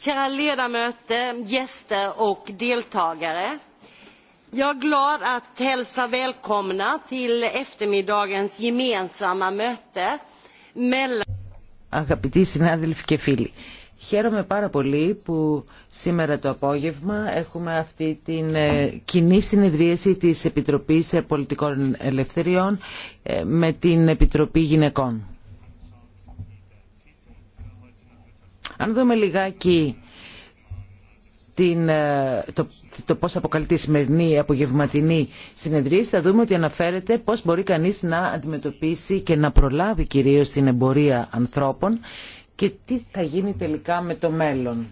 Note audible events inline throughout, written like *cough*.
Kära ledamöter, gäster och deltagare. Jag är glad att hälsa välkomna till eftermiddagens gemensamma möte mellan... Αγαπητοί συνάδελφοι και φίλοι, χαίρομαι πάρα πολύ που σήμερα το απόγευμα έχουμε αυτή την ε, κοινή συνεδρίαση της Επιτροπής Πολιτικών Ελευθεριών ε, με την Επιτροπή Γυναικών. Αν δούμε λιγάκι την, ε, το, το πώς αποκαλείται η σημερινή απογευματινή συνεδρία, θα δούμε ότι αναφέρεται πώς μπορεί κανείς να αντιμετωπίσει και να προλάβει κυρίως την εμπορία ανθρώπων και τι θα γίνει τελικά με το μέλλον.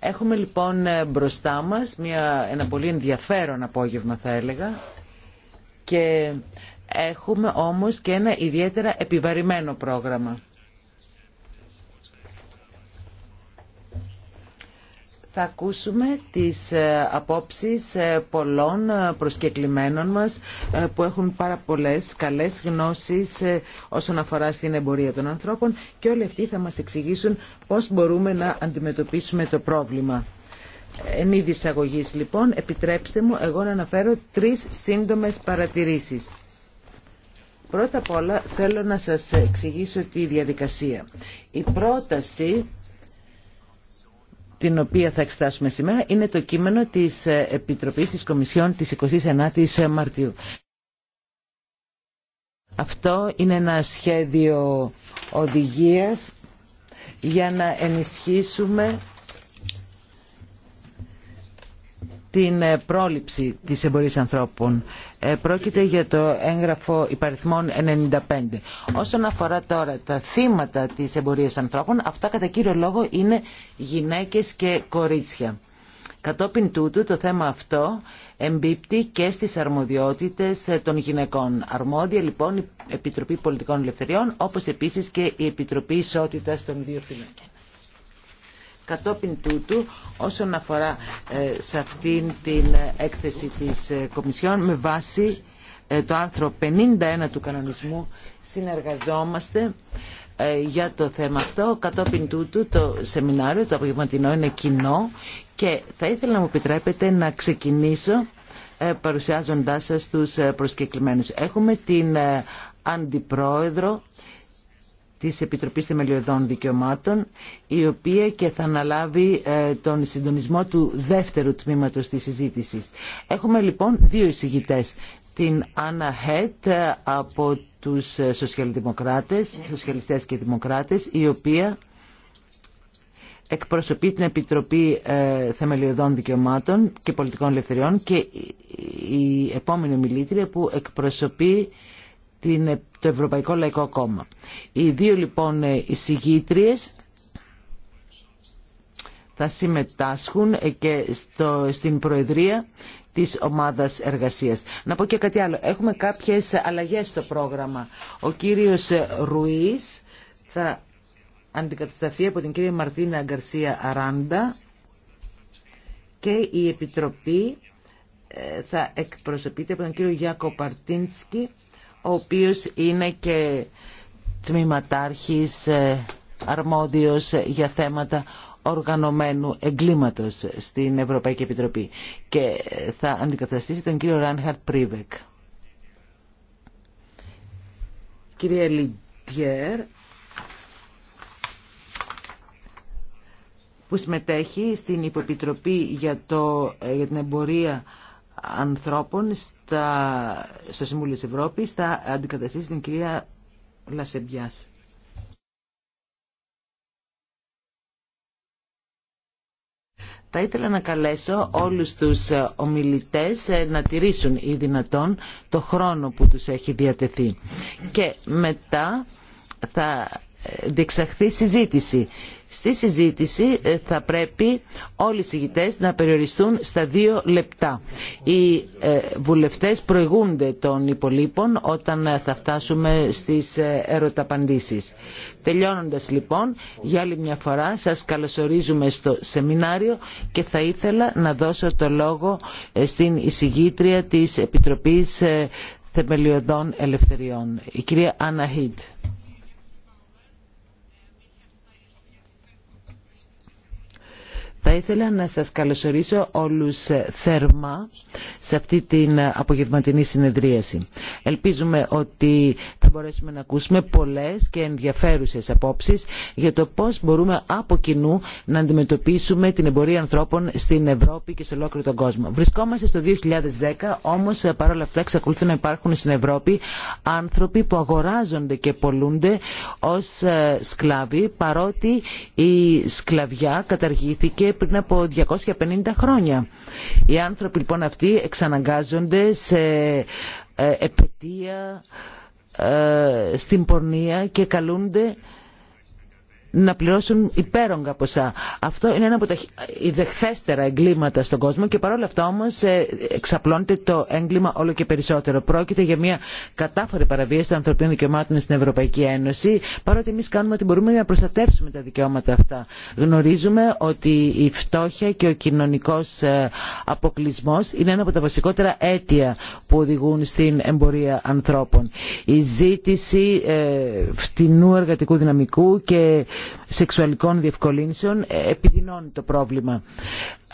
Έχουμε λοιπόν ε, μπροστά μας μια, ένα πολύ ενδιαφέρον απόγευμα θα έλεγα και έχουμε όμως και ένα ιδιαίτερα επιβαρημένο πρόγραμμα. Θα ακούσουμε τις ε, απόψεις ε, πολλών ε, προσκεκλημένων μας που έχουν πάρα πολλές καλές γνώσεις όσον αφορά στην εμπορία των ανθρώπων και όλοι αυτοί θα μας εξηγήσουν πώς μπορούμε να αντιμετωπίσουμε το πρόβλημα. Εν είδη λοιπόν, επιτρέψτε μου εγώ να αναφέρω τρεις σύντομες παρατηρήσεις. Πρώτα απ' όλα θέλω να σας εξηγήσω τη διαδικασία. Η πρόταση την οποία θα εξετάσουμε σήμερα είναι το κείμενο της ε, Επιτροπής της Κομισιόν της 29ης ε, Μαρτίου. Αυτό είναι ένα σχέδιο οδηγίας για να ενισχύσουμε την ε, πρόληψη της εμπορίας ανθρώπων. Ε, πρόκειται για το έγγραφο υπαριθμών 95. Όσον αφορά τώρα τα θύματα της εμπορίας ανθρώπων, αυτά κατά κύριο λόγο είναι γυναίκες και κορίτσια. Κατόπιν τούτου το θέμα αυτό εμπίπτει και στις αρμοδιότητες ε, των γυναικών. Αρμόδια λοιπόν η Επιτροπή Πολιτικών Ελευθεριών όπως επίσης και η Επιτροπή Ισότητας των Δύο Κατόπιν τούτου, όσον αφορά ε, σε αυτήν την έκθεση της ε, Κομισιόν, με βάση ε, το άρθρο 51 του κανονισμού, συνεργαζόμαστε για το θέμα αυτό. Κατόπιν τούτου το σεμινάριο, το απογευματινό, είναι κοινό και θα ήθελα να μου επιτρέπετε να ξεκινήσω παρουσιάζοντάς σας τους προσκεκλημένους. Έχουμε την Αντιπρόεδρο της Επιτροπής Θεμελιωδών Δικαιωμάτων, η οποία και θα αναλάβει ε, τον συντονισμό του δεύτερου τμήματος της συζήτησης. Έχουμε λοιπόν δύο εισηγητές, την Άννα Χέτ ε, από τους ε, σοσιαλδημοκράτες, σοσιαλιστές και δημοκράτες, η οποία εκπροσωπεί την Επιτροπή Θεμελιωδών Δικαιωμάτων και Πολιτικών Ελευθεριών και η επόμενη μιλήτρια που εκπροσωπεί την, το Ευρωπαϊκό Λαϊκό Κόμμα. Οι δύο λοιπόν εισηγήτριες θα συμμετάσχουν ε, και στο, στην Προεδρία της ομάδας εργασίας. Να πω και κάτι άλλο. Έχουμε κάποιες αλλαγές στο πρόγραμμα. Ο κύριος Ρουής θα αντικατασταθεί από την κυρία Μαρτίνα Γκαρσία Αράντα και η Επιτροπή ε, θα εκπροσωπείται από τον κύριο Γιάκο Παρτίνσκι ο οποίος είναι και τμήματάρχης ε, αρμόδιος για θέματα οργανωμένου εγκλήματος στην Ευρωπαϊκή Επιτροπή και ε, θα αντικαταστήσει τον κύριο Ράνχαρτ Πρίβεκ. Κυρία Λιντιέρ, που συμμετέχει στην Υποπιτροπή για, το, ε, για την Εμπορία Ανθρώπων στα, στο Συμβούλιο της Ευρώπης θα αντικαταστήσει την κυρία Λασεμπιάς. Θα ήθελα να καλέσω όλους τους ομιλητές ε, να τηρήσουν ή δυνατόν το χρόνο που τους έχει διατεθεί. Και μετά θα διεξαχθεί συζήτηση. Στη συζήτηση ε, θα πρέπει όλοι οι συγητές να περιοριστούν στα δύο λεπτά. Οι ε, βουλευτές προηγούνται των υπολείπων όταν ε, θα φτάσουμε στις ερωταπαντήσεις. Τελειώνοντας λοιπόν, για άλλη μια φορά σας καλωσορίζουμε στο σεμινάριο και θα ήθελα να δώσω το λόγο στην εισηγήτρια της Επιτροπής Θεμελιωδών Ελευθεριών, η κυρία Άννα Θα ήθελα να σας καλωσορίσω όλους θερμά σε αυτή την απογευματινή συνεδρίαση. Ελπίζουμε ότι θα μπορέσουμε να ακούσουμε πολλές και ενδιαφέρουσες απόψεις για το πώς μπορούμε από κοινού να αντιμετωπίσουμε την εμπορία ανθρώπων στην Ευρώπη και σε ολόκληρο τον κόσμο. Βρισκόμαστε στο 2010, όμως παρόλα αυτά εξακολουθούν να υπάρχουν στην Ευρώπη άνθρωποι που αγοράζονται και πολλούνται ως ε, σκλάβοι, παρότι η σκλαβιά καταργήθηκε πριν από 250 χρόνια. Οι άνθρωποι λοιπόν αυτοί εξαναγκάζονται σε ε, επαιτία, ε, στην πορνεία και καλούνται να πληρώσουν υπέρογκα ποσά. Αυτό είναι ένα από τα ιδεχθέστερα εγκλήματα στον κόσμο και παρόλα αυτά όμως ε, εξαπλώνεται το έγκλημα όλο και περισσότερο. Πρόκειται για μια κατάφορη παραβίαση των ανθρωπίνων δικαιωμάτων στην Ευρωπαϊκή Ένωση, παρότι εμείς κάνουμε ότι μπορούμε να προστατεύσουμε τα δικαιώματα αυτά. Γνωρίζουμε ότι η φτώχεια και ο κοινωνικός ε, αποκλεισμό είναι ένα από τα βασικότερα αίτια που οδηγούν στην εμπορία ανθρώπων. Η ζήτηση ε, φτηνού εργατικού δυναμικού και σεξουαλικών διευκολύνσεων ε, επιδεινώνει το πρόβλημα.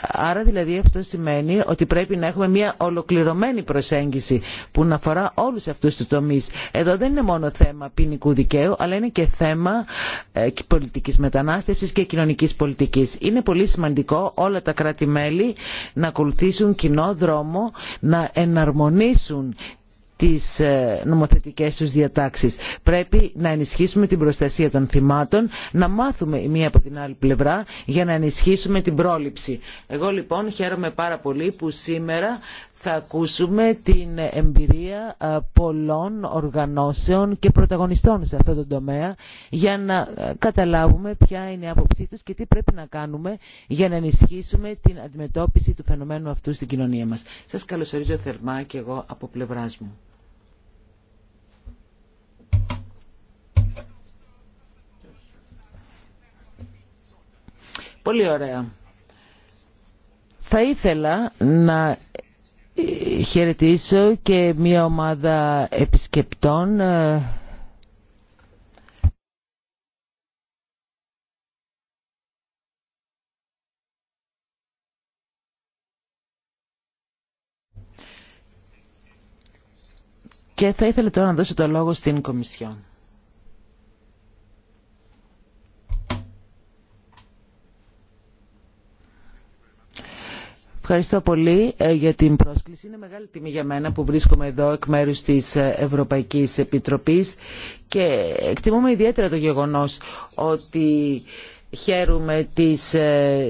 Άρα δηλαδή αυτό σημαίνει ότι πρέπει να έχουμε μια ολοκληρωμένη προσέγγιση που να αφορά όλους αυτούς τους τομείς. Εδώ δεν είναι μόνο θέμα ποινικού δικαίου, αλλά είναι και θέμα ε, πολιτικής μετανάστευσης και κοινωνικής πολιτικής. Είναι πολύ σημαντικό όλα τα κράτη-μέλη να ακολουθήσουν κοινό δρόμο, να εναρμονίσουν τις ε, νομοθετικές τους διατάξεις. Πρέπει να ενισχύσουμε την προστασία των θυμάτων, να μάθουμε η μία από την άλλη πλευρά για να ενισχύσουμε την πρόληψη. Εγώ λοιπόν χαίρομαι πάρα πολύ που σήμερα θα ακούσουμε την εμπειρία ε, πολλών οργανώσεων και πρωταγωνιστών σε αυτό το τομέα για να ε, καταλάβουμε ποια είναι η άποψή τους και τι πρέπει να κάνουμε για να ενισχύσουμε την αντιμετώπιση του φαινομένου αυτού στην κοινωνία μας. Σας καλωσορίζω θερμά και εγώ από πλευράς μου. Πολύ ωραία. Θα ήθελα να χαιρετήσω και μια ομάδα επισκεπτών ε, και θα ήθελα τώρα να δώσω το λόγο στην Κομισιόν. Ευχαριστώ πολύ ε, για την πρόσκληση. Είναι μεγάλη τιμή για μένα που βρίσκομαι εδώ εκ μέρους της Ευρωπαϊκής Επιτροπής και εκτιμούμε ιδιαίτερα το γεγονός ότι χαίρουμε της ε,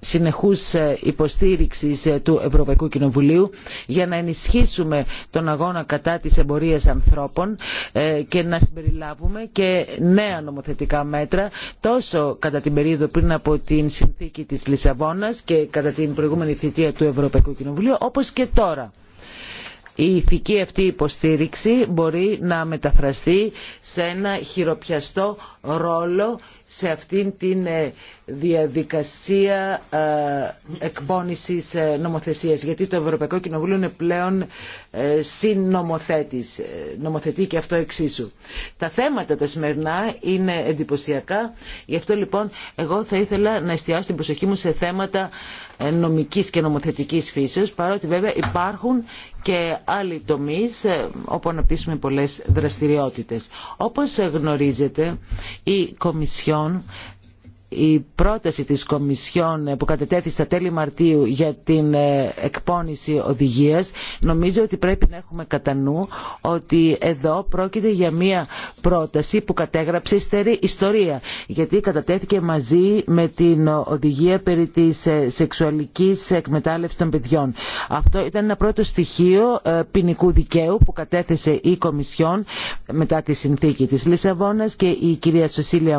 συνεχούς ε, υποστήριξη ε, του Ευρωπαϊκού Κοινοβουλίου για να ενισχύσουμε τον αγώνα κατά της εμπορίας ανθρώπων ε, και να συμπεριλάβουμε και νέα νομοθετικά μέτρα τόσο κατά την περίοδο πριν από την συνθήκη της Λισαβόνας και κατά την προηγούμενη θητεία του Ευρωπαϊκού Κοινοβουλίου όπως και τώρα η ηθική αυτή υποστήριξη μπορεί να μεταφραστεί σε ένα χειροπιαστό ρόλο σε αυτήν την ε, διαδικασία ε, εκπόνησης ε, νομοθεσίας. Γιατί το Ευρωπαϊκό Κοινοβούλιο είναι πλέον συνομοθέτης, νομοθετεί και αυτό εξίσου. Τα θέματα τα σημερινά είναι εντυπωσιακά, γι' αυτό λοιπόν εγώ θα ήθελα να εστιάσω την προσοχή μου σε θέματα νομικής και νομοθετικής φύσεως, παρότι βέβαια υπάρχουν και άλλοι τομείς ε, όπου αναπτύσσουμε πολλές δραστηριότητες. Όπως γνωρίζετε, η Κομισιόν η πρόταση της Κομισιόν που κατετέθη στα τέλη Μαρτίου για την ε, εκπόνηση οδηγίας νομίζω ότι πρέπει να έχουμε κατά νου ότι εδώ πρόκειται για μια πρόταση που κατέγραψε στερή ιστορία γιατί κατατέθηκε μαζί με την οδηγία περί της ε, σεξουαλικής εκμετάλλευσης των παιδιών. Αυτό ήταν ένα πρώτο στοιχείο ε, ποινικού δικαίου που κατέθεσε η Κομισιόν μετά τη συνθήκη της Λισαβόνας και η κυρία Σοσίλια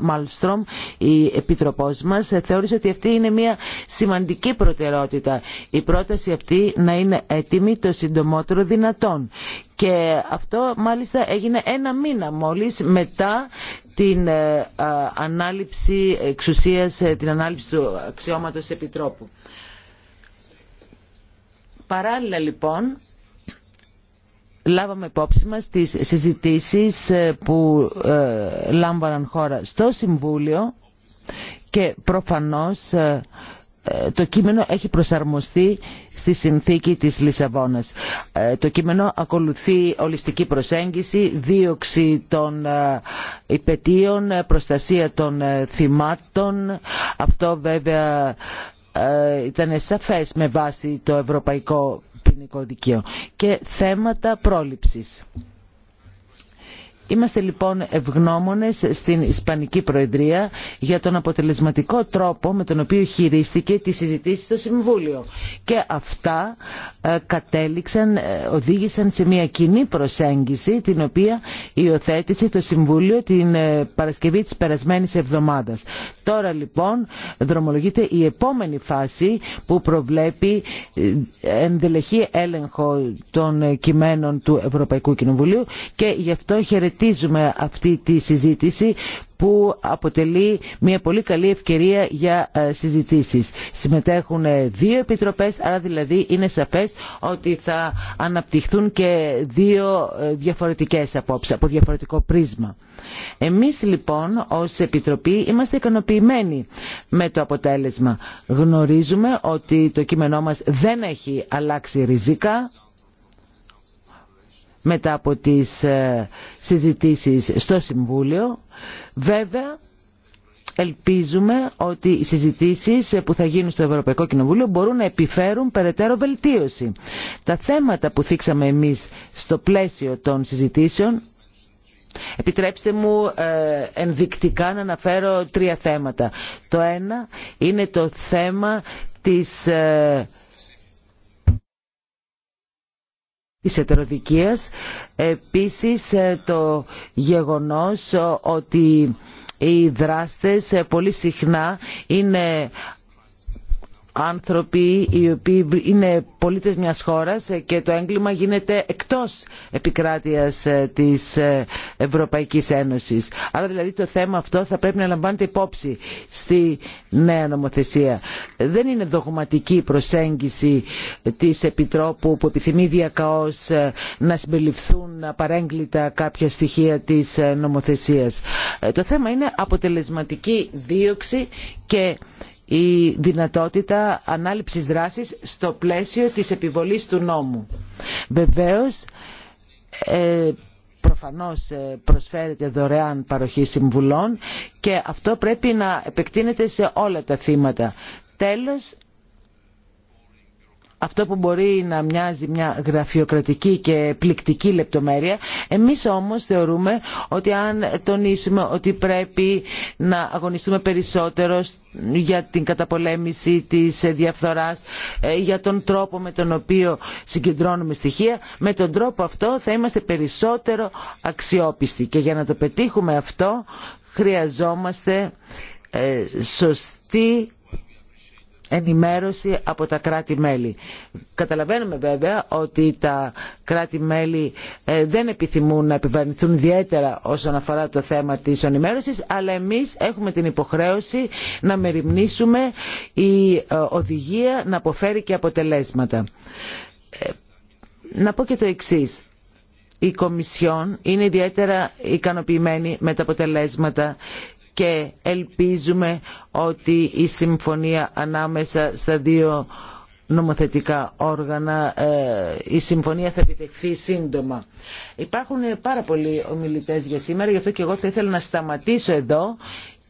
Μάλστρομ η Επιτροπός μας ε, θεώρησε ότι αυτή είναι μια σημαντική προτεραιότητα. Η πρόταση αυτή να είναι έτοιμη το συντομότερο δυνατόν. Και αυτό μάλιστα έγινε ένα μήνα μόλις μετά την ε, ανάληψη εξουσίας, ε, την ανάληψη του αξιώματος Επιτρόπου. Παράλληλα λοιπόν λάβαμε υπόψη μας τις συζητήσεις ε, που ε, λάμβαναν χώρα στο Συμβούλιο και προφανώς ε, το κείμενο έχει προσαρμοστεί στη συνθήκη της Λισαβόνας. Το κείμενο ακολουθεί ολιστική προσέγγιση, δίωξη των υπετίων, προστασία των θυμάτων. Αυτό βέβαια ήταν σαφές με βάση το ευρωπαϊκό ποινικό δικαίωμα και θέματα πρόληψης. Είμαστε λοιπόν ευγνώμονες στην Ισπανική Προεδρία για τον αποτελεσματικό τρόπο με τον οποίο χειρίστηκε τη συζητήση στο Συμβούλιο. Και αυτά ε, κατέληξαν, ε, οδήγησαν σε μια κοινή προσέγγιση την οποία υιοθέτησε το Συμβούλιο την ε, Παρασκευή της περασμένης εβδομάδας. Τώρα λοιπόν δρομολογείται η επόμενη φάση που προβλέπει ενδελεχή έλεγχο των κειμένων του Ευρωπαϊκού Κοινοβουλίου και γι' αυτό χαιρετίζουμε αυτή τη συζήτηση που αποτελεί μια πολύ καλή ευκαιρία για ε, συζητήσεις. Συμμετέχουν ε, δύο επιτροπές, άρα δηλαδή είναι σαφές ότι θα αναπτυχθούν και δύο ε, διαφορετικές απόψεις, από διαφορετικό πρίσμα. Εμείς λοιπόν ως Επιτροπή είμαστε ικανοποιημένοι με το αποτέλεσμα. Γνωρίζουμε ότι το κείμενό μας δεν έχει αλλάξει ριζικά μετά από τις ε, συζητήσεις στο Συμβούλιο. Βέβαια, ελπίζουμε ότι οι συζητήσεις που θα γίνουν στο Ευρωπαϊκό Κοινοβούλιο μπορούν να επιφέρουν περαιτέρω βελτίωση. Τα θέματα που θίξαμε εμείς στο πλαίσιο των συζητήσεων Επιτρέψτε μου ε, ενδεικτικά να αναφέρω τρία θέματα. Το ένα είναι το θέμα της ε, της ετεροδικίας. Επίσης ε, το γεγονός ε, ότι οι δράστες ε, πολύ συχνά είναι άνθρωποι οι οποίοι είναι πολίτες μιας χώρας ε, και το έγκλημα γίνεται εκτός επικράτειας ε, της ε, Ευρωπαϊκής Ένωσης. Άρα δηλαδή το θέμα αυτό θα πρέπει να λαμβάνεται υπόψη στη νέα νομοθεσία. Δεν είναι δογματική προσέγγιση της Επιτρόπου που επιθυμεί διακαώς να συμπεριληφθούν παρέγκλητα κάποια στοιχεία της νομοθεσίας. Το θέμα είναι αποτελεσματική δίωξη και η δυνατότητα ανάληψης δράσης στο πλαίσιο της επιβολής του νόμου. Βεβαίως, ε, προφανώς ε, προσφέρεται δωρεάν παροχή συμβουλών και αυτό πρέπει να επεκτείνεται σε όλα τα θύματα. Τέλος, αυτό που μπορεί να μοιάζει μια γραφειοκρατική και πληκτική λεπτομέρεια. Εμείς όμως θεωρούμε ότι αν τονίσουμε ότι πρέπει να αγωνιστούμε περισσότερο για την καταπολέμηση της διαφθοράς, ε, για τον τρόπο με τον οποίο συγκεντρώνουμε στοιχεία, με τον τρόπο αυτό θα είμαστε περισσότερο αξιόπιστοι. Και για να το πετύχουμε αυτό χρειαζόμαστε ε, σωστή ενημέρωση από τα κράτη-μέλη. Καταλαβαίνουμε βέβαια ότι τα κράτη-μέλη ε, δεν επιθυμούν να επιβαρυνθούν ιδιαίτερα όσον αφορά το θέμα της ενημέρωσης, αλλά εμείς έχουμε την υποχρέωση να μεριμνήσουμε η ε, οδηγία να αποφέρει και αποτελέσματα. Ε, να πω και το εξής η Κομισιόν είναι ιδιαίτερα ικανοποιημένη με τα αποτελέσματα και ελπίζουμε ότι η συμφωνία ανάμεσα στα δύο νομοθετικά όργανα ε, η συμφωνία θα επιτευχθεί σύντομα. Υπάρχουν πάρα πολλοί ομιλητές για σήμερα, γι' αυτό και εγώ θα ήθελα να σταματήσω εδώ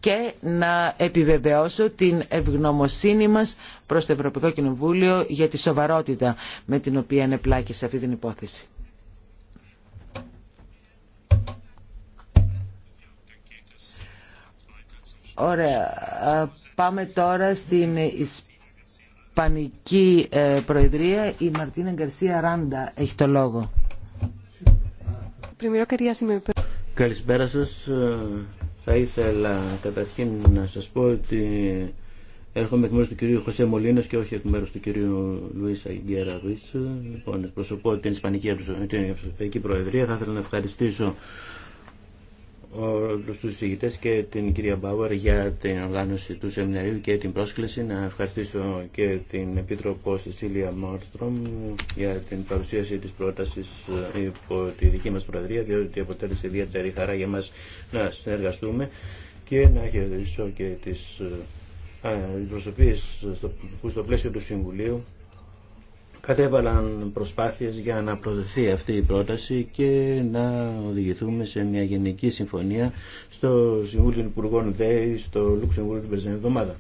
και να επιβεβαιώσω την ευγνωμοσύνη μας προς το Ευρωπαϊκό Κοινοβούλιο για τη σοβαρότητα με την οποία σε αυτή την υπόθεση. Ωραία. Πάμε τώρα στην Ισπανική ε, Προεδρία. Η Μαρτίνα Γκαρσία Ράντα έχει το λόγο. Καλησπέρα σας. Ε, θα ήθελα καταρχήν να σας πω ότι έρχομαι εκ μέρους του κυρίου Χωσέ Μολίνος και όχι εκ μέρους του κυρίου Λουίς Αγγέρα Ρουίς. Λοιπόν, εκπροσωπώ την Ισπανική Προεδρία. Θα ήθελα να ευχαριστήσω όλους τους συζητητές και την κυρία Μπάουερ για την οργάνωση του σεμιναρίου και την πρόσκληση. Να ευχαριστήσω και την Επίτροπο Σεσίλια Μόρστρομ για την παρουσίαση της πρότασης ε, υπό τη δική μας Προεδρία, διότι αποτέλεσε ιδιαίτερη χαρά για μας να συνεργαστούμε και να χαιρετήσω και τις ε, ε, προσωπείς που στο πλαίσιο του Συμβουλίου κατέβαλαν προσπάθειες για να προωθηθεί αυτή η πρόταση και να οδηγηθούμε σε μια γενική συμφωνία στο Συμβούλιο Υπουργών ΔΕΗ στο Λουξεμβούργο την περσμένη εβδομάδα.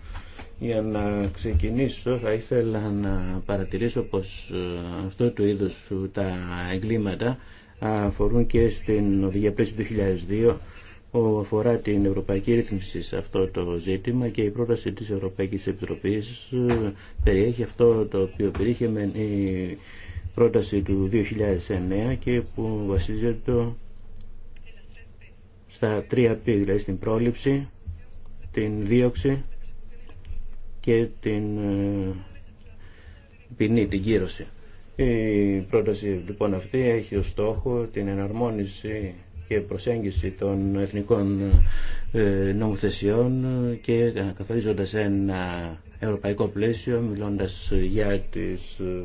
Για να ξεκινήσω θα ήθελα να παρατηρήσω πως ε, αυτό του είδους τα εγκλήματα αφορούν και στην οδηγία του 2002 που αφορά την ευρωπαϊκή ρύθμιση σε αυτό το ζήτημα και η πρόταση της Ευρωπαϊκής Επιτροπής ε, περιέχει αυτό το οποίο περιείχε με η πρόταση του 2009 και που βασίζεται στα τρία π, δηλαδή στην πρόληψη, την δίωξη και την ε, ποινή, την κύρωση. Η πρόταση λοιπόν αυτή έχει ως στόχο την εναρμόνιση και προσέγγιση των εθνικών ε, νομοθεσιών και καθορίζοντας ένα ευρωπαϊκό πλαίσιο μιλώντας για τις ε,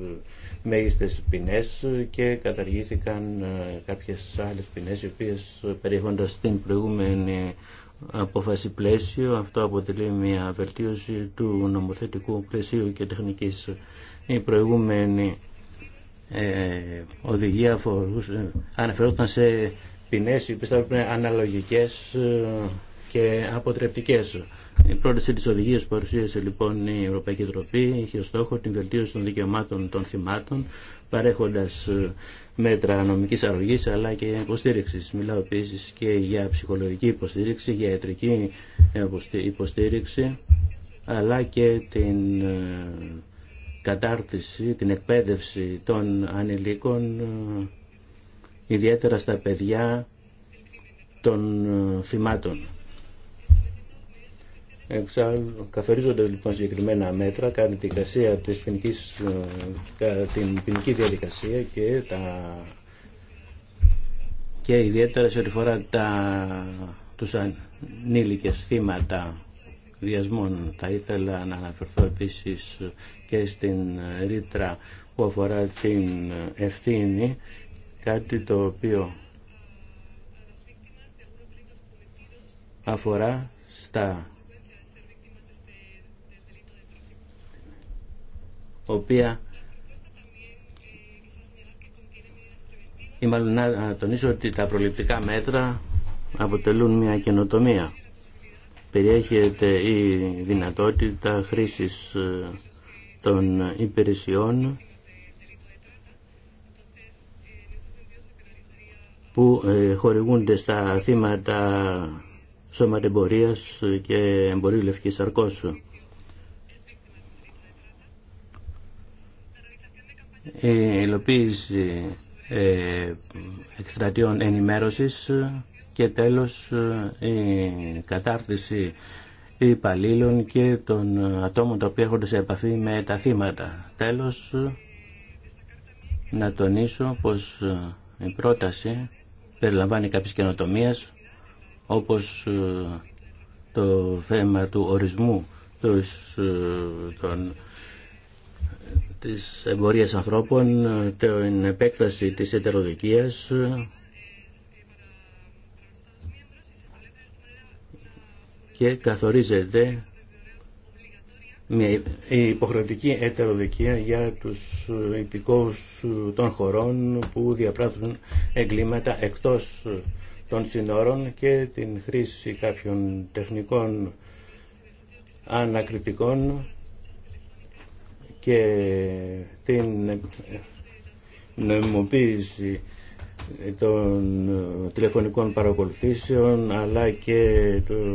μέγιστες ποινές και καταργήθηκαν ε, κάποιες άλλες ποινές οι οποίες την την προηγούμενη απόφαση πλαίσιο. Αυτό αποτελεί μια βελτίωση του νομοθετικού πλαίσιου και τεχνικής. Η προηγούμενη οδηγία αναφερόταν σε ποινές οι οποίες θα έπρεπε αναλογικές ε, και αποτρεπτικές. Η πρόταση τη οδηγία που παρουσίασε λοιπόν η Ευρωπαϊκή Τροπή είχε ως στόχο την βελτίωση των δικαιωμάτων των θυμάτων παρέχοντας ε, μέτρα νομική αρρωγής αλλά και υποστήριξη. Μιλάω επίση και για ψυχολογική υποστήριξη, για ιατρική υποστήριξη αλλά και την ε, κατάρτιση, την εκπαίδευση των ανηλίκων ιδιαίτερα στα παιδιά των ε, θυμάτων. καθορίζονται λοιπόν συγκεκριμένα μέτρα κάνει την, της ποινικής, ε, την ποινική διαδικασία και, τα, και ιδιαίτερα σε ό,τι φορά τα, τους ανήλικες θύματα βιασμών. Θα ήθελα να αναφερθώ επίσης και στην ρήτρα που αφορά την ευθύνη κάτι το οποίο αφορά στα οποία ή μάλλον να τονίσω ότι τα προληπτικά μέτρα αποτελούν μια καινοτομία. Περιέχεται η δυνατότητα χρήσης ε, των υπηρεσιών που ε, χορηγούνται στα θύματα σωματεμπορίας και εμπορίου λευκής σαρκός. Η ε, υλοποίηση ε, εκστρατιών ενημέρωσης και τέλος η κατάρτιση υπαλλήλων και των ατόμων τα οποία έχουν σε επαφή με τα θύματα. Τέλος, να τονίσω πως η πρόταση περιλαμβάνει κάποιες καινοτομίες όπως ε, το θέμα του ορισμού ε, των, της εμπορίας ανθρώπων, ε, την επέκταση της ετεροδικίας και καθορίζεται η υποχρεωτική ετεροδικία για τους υπηκόους των χωρών που διαπράττουν εγκλήματα εκτός των συνόρων και την χρήση κάποιων τεχνικών ανακριτικών και την νομιμοποίηση των τηλεφωνικών παρακολουθήσεων αλλά και του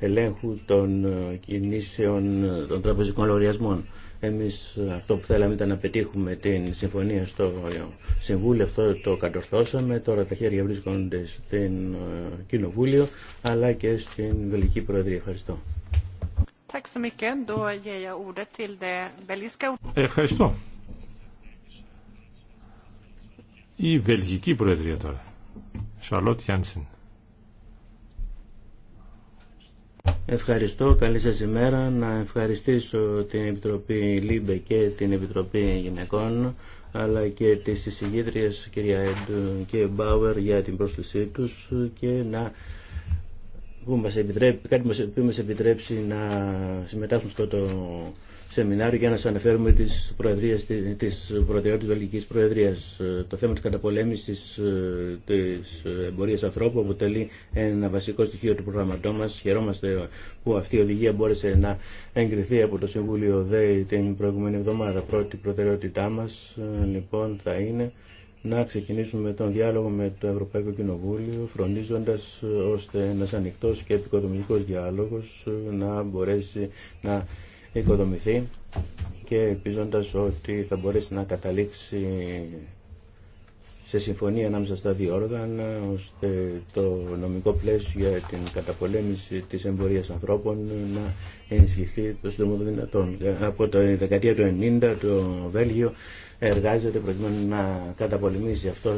ελέγχου των ε, κινήσεων των τραπεζικών λογαριασμών. Εμείς ε, αυτό που θέλαμε ήταν να πετύχουμε την συμφωνία στο Συμβούλιο, αυτό το κατορθώσαμε. Τώρα τα χέρια βρίσκονται στην ε, Κοινοβούλιο, αλλά και στην Βελική Προεδρία. Ευχαριστώ. Ευχαριστώ. Η Βελγική Προεδρία τώρα. Σαλότ Γιάνσεν. Ευχαριστώ, καλή σας ημέρα. Να ευχαριστήσω την Επιτροπή ΛΥΜΠΕ και την Επιτροπή Γυναικών αλλά και τις εισηγήτριες κυρία Έντου και Μπάουερ για την πρόσκλησή τους και να μας κάτι που μας επιτρέψει να συμμετάσχουν στο το σεμινάριο για να σα αναφέρουμε τι προεδρίες, τη Πρωτεότητα τη Προεδρίας. Ε, το θέμα τη καταπολέμησης ε, τη ε, εμπορία ανθρώπου αποτελεί ένα βασικό στοιχείο του προγραμματό μα. Χαιρόμαστε που αυτή η οδηγία μπόρεσε να εγκριθεί από το Συμβούλιο ΔΕΗ την προηγούμενη εβδομάδα. Πρώτη προτεραιότητά μα, λοιπόν θα είναι να ξεκινήσουμε τον διάλογο με το Ευρωπαϊκό Κοινοβούλιο, φροντίζοντα ώστε ένας ανοιχτό και επικοδομητικό διάλογο, να μπορέσει να οικοδομηθεί και ελπίζοντας ότι θα μπορέσει να καταλήξει σε συμφωνία ανάμεσα στα δύο όργανα ώστε το νομικό πλαίσιο για την καταπολέμηση της εμπορίας ανθρώπων να ενισχυθεί το σύντομο δυνατόν. Από το δεκαετία του 1990 το Βέλγιο εργάζεται προκειμένου να καταπολεμήσει αυτό,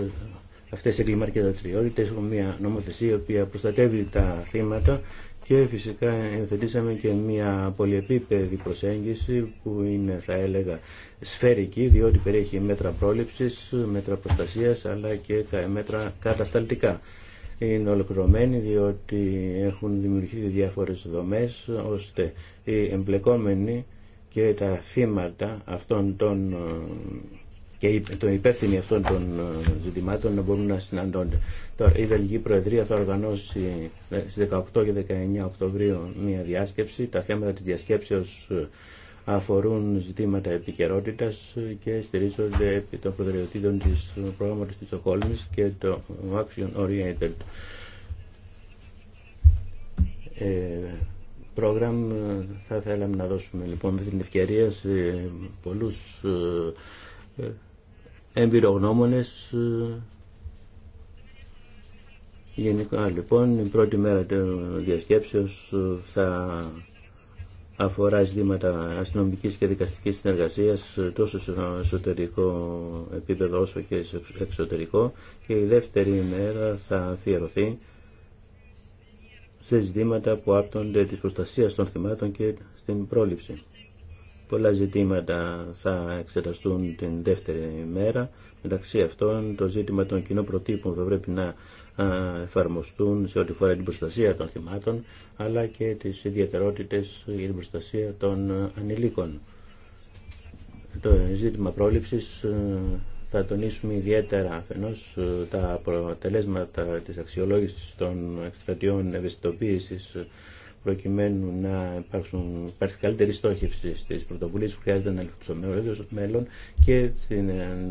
αυτές οι εγκληματικές δραστηριότητες μια νομοθεσία η οποία προστατεύει τα θύματα και φυσικά ευθετήσαμε και μια πολυεπίπεδη προσέγγιση που είναι θα έλεγα σφαιρική διότι περιέχει μέτρα πρόληψης, μέτρα προστασίας αλλά και μέτρα κατασταλτικά. Είναι ολοκληρωμένοι διότι έχουν δημιουργηθεί διάφορες δομές ώστε οι εμπλεκόμενοι και τα θύματα αυτών των και το υπεύθυνοι αυτών των ε, ζητημάτων να μπορούν να συναντώνται. Τώρα, η Βελγική Προεδρία θα οργανώσει ε, στις 18 και 19 Οκτωβρίου μια διάσκεψη. Τα θέματα της διασκέψεως ε, αφορούν ζητήματα επικαιρότητα και στηρίζονται επί των προτεραιοτήτων της προγράμματος της Στοκόλμης και το Action Oriented πρόγραμμα. Θα θέλαμε να δώσουμε λοιπόν με την ευκαιρία σε πολλούς εμπειρογνώμονες ε, γενικά λοιπόν η πρώτη μέρα του διασκέψεως ε, θα αφορά ζητήματα αστυνομικής και δικαστικής συνεργασίας ε, τόσο σε εσωτερικό επίπεδο όσο και σε εξωτερικό και η δεύτερη μέρα θα αφιερωθεί σε ζητήματα που άπτονται της προστασίας των θυμάτων και στην πρόληψη. Πολλά ζητήματα θα εξεταστούν την δεύτερη μέρα. Μεταξύ αυτών το ζήτημα των κοινών προτύπων θα πρέπει να εφαρμοστούν σε ό,τι φορά την προστασία των θυμάτων αλλά και τις ιδιαιτερότητες για την προστασία των ανηλίκων. Το ζήτημα πρόληψης θα τονίσουμε ιδιαίτερα αφενός τα αποτελέσματα της αξιολόγησης των εκστρατιών ευαισθητοποίησης προκειμένου να υπάρξουν, υπάρξει καλύτερη στόχευση στις πρωτοβουλίες που χρειάζεται να ληφθούν στο μέλλον και στην ε,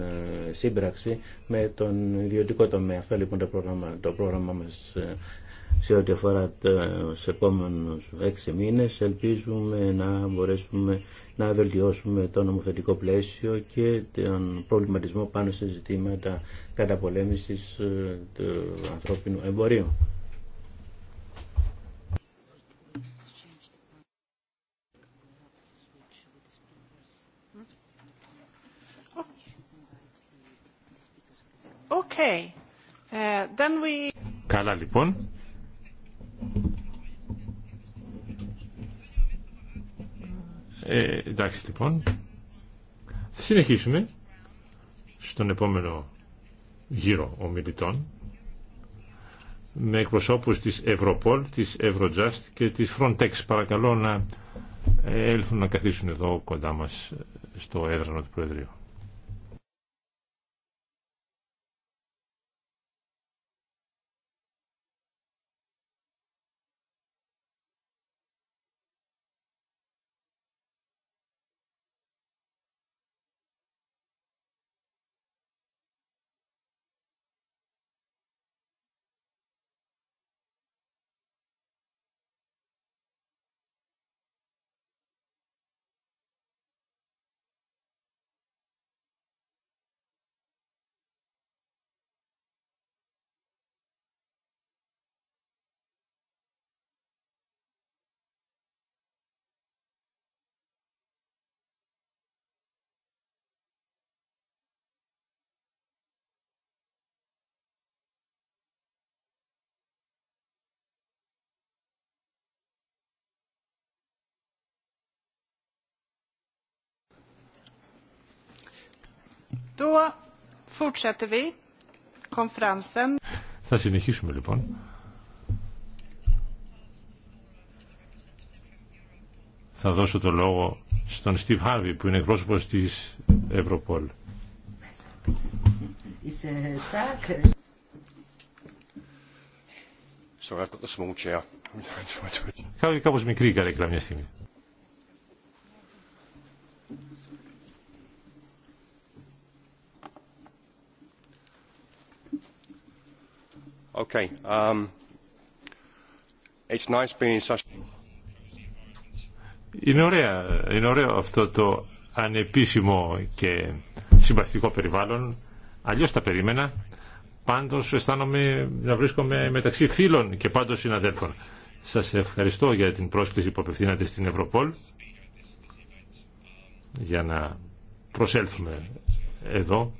σύμπραξη με τον ιδιωτικό τομέα. Αυτό λοιπόν το πρόγραμμα, το πρόγραμμα μας ε, σε ό,τι αφορά του επόμενου έξι μήνες ελπίζουμε να μπορέσουμε να βελτιώσουμε το νομοθετικό πλαίσιο και τον προβληματισμό πάνω σε ζητήματα καταπολέμησης ε, του ανθρώπινου εμπορίου. Uh, Καλά λοιπόν. Ε, εντάξει λοιπόν. Θα συνεχίσουμε στον επόμενο γύρο ομιλητών με εκπροσώπους της Ευρωπόλ, της Ευρωτζαστ και της Frontex. Παρακαλώ να ε, έλθουν να καθίσουν εδώ κοντά μας στο έδρανο του Προεδρείου. Θα συνεχίσουμε λοιπόν. Θα δώσω το λόγο στον Στιβ Χάρβι που είναι εκπρόσωπος της Ευρωπόλ. Χάρβι κάπως μικρή καρέκλα μια στιγμή. Um, είναι, ωραίο αυτό το ανεπίσημο και συμπαθητικό περιβάλλον. Αλλιώς τα περίμενα. Πάντως αισθάνομαι να βρίσκομαι μεταξύ φίλων και πάντως συναδέλφων. Σας ευχαριστώ για την πρόσκληση που απευθύνατε στην Ευρωπόλ για να προσέλθουμε εδώ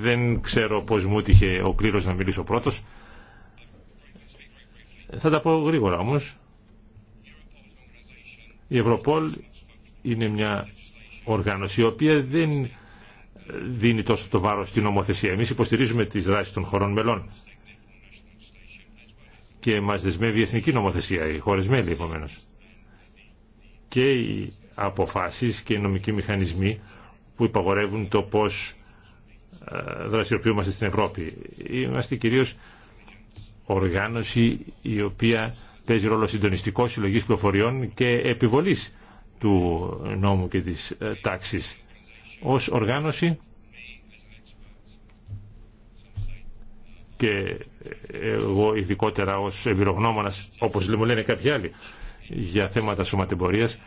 δεν ξέρω πώς μου είχε ο κλήρος να μιλήσω πρώτος. Θα τα πω γρήγορα όμως. Η Ευρωπόλ είναι μια οργάνωση η οποία δεν δίνει τόσο το βάρος στην νομοθεσία. Εμείς υποστηρίζουμε τις δράσεις των χωρών μελών και μας δεσμεύει η εθνική νομοθεσία, οι χώρες μέλη επομένω. Και οι αποφάσεις και οι νομικοί μηχανισμοί που υπαγορεύουν το πώς δραστηριοποιούμαστε στην Ευρώπη. Είμαστε κυρίως οργάνωση η οποία παίζει ρόλο συντονιστικό συλλογή πληροφοριών και επιβολής του νόμου και της ε, τάξης. Ως οργάνωση και εγώ ειδικότερα ως εμπειρογνώμονας, όπως μου λένε κάποιοι άλλοι, για θέματα σωματεμπορίας,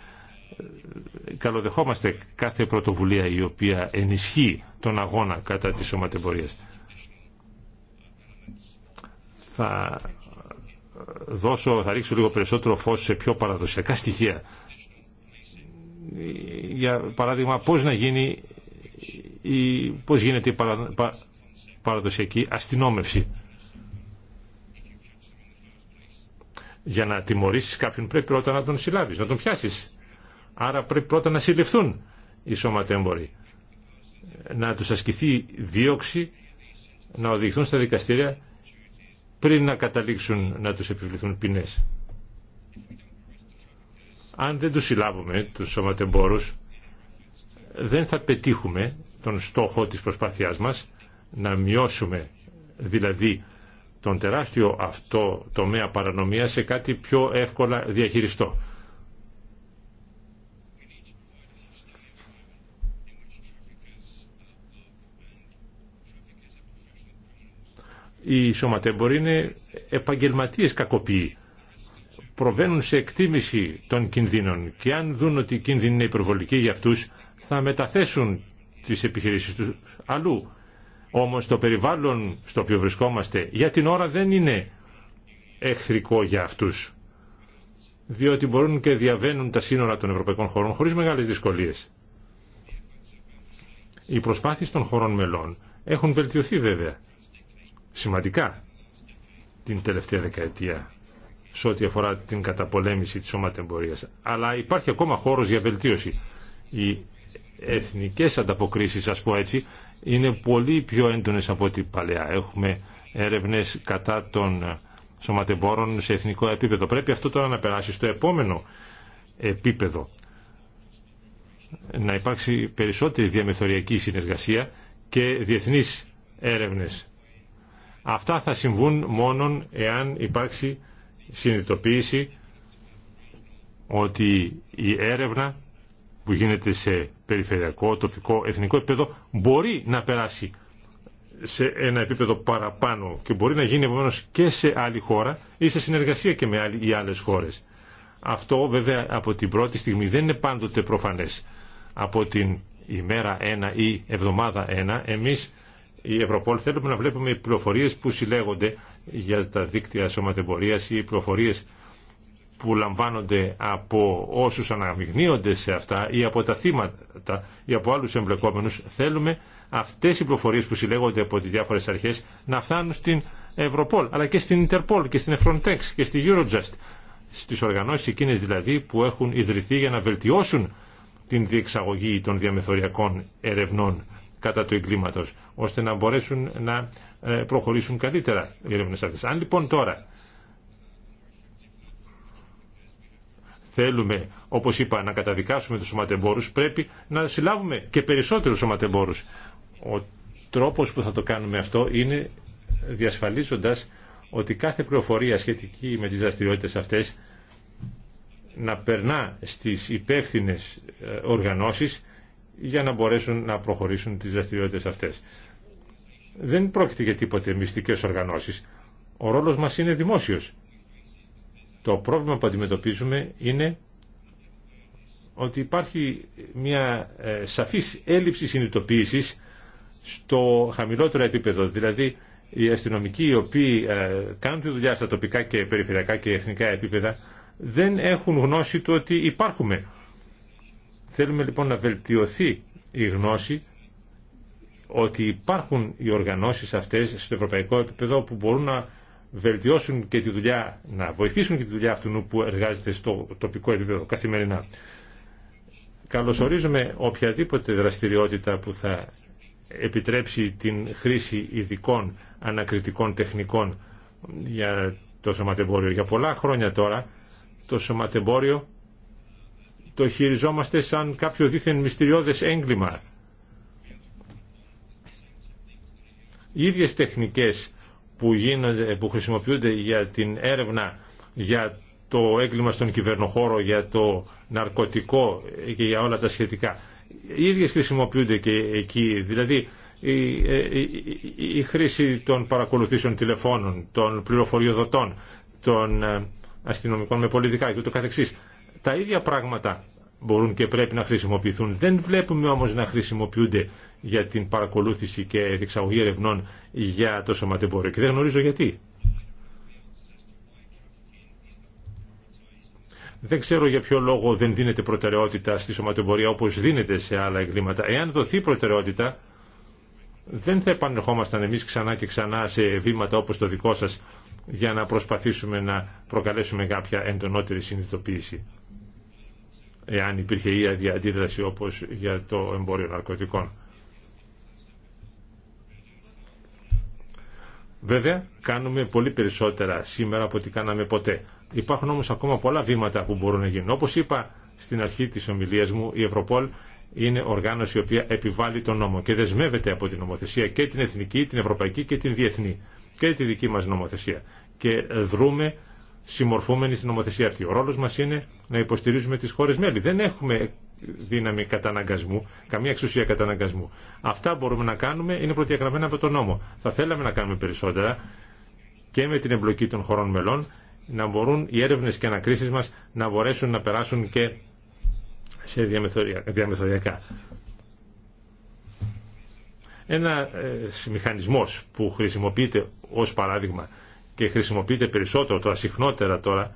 καλοδεχόμαστε κάθε πρωτοβουλία η οποία ενισχύει τον αγώνα κατά της σωματεμπορίας. Θα δώσω, θα ρίξω λίγο περισσότερο φως σε πιο παραδοσιακά στοιχεία. Για παράδειγμα, πώς να γίνει η, πώς γίνεται η παρα, παραδοσιακή αστυνόμευση. Για να τιμωρήσεις κάποιον πρέπει πρώτα να τον συλλάβεις, να τον πιάσεις. Άρα πρέπει πρώτα να συλληφθούν οι σώματέμποροι, να τους ασκηθεί δίωξη, να οδηγηθούν στα δικαστήρια πριν να καταλήξουν να τους επιβληθούν ποινές. Αν δεν τους συλλάβουμε, τους σώματεμπόρους, δεν θα πετύχουμε τον στόχο της προσπάθειάς μας να μειώσουμε δηλαδή τον τεράστιο αυτό τομέα παρανομία σε κάτι πιο εύκολα διαχειριστό. Οι σωματέμποροι είναι επαγγελματίες κακοποιοί. Προβαίνουν σε εκτίμηση των κινδύνων και αν δουν ότι οι κίνδυνοι είναι υπερβολική για αυτούς θα μεταθέσουν τις επιχειρήσεις τους αλλού. Όμως το περιβάλλον στο οποίο βρισκόμαστε για την ώρα δεν είναι εχθρικό για αυτούς. Διότι μπορούν και διαβαίνουν τα σύνορα των ευρωπαϊκών χωρών χωρίς μεγάλες δυσκολίες. Οι προσπάθειες των χωρών μελών έχουν βελτιωθεί βέβαια σημαντικά την τελευταία δεκαετία σε ό,τι αφορά την καταπολέμηση της σωματεμπορίας. Αλλά υπάρχει ακόμα χώρος για βελτίωση. Οι εθνικές ανταποκρίσεις, ας πω έτσι, είναι πολύ πιο έντονες από ό,τι παλαιά. Έχουμε έρευνες κατά των σωματεμπόρων σε εθνικό επίπεδο. Πρέπει αυτό τώρα να περάσει στο επόμενο επίπεδο. Να υπάρξει περισσότερη διαμεθοριακή συνεργασία και διεθνείς έρευνες Αυτά θα συμβούν μόνον εάν υπάρξει συνειδητοποίηση ότι η έρευνα που γίνεται σε περιφερειακό, τοπικό, εθνικό επίπεδο μπορεί να περάσει σε ένα επίπεδο παραπάνω και μπορεί να γίνει επομένω και σε άλλη χώρα ή σε συνεργασία και με άλλη ή άλλες χώρες. Αυτό βέβαια από την πρώτη στιγμή δεν είναι πάντοτε προφανές. Από την ημέρα 1 ή εβδομάδα 1 εμείς η Ευρωπόλ θέλουμε να βλέπουμε οι πληροφορίες που συλλέγονται για τα δίκτυα σωματεμπορίας ή οι πληροφορίες που λαμβάνονται από όσους αναμειγνύονται σε αυτά ή από τα θύματα ή από άλλους εμπλεκόμενους. Θέλουμε αυτές οι πληροφορίες που συλλέγονται από τις διάφορες αρχές να φτάνουν στην Ευρωπόλ αλλά και στην Interpol και στην Frontex και στη Eurojust στις οργανώσεις εκείνες δηλαδή που έχουν ιδρυθεί για να βελτιώσουν την διεξαγωγή των διαμεθοριακών ερευνών κατά του εγκλήματος, ώστε να μπορέσουν να ε, προχωρήσουν καλύτερα οι έρευνες αυτές. Αν λοιπόν τώρα θέλουμε, όπως είπα, να καταδικάσουμε τους σωματεμπόρους, πρέπει να συλλάβουμε και περισσότερους σωματεμπόρους. Ο τρόπος που θα το κάνουμε αυτό είναι διασφαλίζοντας ότι κάθε πληροφορία σχετική με τις δραστηριότητες αυτές να περνά στις υπεύθυνες ε, οργανώσεις για να μπορέσουν να προχωρήσουν τις δραστηριότητε αυτές. Δεν πρόκειται για τίποτε μυστικές οργανώσεις. Ο ρόλος μας είναι δημόσιος. Το πρόβλημα που αντιμετωπίζουμε είναι ότι υπάρχει μια ε, σαφής έλλειψη συνειδητοποίησης στο χαμηλότερο επίπεδο. Δηλαδή, οι αστυνομικοί οι οποίοι ε, κάνουν τη δουλειά στα τοπικά και περιφερειακά και εθνικά επίπεδα δεν έχουν γνώση του ότι υπάρχουμε. Θέλουμε λοιπόν να βελτιωθεί η γνώση ότι υπάρχουν οι οργανώσεις αυτές στο ευρωπαϊκό επίπεδο που μπορούν να βελτιώσουν και τη δουλειά, να βοηθήσουν και τη δουλειά αυτού που εργάζεται στο τοπικό επίπεδο καθημερινά. Καλωσορίζουμε οποιαδήποτε δραστηριότητα που θα επιτρέψει την χρήση ειδικών ανακριτικών τεχνικών για το σωματεμπόριο. Για πολλά χρόνια τώρα το σωματεμπόριο το χειριζόμαστε σαν κάποιο δίθεν μυστηριώδες έγκλημα. Οι ίδιες τεχνικές που, γίνονται, που χρησιμοποιούνται για την έρευνα για το έγκλημα στον κυβερνοχώρο, για το ναρκωτικό και για όλα τα σχετικά. Οι ίδιες χρησιμοποιούνται και εκεί, δηλαδή η, ε, η, η χρήση των παρακολουθήσεων τηλεφώνων, των πληροφοριοδοτών, των ε, αστυνομικών με πολιτικά και ούτω καθεξής. Τα ίδια πράγματα μπορούν και πρέπει να χρησιμοποιηθούν. Δεν βλέπουμε όμως να χρησιμοποιούνται για την παρακολούθηση και διεξαγωγή ερευνών για το σωματεμπόριο και δεν γνωρίζω γιατί. Δεν ξέρω για ποιο λόγο δεν δίνεται προτεραιότητα στη σωματεμπορία όπως δίνεται σε άλλα εγκλήματα. Εάν δοθεί προτεραιότητα δεν θα επανερχόμασταν εμείς ξανά και ξανά σε βήματα όπως το δικό σας για να προσπαθήσουμε να προκαλέσουμε κάποια εντονότερη συνειδητοποίηση εάν υπήρχε η ίδια αντίδραση όπως για το εμπόριο ναρκωτικών. Βέβαια, κάνουμε πολύ περισσότερα σήμερα από ό,τι κάναμε ποτέ. Υπάρχουν όμως ακόμα πολλά βήματα που μπορούν να γίνουν. Όπως είπα στην αρχή της ομιλίας μου, η Ευρωπόλ είναι οργάνωση η οποία επιβάλλει τον νόμο και δεσμεύεται από την νομοθεσία και την εθνική, την ευρωπαϊκή και την διεθνή και τη δική μας νομοθεσία. Και δρούμε συμμορφούμενοι στην νομοθεσία αυτή. Ο ρόλο μα είναι να υποστηρίζουμε τι χώρε μέλη. Δεν έχουμε δύναμη καταναγκασμού, καμία εξουσία καταναγκασμού. Αυτά μπορούμε να κάνουμε, είναι προδιαγραμμένα από τον νόμο. Θα θέλαμε να κάνουμε περισσότερα και με την εμπλοκή των χωρών μελών, να μπορούν οι έρευνε και ανακρίσει μα να μπορέσουν να περάσουν και σε διαμεθοριακά. Ένα ε, μηχανισμό που χρησιμοποιείται ω παράδειγμα και χρησιμοποιείται περισσότερο τώρα, συχνότερα τώρα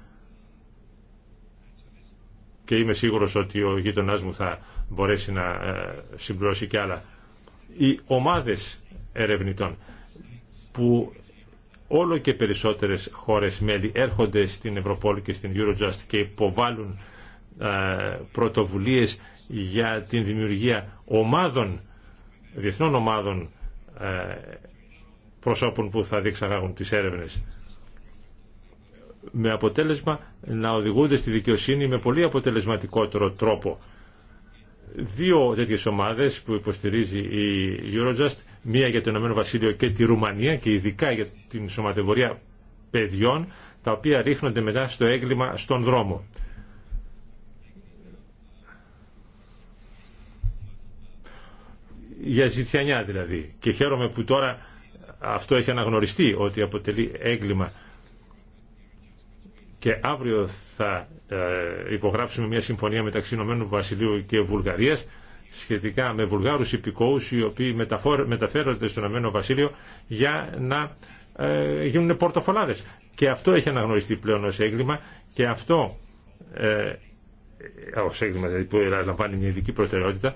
και είμαι σίγουρος ότι ο γείτονά μου θα μπορέσει να ε, συμπληρώσει και άλλα. Οι ομάδες ερευνητών που όλο και περισσότερες χώρες μέλη έρχονται στην Ευρωπόλη και στην Eurojust και υποβάλλουν ε, πρωτοβουλίες για την δημιουργία ομάδων, διεθνών ομάδων ε, προσώπων που θα διεξαγάγουν τις έρευνες με αποτέλεσμα να οδηγούνται στη δικαιοσύνη με πολύ αποτελεσματικότερο τρόπο. Δύο τέτοιες ομάδες που υποστηρίζει η Eurojust, μία για το Ηνωμένο Βασίλειο και τη Ρουμανία και ειδικά για την σωματεμπορία παιδιών, τα οποία ρίχνονται μετά στο έγκλημα στον δρόμο. Για ζητιανιά δηλαδή. Και χαίρομαι που τώρα αυτό έχει αναγνωριστεί ότι αποτελεί έγκλημα και αύριο θα ε, υπογράψουμε μια συμφωνία μεταξύ Ηνωμένου Βασιλείου και Βουλγαρίας σχετικά με Βουλγάρους υπηκόους οι οποίοι μεταφέρονται στον Ηνωμένο Βασίλειο για να ε, γίνουν πορτοφολάδες. Και αυτό έχει αναγνωριστεί πλέον ως έγκλημα και αυτό ε, ως έγκλημα δηλαδή που λαμβάνει μια ειδική προτεραιότητα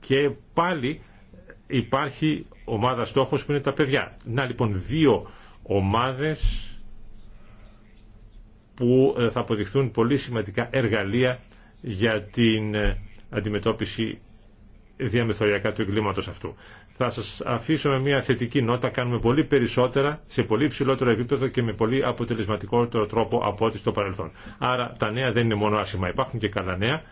και πάλι υπάρχει ομάδα στόχος που είναι τα παιδιά. Να λοιπόν δύο ομάδες που ε, θα αποδειχθούν πολύ σημαντικά εργαλεία για την ε, αντιμετώπιση διαμεθοριακά του εγκλήματος αυτού. Θα σας αφήσω με μια θετική νότα, κάνουμε πολύ περισσότερα, σε πολύ ψηλότερο επίπεδο και με πολύ αποτελεσματικότερο τρόπο από ό,τι στο παρελθόν. Άρα τα νέα δεν είναι μόνο άσχημα, υπάρχουν και καλά νέα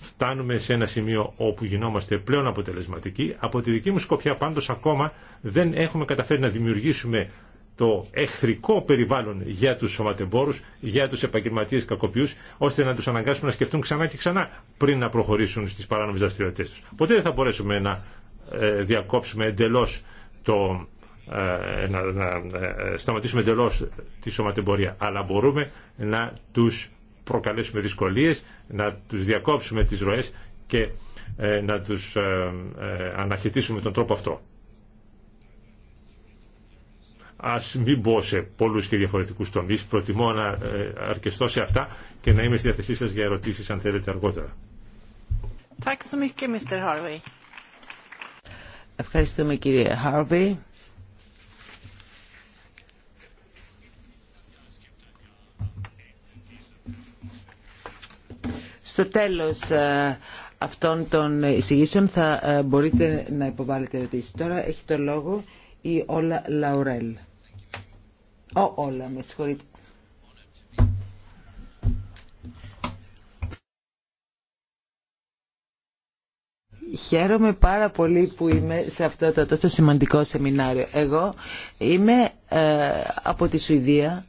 φτάνουμε σε ένα σημείο όπου γινόμαστε πλέον αποτελεσματικοί. Από τη δική μου σκοπιά πάντως ακόμα δεν έχουμε καταφέρει να δημιουργήσουμε το εχθρικό περιβάλλον για τους σωματεμπόρους, για τους επαγγελματίες κακοποιούς, ώστε να τους αναγκάσουμε να σκεφτούν ξανά και ξανά πριν να προχωρήσουν στις παράνομες δραστηριότητες τους. Ποτέ δεν θα μπορέσουμε να ε, διακόψουμε εντελώς το, ε, να, ε, σταματήσουμε εντελώς τη σωματεμπορία, αλλά μπορούμε να τους προκαλέσουμε δυσκολίες, να τους διακόψουμε τις ροές και ε, να τους ε, ε, αναχαιτήσουμε τον τρόπο αυτό. Ας μην μπω σε πολλούς και διαφορετικούς τομείς, προτιμώ να αρκεστώ σε αυτά και να είμαι στη διάθεσή σας για ερωτήσεις αν θέλετε αργότερα. Ευχαριστούμε κύριε Harvey. Στο τέλος ε, αυτών των εισηγήσεων θα ε, μπορείτε να υποβάλλετε ερωτήσεις. Τώρα έχει το λόγο η Όλα Λαουρέλ. Ο Όλα, με συγχωρείτε. Χαίρομαι πάρα πολύ που είμαι σε αυτό το τόσο σημαντικό σεμινάριο. Εγώ είμαι ε, από τη Σουηδία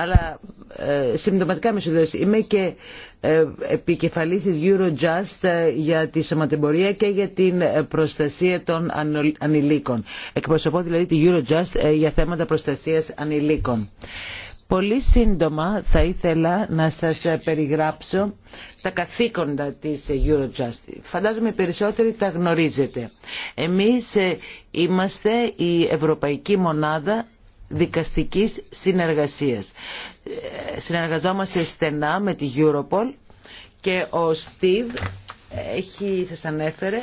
αλλά ε, συμπτωματικά με Είμαι και ε, επικεφαλής της Eurojust ε, για τη σωματεμπορία και για την ε, προστασία των ανηλίκων. Εκπροσωπώ δηλαδή τη Eurojust ε, για θέματα προστασίας ανηλίκων. Πολύ σύντομα θα ήθελα να σας περιγράψω τα καθήκοντα της Eurojust. Φαντάζομαι περισσότεροι τα γνωρίζετε. Εμείς είμαστε η Ευρωπαϊκή Μονάδα δικαστικής συνεργασίας. Ε, συνεργαζόμαστε στενά με τη Europol και ο Στίβ έχει, σας ανέφερε,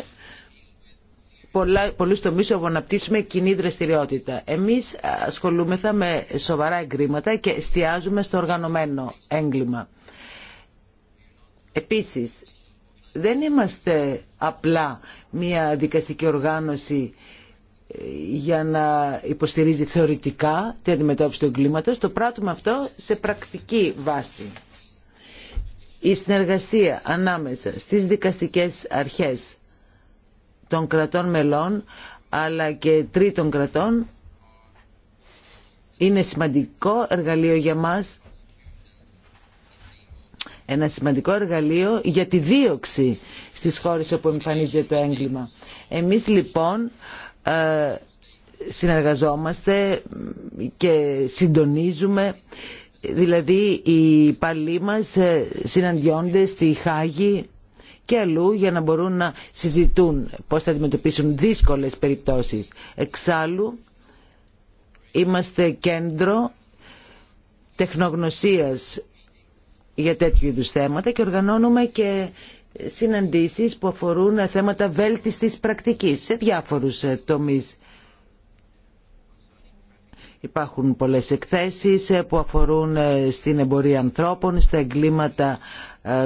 πολλά, πολλούς τομείς όπου αναπτύσσουμε κοινή δραστηριότητα. Εμείς ασχολούμεθα με σοβαρά εγκρήματα και εστιάζουμε στο οργανωμένο έγκλημα. Επίσης, δεν είμαστε απλά μια δικαστική οργάνωση για να υποστηρίζει θεωρητικά τη αντιμετώπιση του εγκλήματος. Το πράττουμε αυτό σε πρακτική βάση. Η συνεργασία ανάμεσα στις δικαστικές αρχές των κρατών μελών αλλά και τρίτων κρατών είναι σημαντικό εργαλείο για μας ένα σημαντικό εργαλείο για τη δίωξη στις χώρες όπου εμφανίζεται το έγκλημα. Εμείς λοιπόν ε, συνεργαζόμαστε και συντονίζουμε. Δηλαδή οι παλιοί μας ε, συναντιόνται στη Χάγη και αλλού για να μπορούν να συζητούν πώς θα αντιμετωπίσουν δύσκολες περιπτώσεις. Εξάλλου είμαστε κέντρο τεχνογνωσίας για τέτοιου είδους θέματα και οργανώνουμε και συναντήσεις που αφορούν θέματα βέλτιστης πρακτικής σε διάφορους ε, τομείς. Υπάρχουν πολλές εκθέσεις ε, που αφορούν ε, στην εμπορία ανθρώπων, στα εγκλήματα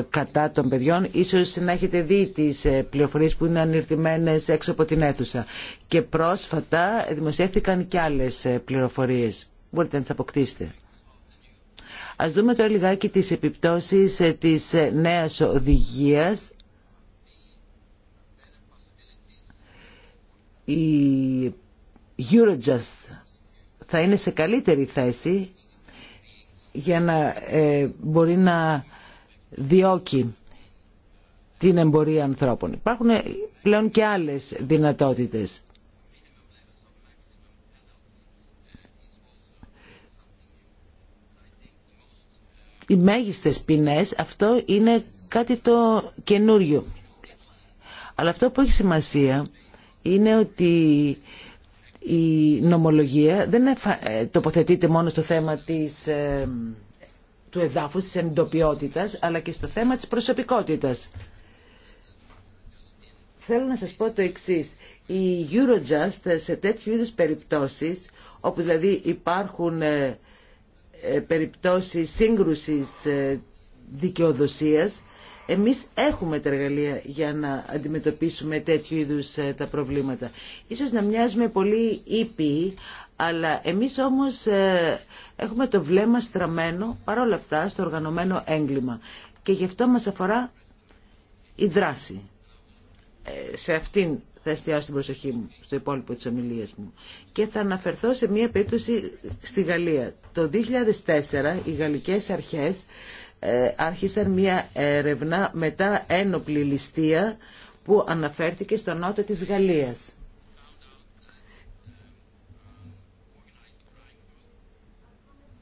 κατά των παιδιών. Ίσως να έχετε δει τις πληροφορίες που είναι ανηρτημένες έξω από την αίθουσα. Και πρόσφατα δημοσιεύθηκαν και άλλες πληροφορίες. Μπορείτε να τις αποκτήσετε. Ας δούμε τώρα λιγάκι τις επιπτώσεις ε, της ε, νέας οδηγίας. Η Eurojust θα είναι σε καλύτερη θέση για να ε, μπορεί να διώκει την εμπορία ανθρώπων. Υπάρχουν πλέον και άλλες δυνατότητες. οι μέγιστες ποινές, αυτό είναι κάτι το καινούριο. Αλλά αυτό που έχει σημασία είναι ότι η νομολογία δεν ε, τοποθετείται μόνο στο θέμα της, ε, του εδάφους, της εντοπιότητας, αλλά και στο θέμα της προσωπικότητας. Θέλω να σας πω το εξής. Η Eurojust ε, σε τέτοιου είδους περιπτώσεις, όπου δηλαδή υπάρχουν ε, περιπτώσεις σύγκρουσης ε, δικαιοδοσίας, εμείς έχουμε τα εργαλεία για να αντιμετωπίσουμε τέτοιου είδους ε, τα προβλήματα. Ίσως να μοιάζουμε πολύ ήπιοι, αλλά εμείς όμως έχουμε το βλέμμα στραμμένο παρόλα αυτά στο οργανωμένο έγκλημα. Και γι' αυτό μας αφορά η δράση. Σε αυτήν θα εστιάσω την προσοχή μου στο υπόλοιπο της ομιλίας μου. Και θα αναφερθώ σε μία περίπτωση στη Γαλλία. Το 2004 οι γαλλικές αρχές ε, άρχισαν μία έρευνα μετά ένοπλη ληστεία που αναφέρθηκε στο νότο της Γαλλίας.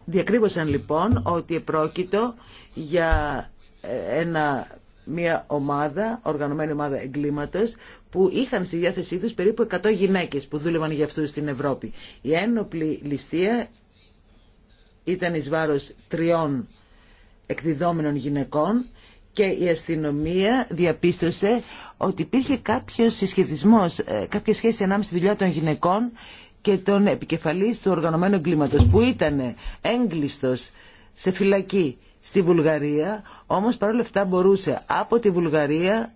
Διακρύβωσαν λοιπόν ότι επρόκειτο για ε, ένα, μια ομάδα, οργανωμένη ομάδα εγκλήματος, που είχαν στη διάθεσή τους περίπου 100 γυναίκες που δούλευαν για αυτούς στην Ευρώπη. Η ένοπλη ληστεία ήταν εις βάρος τριών εκδιδόμενων γυναικών και η αστυνομία διαπίστωσε ότι υπήρχε κάποιος συσχετισμός, ε, κάποια σχέση ανάμεσα στη δουλειά των γυναικών και των επικεφαλής του οργανωμένου εγκλήματος που ήταν έγκλειστος σε φυλακή στη Βουλγαρία, όμως παρόλα αυτά μπορούσε από τη Βουλγαρία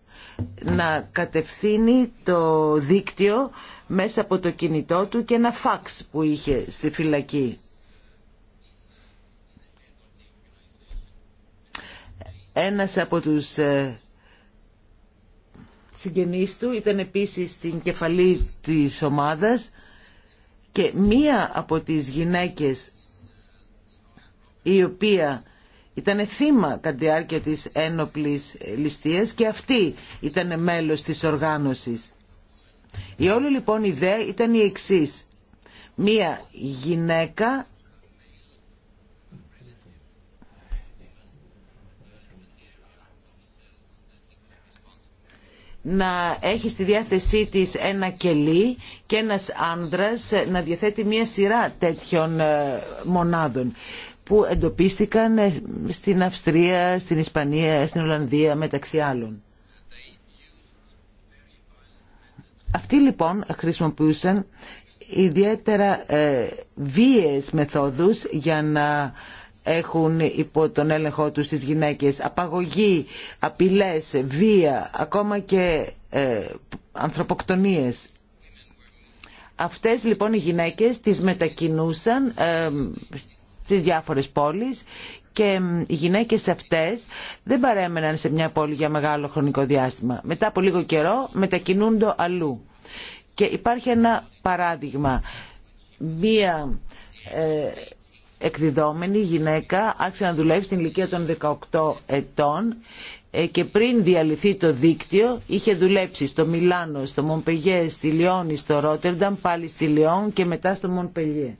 να κατευθύνει το δίκτυο μέσα από το κινητό του και ένα φαξ που είχε στη φυλακή. Ένας από τους ε, συγγενείς του ήταν επίσης στην κεφαλή της ομάδας και μία από τις γυναίκες η οποία ήταν θύμα κατά τη διάρκεια της ένοπλης ε, ληστείας και αυτή ήταν μέλος της οργάνωσης. Η όλη λοιπόν ιδέα ήταν η εξής. Μία γυναίκα να έχει στη διάθεσή της ένα κελί και ένας άνδρας να διαθέτει μια σειρά τέτοιων ε, μονάδων που εντοπίστηκαν ε, στην Αυστρία, στην Ισπανία, στην Ολλανδία μεταξύ άλλων. Αυτοί λοιπόν χρησιμοποιούσαν ιδιαίτερα ε, βίαιες μεθόδους για να έχουν υπό τον έλεγχό τους τις γυναίκες. Απαγωγή, απειλές, βία, ακόμα και ε, ανθρωποκτονίες. Αυτές λοιπόν οι γυναίκες τις μετακινούσαν ε, στις διάφορες πόλεις και οι γυναίκες αυτές δεν παρέμεναν σε μια πόλη για μεγάλο χρονικό διάστημα. Μετά από λίγο καιρό μετακινούνται αλλού. Και υπάρχει ένα παράδειγμα. Μία ε, εκδιδόμενη γυναίκα άρχισε να δουλεύει στην ηλικία των 18 ετών ε, και πριν διαλυθεί το δίκτυο είχε δουλέψει στο Μιλάνο, στο Μονπεγέ, στη Λιόνι, στο Ρότερνταμ, πάλι στη Λιόν και μετά στο Μονπελιέ.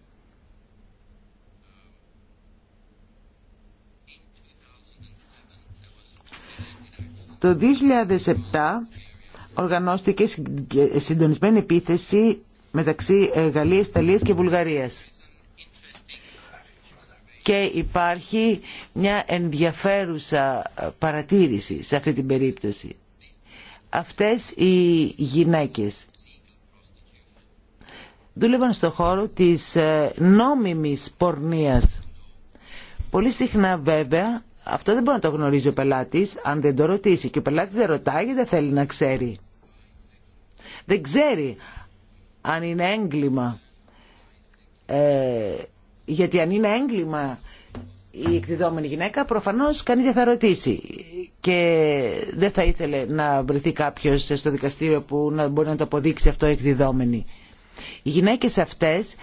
Το 2007 οργανώστηκε συντονισμένη επίθεση μεταξύ ε, Γαλλίας, Ιταλίας και Βουλγαρίας. Και υπάρχει μια ενδιαφέρουσα ε, παρατήρηση σε αυτή την περίπτωση. Αυτές οι γυναίκες δούλευαν στο χώρο της ε, νόμιμης πορνείας. Πολύ συχνά βέβαια αυτό δεν μπορεί να το γνωρίζει ο πελάτης αν δεν το ρωτήσει. Και ο πελάτης δεν ρωτάει γιατί δεν θέλει να ξέρει. Δεν ξέρει αν είναι έγκλημα. Ε, γιατί αν είναι έγκλημα η εκδιδόμενη γυναίκα προφανώς κανείς δεν θα ρωτήσει και δεν θα ήθελε να βρεθεί κάποιος στο δικαστήριο που να μπορεί να το αποδείξει αυτό η εκδιδόμενη. Οι γυναίκες αυτές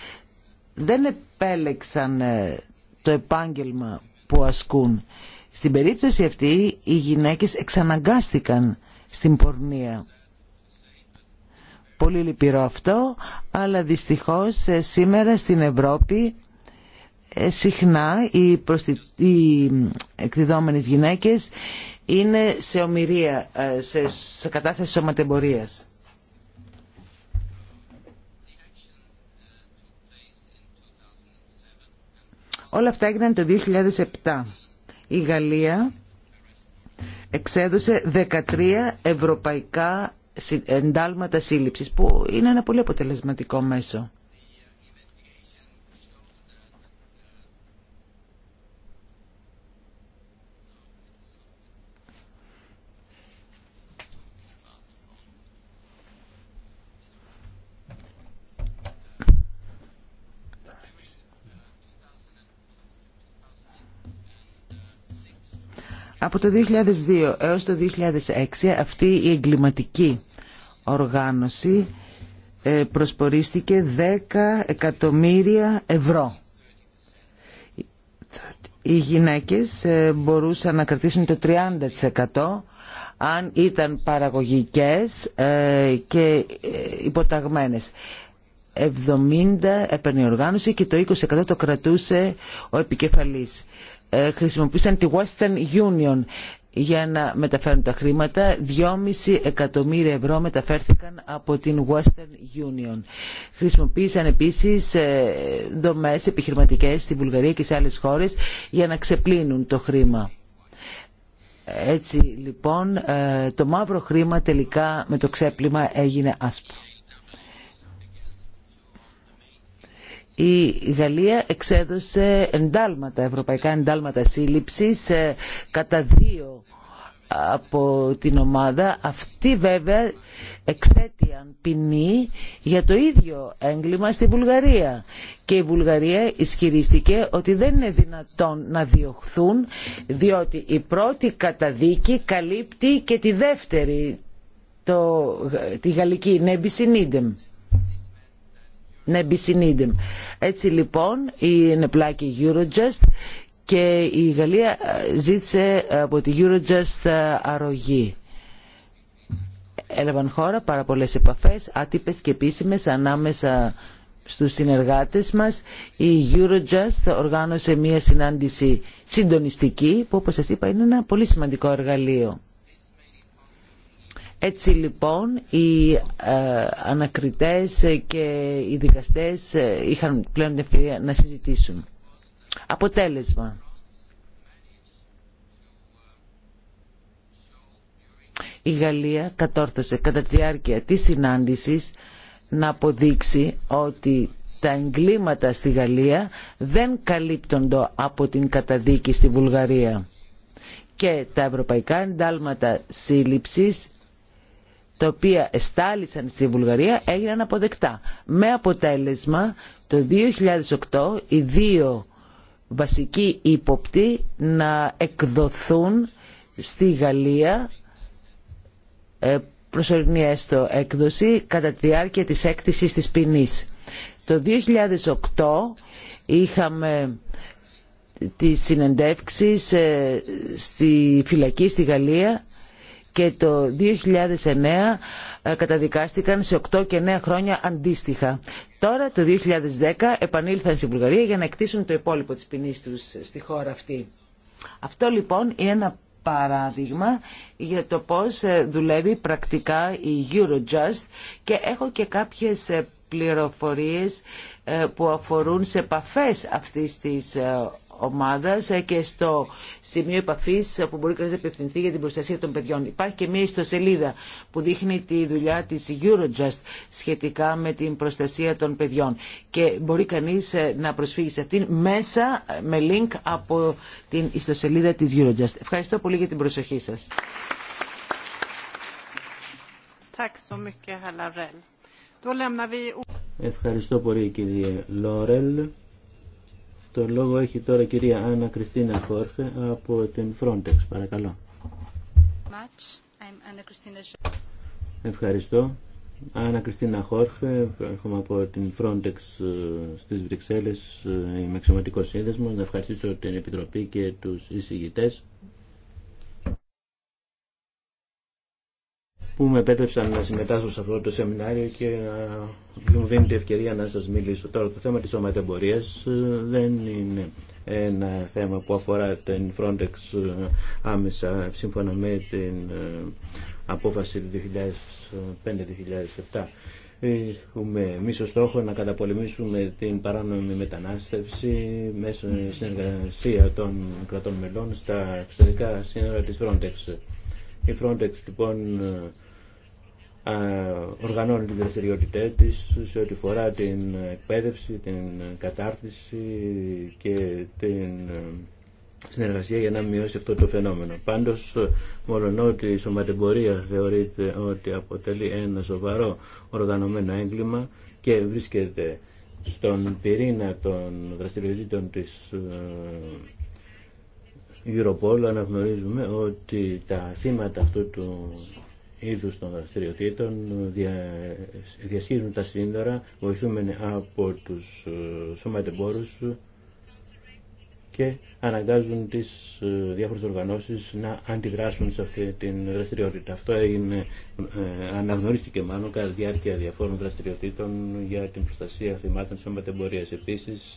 δεν επέλεξαν ε, το επάγγελμα που ασκούν. Στην περίπτωση αυτή οι γυναίκες εξαναγκάστηκαν στην πορνεία. Πολύ λυπηρό αυτό, αλλά δυστυχώς ε, σήμερα στην Ευρώπη ε, συχνά οι, προστι... οι εκδιδόμενες γυναίκες είναι σε ομοιρία, ε, σε, σε κατάσταση σωματεμπορίας. Όλα αυτά έγιναν το 2007. Η Γαλλία εξέδωσε 13 ευρωπαϊκά εντάλματα σύλληψης που είναι ένα πολύ αποτελεσματικό μέσο. Από το 2002 έως το 2006 αυτή η εγκληματική οργάνωση ε, προσπορίστηκε 10 εκατομμύρια ευρώ. Οι γυναίκες ε, μπορούσαν να κρατήσουν το 30% αν ήταν παραγωγικές ε, και υποταγμένες. 70 έπαιρνε η οργάνωση και το 20% το κρατούσε ο επικεφαλής. Ε, χρησιμοποίησαν τη Western Union για να μεταφέρουν τα χρήματα. 2,5 εκατομμύρια ευρώ μεταφέρθηκαν από την Western Union. Χρησιμοποίησαν επίσης ε, δομές επιχειρηματικές στη Βουλγαρία και σε άλλες χώρες για να ξεπλύνουν το χρήμα. Έτσι λοιπόν ε, το μαύρο χρήμα τελικά με το ξέπλυμα έγινε άσπρο. Η Γαλλία εξέδωσε εντάλματα, ευρωπαϊκά εντάλματα σύλληψης ε, κατά δύο από την ομάδα. Αυτή βέβαια εξέτειαν ποινή για το ίδιο έγκλημα στη Βουλγαρία. Και η Βουλγαρία ισχυρίστηκε ότι δεν είναι δυνατόν να διωχθούν διότι η πρώτη καταδίκη καλύπτει και τη δεύτερη, το, τη γαλλική, νέμπι να Έτσι λοιπόν η νεπλάκη Eurojust και η Γαλλία ε, ζήτησε από τη Eurojust ε, αρρωγή. Έλαβαν χώρα πάρα πολλέ επαφέ, άτυπε και επίσημε ανάμεσα στους συνεργάτες μας. Η Eurojust οργάνωσε μία συνάντηση συντονιστική που όπως σας είπα είναι ένα πολύ σημαντικό εργαλείο. Έτσι λοιπόν οι ε, ανακριτές και οι δικαστές ε, είχαν πλέον την ευκαιρία να συζητήσουν. Αποτέλεσμα. Η Γαλλία κατόρθωσε κατά τη διάρκεια της συνάντησης να αποδείξει ότι τα εγκλήματα στη Γαλλία δεν καλύπτονται από την καταδίκη στη Βουλγαρία και τα ευρωπαϊκά εντάλματα σύλληψης τα οποία εστάλησαν στη Βουλγαρία έγιναν αποδεκτά. Με αποτέλεσμα το 2008 οι δύο βασικοί ύποπτοι να εκδοθούν στη Γαλλία ε, προσωρινή έστω έκδοση κατά τη διάρκεια της έκτησης της ποινής. Το 2008 είχαμε τις συνεντεύξεις ε, στη φυλακή στη Γαλλία και το 2009 ε, καταδικάστηκαν σε 8 και 9 χρόνια αντίστοιχα. Τώρα το 2010 επανήλθαν στην Βουλγαρία για να εκτίσουν το υπόλοιπο της ποινή τους στη χώρα αυτή. Αυτό λοιπόν είναι ένα παράδειγμα για το πώς ε, δουλεύει πρακτικά η Eurojust και έχω και κάποιες ε, πληροφορίες που αφορούν σε επαφές αυτής της ε, και στο σημείο επαφή που μπορεί κανεί να απευθυνθεί για την προστασία των παιδιών. Υπάρχει και μια ιστοσελίδα που δείχνει τη δουλειά τη Eurojust σχετικά με την προστασία των παιδιών και μπορεί κανεί ε, να προσφύγει σε αυτήν μέσα ε, με link από την ιστοσελίδα τη Eurojust. Ευχαριστώ πολύ για την προσοχή σα. Ευχαριστώ πολύ κύριε Λόρελ. Το λόγο έχει τώρα η κυρία Άννα Κριστίνα Χόρχε από την Frontex. Παρακαλώ. Ευχαριστώ. Άννα Κριστίνα Χόρχε, έρχομαι από την Frontex ε, στις Βρυξέλλες, ε, είμαι εξωματικός σύνδεσμος. Να ευχαριστήσω την Επιτροπή και τους εισηγητές που με επέτρεψαν να συμμετάσχω σε αυτό το σεμινάριο και να μου δίνετε ευκαιρία να σας μιλήσω. Τώρα το θέμα της σωματεμπορίας ε, δεν είναι ένα θέμα που αφορά την Frontex ε, άμεσα σύμφωνα με την ε, απόφαση του 2005-2007. Έχουμε εμεί στόχο να καταπολεμήσουμε την παράνομη μετανάστευση μέσω συνεργασία των κρατών μελών στα εξωτερικά σύνορα της Frontex. Η Frontex λοιπόν ε, οργανώνει τη δραστηριότητά της σε ό,τι φορά την εκπαίδευση, την κατάρτιση και την ε, συνεργασία για να μειώσει αυτό το φαινόμενο. Πάντως, ότι η σωματεμπορία θεωρείται ότι αποτελεί ένα σοβαρό οργανωμένο έγκλημα και βρίσκεται στον πυρήνα των δραστηριοτήτων της ε, Europol αναγνωρίζουμε ότι τα σήματα αυτού του είδους των δραστηριοτήτων, δια, διασχίζουν τα σύνορα, βοηθούμενοι από τους ε, σωματεμπόρους και αναγκάζουν τις ε, διάφορες οργανώσεις να αντιδράσουν σε αυτή την δραστηριότητα. Αυτό ε, αναγνωρίστηκε μάλλον κατά διάρκεια διαφόρων δραστηριοτήτων για την προστασία θυμάτων σωματεμπορίας. Επίσης,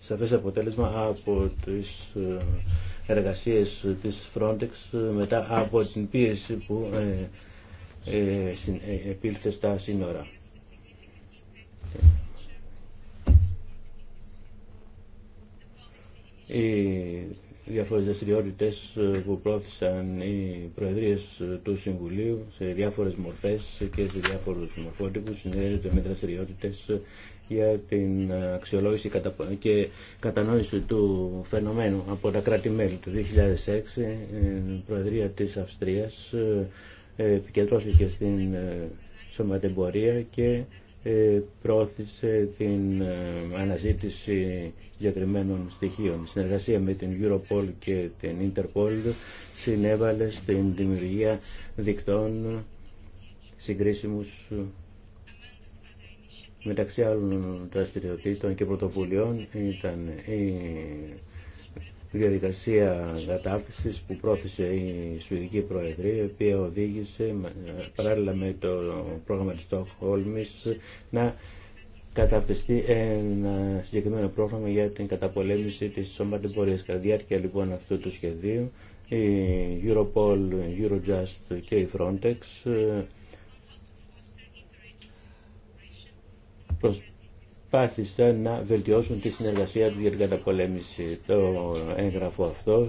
σαφές αποτέλεσμα από τις ε, εργασίες της Frontex ε, μετά από την πίεση που ε, επήλθε στα σύνορα. Η διάφορες δραστηριότητε ε, που πρόθεσαν οι προεδρίες ε, του Συμβουλίου σε διάφορες μορφές και σε διάφορους μορφότυπους συνδέεται με δραστηριότητε ε, για την αξιολόγηση και κατανόηση του φαινομένου από τα κράτη-μέλη του 2006 η Προεδρία της Αυστρίας επικεντρώθηκε στην σωματεμπορία και ε, πρόθεσε την ε, αναζήτηση διακριμένων στοιχείων. Η συνεργασία με την Europol και την Interpol συνέβαλε στην δημιουργία δικτών συγκρίσιμους μεταξύ άλλων δραστηριοτήτων και πρωτοβουλειών ήταν διαδικασία κατάρτισης που πρόθεσε η Σουηδική Προεδρία, η οποία οδήγησε παράλληλα με το πρόγραμμα της Στοχόλμης να καταρτιστεί ένα συγκεκριμένο πρόγραμμα για την καταπολέμηση της σωματεμπορίας. Κατά διάρκεια λοιπόν αυτού του σχεδίου, η Europol, Eurojust και η Frontex ε, προσπάθησαν να βελτιώσουν τη συνεργασία του για την καταπολέμηση. Το έγγραφο αυτό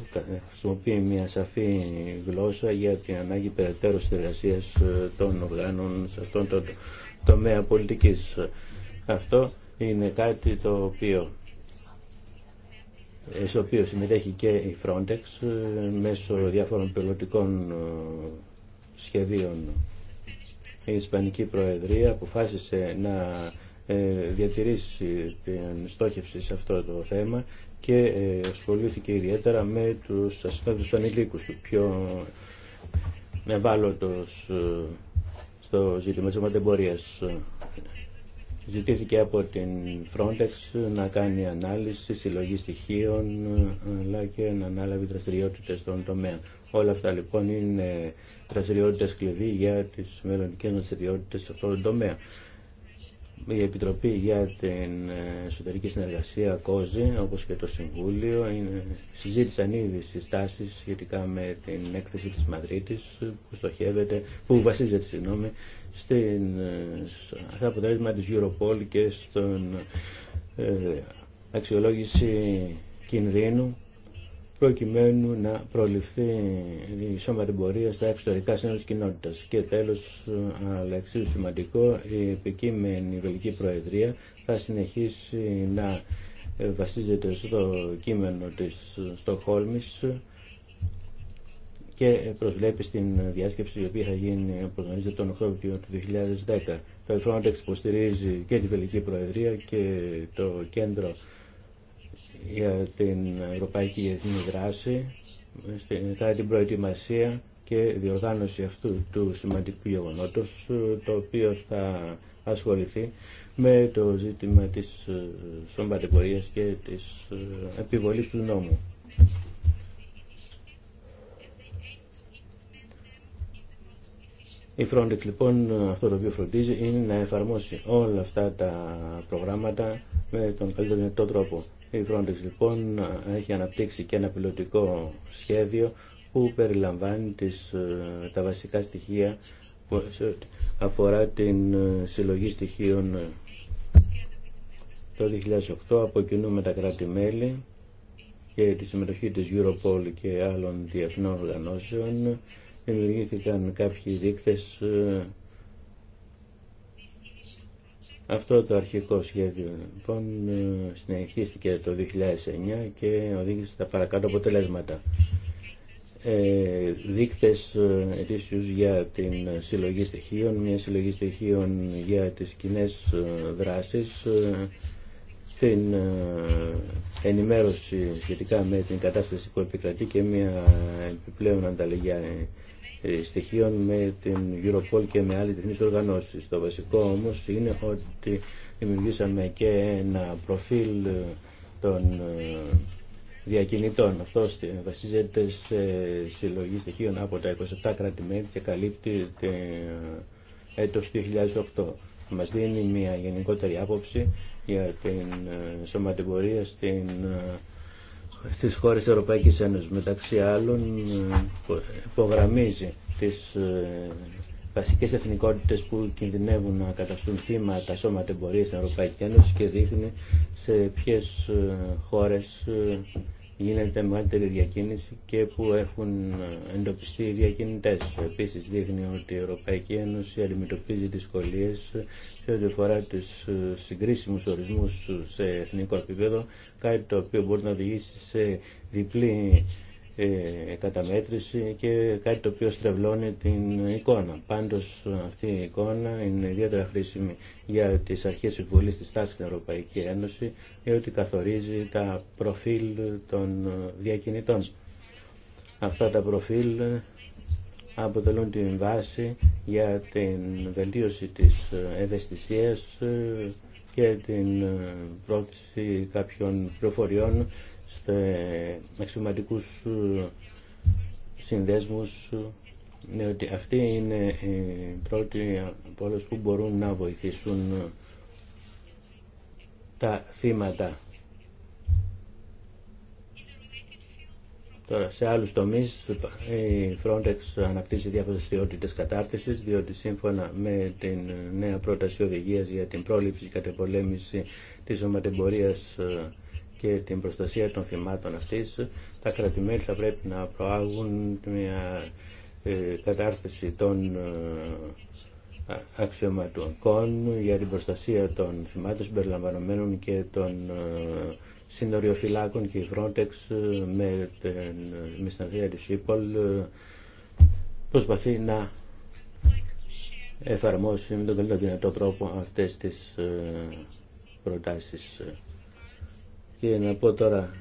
χρησιμοποιεί μια σαφή γλώσσα για την ανάγκη περαιτέρω συνεργασία ε, των οργάνων σε αυτόν τον τομέα πολιτική. Αυτό είναι κάτι το οποίο ε, στο οποίο συμμετέχει και η Frontex ε, μέσω διάφορων πιλωτικών σχεδίων. Η Ισπανική Προεδρία αποφάσισε να ε, διατηρήσει την στόχευση σε αυτό το θέμα και ε, ασχολήθηκε ιδιαίτερα με τους ασυνόδους ανηλίκους του πιο ευάλωτος ε, στο ζήτημα της εμπορίας. Ζητήθηκε από την Frontex να κάνει ανάλυση, συλλογή στοιχείων αλλά και να ανάλαβει δραστηριότητε στον τομέα. Όλα αυτά λοιπόν είναι δραστηριότητε κλειδί για τις μελλοντικέ δραστηριότητε σε αυτόν τον τομέα η Επιτροπή για την Εσωτερική Συνεργασία, ΚΟΖΗ, όπως και το Συμβούλιο, είναι, συζήτησαν ήδη συστάσεις σχετικά με την έκθεση της Μαδρίτης, που, στοχεύεται, που βασίζεται συγγνώμη, στην, στο αποτέλεσμα της Europol και στην ε, αξιολόγηση κινδύνου προκειμένου να προληφθεί η σώματεμπορία στα εξωτερικά σύνορα της κοινότητας. Και τέλος, αλλά εξίσου σημαντικό, η επικείμενη Βελική Προεδρία θα συνεχίσει να βασίζεται στο κείμενο της Στοχόλμης και προσβλέπει στην διάσκεψη η οποία θα γίνει όπως γνωρίζετε τον Οκτώβριο του 2010. Το Frontex υποστηρίζει και τη Βελική Προεδρία και το κέντρο για την Ευρωπαϊκή Διεθνή Δράση μετά την προετοιμασία και διοργάνωση αυτού του σημαντικού γεγονότος το οποίο θα ασχοληθεί με το ζήτημα της ε, σωμπατεπορίας και της ε, επιβολής του νόμου. Η Frontex λοιπόν αυτό το οποίο φροντίζει είναι να εφαρμόσει όλα αυτά τα προγράμματα με τον καλύτερο τρόπο. Η Frontex λοιπόν έχει αναπτύξει και ένα πιλωτικό σχέδιο που περιλαμβάνει τις, ε, τα βασικά στοιχεία που αφορά την ε, συλλογή στοιχείων το 2008 από κοινού με τα κράτη-μέλη και τη συμμετοχή της Europol και άλλων διεθνών οργανώσεων δημιουργήθηκαν κάποιοι δείκτες ε, αυτό το αρχικό σχέδιο λοιπόν συνεχίστηκε το 2009 και οδήγησε στα παρακάτω αποτελέσματα. Ε, δείκτες ε, ετήσιους για την συλλογή στοιχείων, μια συλλογή στοιχείων για τις κοινέ ε, δράσεις, ε, την ενημέρωση σχετικά με την κατάσταση που επικρατεί και μια επιπλέον ανταλλαγή ε, στοιχείων με την Europol και με άλλες διεθνείς οργανώσεις. Το βασικό όμως είναι ότι δημιουργήσαμε και ένα προφίλ ε, των ε, διακινητών. Αυτό βασίζεται σε συλλογή στοιχείων από τα 27 κράτη-μέλη και καλύπτει το έτος 2008. Μας δίνει μια γενικότερη άποψη για την σωματιμπορία στην στις χώρες της Ευρωπαϊκής Ένωσης. Μεταξύ άλλων ε, υπογραμμίζει τις ε, βασικές εθνικότητες που κινδυνεύουν να καταστούν τα σώματα εμπορίας στην Ευρωπαϊκή Ένωση και δείχνει σε ποιες ε, χώρες γίνεται μεγαλύτερη διακίνηση και που έχουν εντοπιστεί οι διακινητές. Επίση, δείχνει ότι η Ευρωπαϊκή Ένωση αντιμετωπίζει δυσκολίε σε ό,τι αφορά του συγκρίσιμου ορισμού σε εθνικό επίπεδο, κάτι το οποίο μπορεί να οδηγήσει σε διπλή ε, καταμέτρηση και κάτι το οποίο στρεβλώνει την εικόνα. Πάντως αυτή η εικόνα είναι ιδιαίτερα χρήσιμη για τις αρχές συμβουλής της τάξης στην Ευρωπαϊκή Ένωση διότι καθορίζει τα προφίλ των διακινητών. Αυτά τα προφίλ αποτελούν την βάση για την βελτίωση της ευαισθησίας και την πρόκληση κάποιων πληροφοριών σε σημαντικού ε, συνδέσμους διότι ε, αυτοί είναι οι πρώτοι από όλους που μπορούν να βοηθήσουν ε, τα θύματα. Τώρα, σε άλλους τομείς η Frontex αναπτύσσει διάφορες θεότητες κατάρτισης, διότι σύμφωνα με την νέα πρόταση οδηγίας για την πρόληψη και κατεπολέμηση της οματεμπορίας και την προστασία των θυμάτων αυτής, τα κρατημέλη θα πρέπει να προάγουν μια ε, κατάρτιση των ε, αξιωματικών για την προστασία των θυμάτων συμπεριλαμβανομένων και των ε, συνοριοφυλάκων και η Frontex με την μισθανθία της ΥΠΟΛ προσπαθεί να εφαρμόσει με τον καλύτερο δυνατό τρόπο αυτές τις προτάσεις. Και να πω τώρα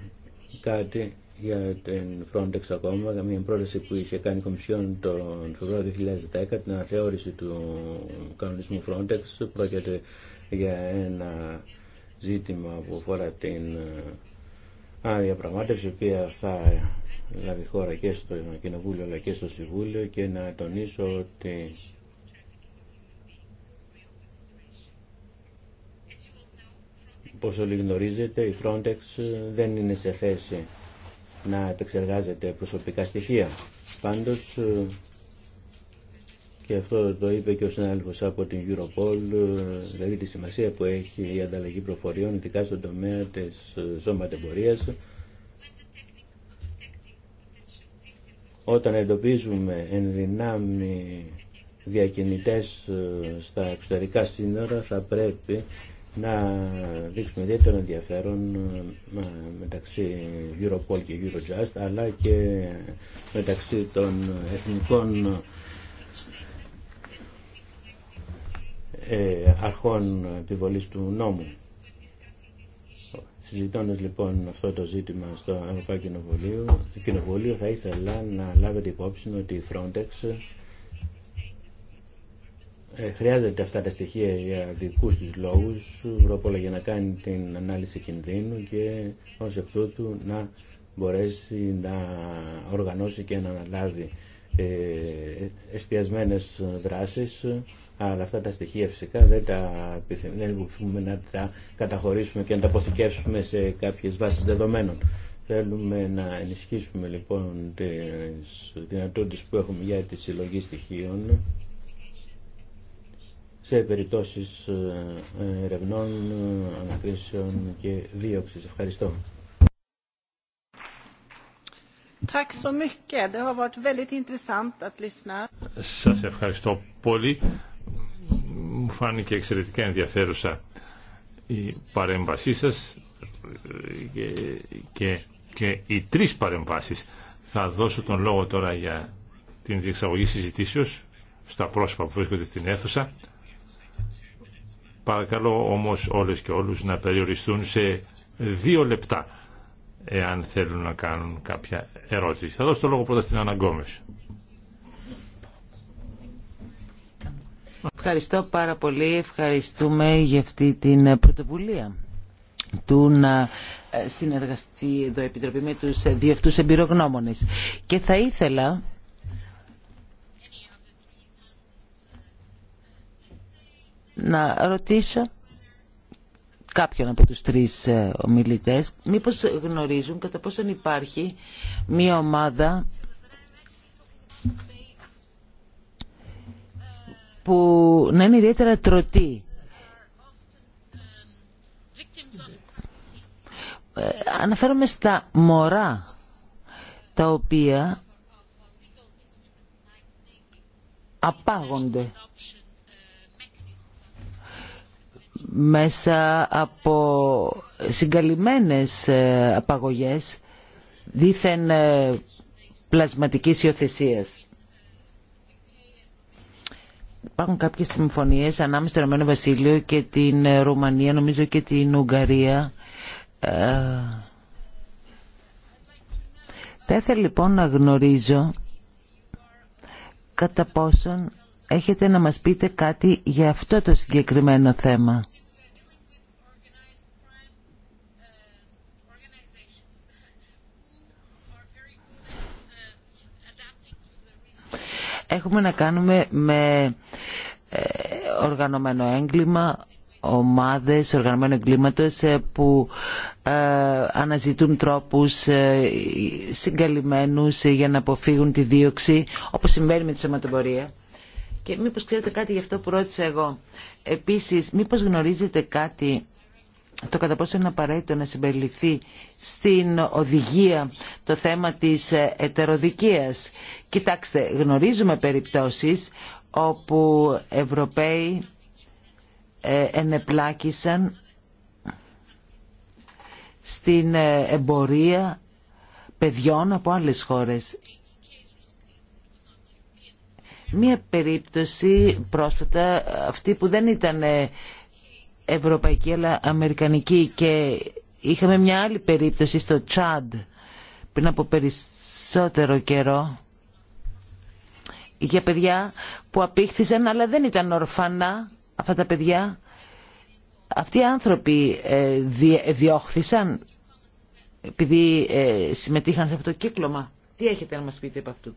κάτι για την Frontex ακόμα, για μια πρόταση που είχε κάνει η Κομισιόν τον Φεβρουάριο 2010, την αναθεώρηση του κανονισμού Frontex. Πρόκειται για ένα ζήτημα που αφορά την άδεια πραγμάτευση, η οποία θα λάβει χώρα και στο Κοινοβούλιο αλλά και στο Συμβούλιο και να τονίσω ότι Όπως όλοι γνωρίζετε, η Frontex ε, δεν είναι σε θέση να επεξεργάζεται προσωπικά στοιχεία. Πάντως, ε, και αυτό το είπε και ο συνάδελφος από την Europol, ε, δηλαδή τη σημασία που έχει η ανταλλαγή προφοριών, ειδικά στον τομέα της ζώματεμπορίας όταν εντοπίζουμε ενδυνάμει διακινητές στα εξωτερικά σύνορα θα πρέπει να δείξουμε ιδιαίτερο ενδιαφέρον ε, μεταξύ Europol και Eurojust αλλά και μεταξύ των εθνικών ε, αρχών επιβολής του νόμου. Συζητώντας λοιπόν αυτό το ζήτημα στο Ευρωπαϊκό Κοινοβουλίο, θα ήθελα να λάβετε υπόψη ότι η Frontex ε, χρειάζεται αυτά τα στοιχεία για δικούς τους λόγους, πρώτα για να κάνει την ανάλυση κινδύνου και ως εκ τούτου να μπορέσει να οργανώσει και να αναλάβει ε, εστιασμένες δράσεις, αλλά αυτά τα στοιχεία φυσικά δεν τα επιθυμούμε μπορούμε να τα καταχωρήσουμε και να τα αποθηκεύσουμε σε κάποιες βάσεις δεδομένων. Θέλουμε να ενισχύσουμε λοιπόν τις δυνατότητες που έχουμε για τη συλλογή στοιχείων σε περιπτώσεις ε, ερευνών, ε, ανακρίσεων και δίωξης. Ευχαριστώ. Σας ευχαριστώ πολύ. Μου φάνηκε εξαιρετικά ενδιαφέρουσα η παρέμβασή σας και, και οι τρεις παρεμβάσεις. Θα δώσω τον λόγο τώρα για την διεξαγωγή συζητήσεως στα πρόσωπα που βρίσκονται στην αίθουσα. Παρακαλώ όμως όλες και όλους να περιοριστούν σε δύο λεπτά εάν θέλουν να κάνουν κάποια ερώτηση. Θα δώσω το λόγο πρώτα στην Αναγκόμες. Ευχαριστώ πάρα πολύ. Ευχαριστούμε για αυτή την πρωτοβουλία του να ε, συνεργαστεί εδώ η Επιτροπή με τους ε, Και θα ήθελα να ρωτήσω κάποιον από τους τρεις ε, ομιλητές μήπως γνωρίζουν κατά πόσον υπάρχει μία ομάδα που να είναι ιδιαίτερα τρωτή ε, αναφέρομαι στα μωρά τα οποία απάγονται μέσα από συγκαλυμμένες ε, απαγωγές δίθεν ε, πλασματικής υιοθεσίας. Υπάρχουν κάποιες συμφωνίες ανάμεσα στο Ηνωμένο Βασίλειο και την ε, Ρουμανία, νομίζω και την Ουγγαρία. Θα ήθελα λοιπόν να γνωρίζω κατά πόσον έχετε να μας πείτε κάτι για αυτό το συγκεκριμένο θέμα. Έχουμε να κάνουμε με ε, οργανωμένο έγκλημα, ομάδες οργανωμένου εγκλήματος ε, που ε, αναζητούν τρόπους συγκαλυμμένους για να αποφύγουν τη δίωξη, όπως συμβαίνει με τη σωματοπορία. Και μήπως ξέρετε κάτι γι' αυτό που ρώτησα εγώ. Επίσης, μήπως γνωρίζετε κάτι το κατά πόσο είναι απαραίτητο να συμπεριληφθεί στην οδηγία το θέμα της ετεροδικίας. Κοιτάξτε, γνωρίζουμε περιπτώσεις όπου Ευρωπαίοι ε, ενεπλάκησαν στην ε, εμπορία παιδιών από άλλες χώρες. Μία περίπτωση πρόσφατα αυτή που δεν ήταν ε, ευρωπαϊκή αλλά αμερικανική και είχαμε μια άλλη περίπτωση στο Τσάντ πριν από περισσότερο καιρό για παιδιά που απήχθησαν αλλά δεν ήταν ορφανά αυτά τα παιδιά. Αυτοί οι άνθρωποι ε, ε, διώχθησαν επειδή ε, συμμετείχαν σε αυτό το κύκλωμα. Τι έχετε να μας πείτε από αυτού.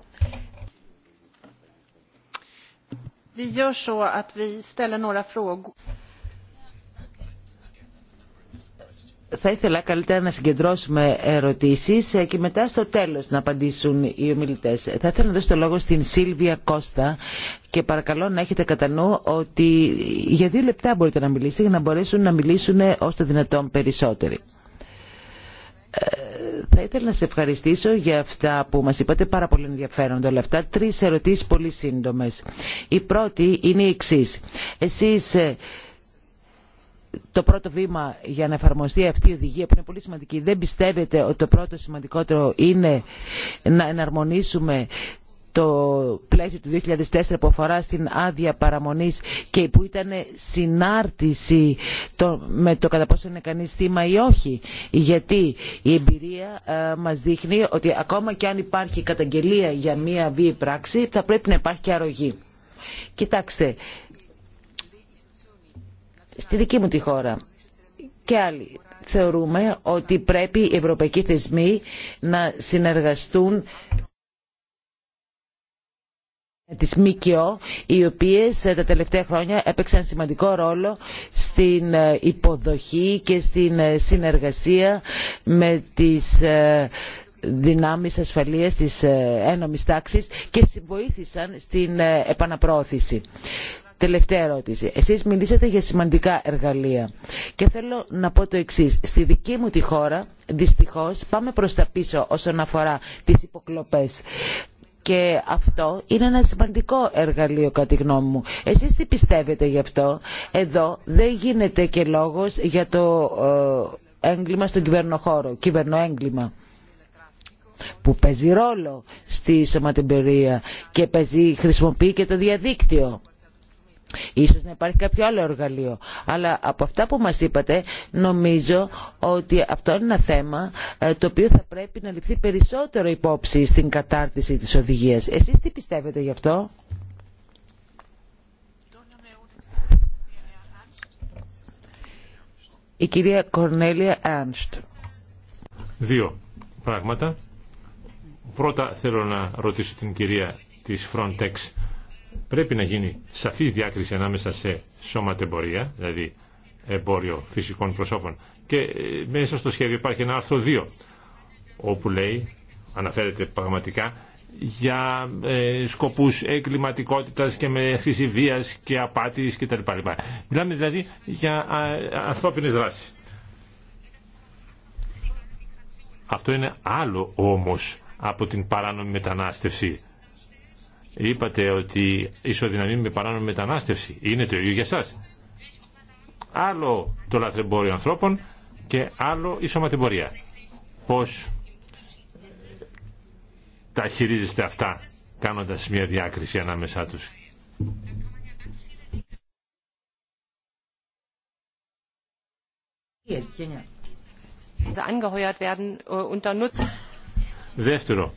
θα ήθελα καλύτερα να συγκεντρώσουμε ερωτήσεις και μετά στο τέλος να απαντήσουν οι ομιλητές. Θα ήθελα να δώσω το λόγο στην Σίλβια Κώστα και παρακαλώ να έχετε κατά νου ότι για δύο λεπτά μπορείτε να μιλήσετε για να μπορέσουν να μιλήσουν όσο το δυνατόν περισσότεροι. Ε, θα ήθελα να σε ευχαριστήσω για αυτά που μας είπατε, πάρα πολύ ενδιαφέροντα όλα αυτά. Τρεις ερωτήσεις πολύ σύντομες. Η πρώτη είναι η εξής. Εσείς ε, το πρώτο βήμα για να εφαρμοστεί αυτή η οδηγία που είναι πολύ σημαντική δεν πιστεύετε ότι το πρώτο σημαντικότερο είναι να εναρμονίσουμε το πλαίσιο του 2004 που αφορά στην άδεια παραμονής και που ήταν συνάρτηση με το κατά πόσο είναι κανείς θύμα ή όχι. Γιατί η εμπειρία ε, μας δείχνει ότι ακόμα και αν υπάρχει καταγγελία για μία βίαιη πράξη θα πρέπει να υπάρχει και αρρωγή. Κοιτάξτε, Στη δική μου τη χώρα και άλλοι θεωρούμε ότι πρέπει οι ευρωπαϊκοί θεσμοί να συνεργαστούν με της ΜΚΟ, οι οποίες τα τελευταία χρόνια έπαιξαν σημαντικό ρόλο στην ε, υποδοχή και στην ε, συνεργασία με τις ε, δυνάμεις ασφαλείας της ένωμης τάξης και βοήθησαν στην επαναπρόθεση. Τελευταία ερώτηση. Εσείς μιλήσατε για σημαντικά εργαλεία και θέλω να πω το εξής. Στη δική μου τη χώρα, δυστυχώς, πάμε προς τα πίσω όσον αφορά τις υποκλοπές και αυτό είναι ένα σημαντικό εργαλείο κατά τη γνώμη μου. Εσείς τι πιστεύετε γι' αυτό. Εδώ δεν γίνεται και λόγος για το ε, έγκλημα στον κυβερνοχώρο, κυβερνοέγκλημα που παίζει ρόλο στη σωματεμπερία και παίζει, χρησιμοποιεί και το διαδίκτυο. Ίσως να υπάρχει κάποιο άλλο εργαλείο. Αλλά από αυτά που μας είπατε νομίζω ότι αυτό είναι ένα θέμα ε, το οποίο θα πρέπει να ληφθεί περισσότερο υπόψη στην κατάρτιση της οδηγίας. Εσείς τι πιστεύετε γι' αυτό? Η κυρία Κορνέλια Ernst. Δύο πράγματα. Πρώτα θέλω να ρωτήσω την κυρία της Frontex Πρέπει να γίνει σαφή διάκριση ανάμεσα σε σώματεμπορία, δηλαδή εμπόριο φυσικών προσώπων. Και ε, μέσα στο σχέδιο υπάρχει ένα άρθρο 2, όπου λέει, αναφέρεται πραγματικά, για ε, σκοπούς εγκληματικότητας και με χρήση βίας και απάτης κτλ. Μιλάμε δηλαδή για ανθρώπινες δράσεις. Αυτό είναι άλλο όμως από την παράνομη μετανάστευση Είπατε ότι ισοδυναμεί με παράνομη μετανάστευση. Είναι το ίδιο για εσά. Άλλο το λαθρεμπόριο ανθρώπων και άλλο η σωματεμπορία. Πώς τα χειρίζεστε αυτά κάνοντας μια διάκριση ανάμεσά τους. Δεύτερο,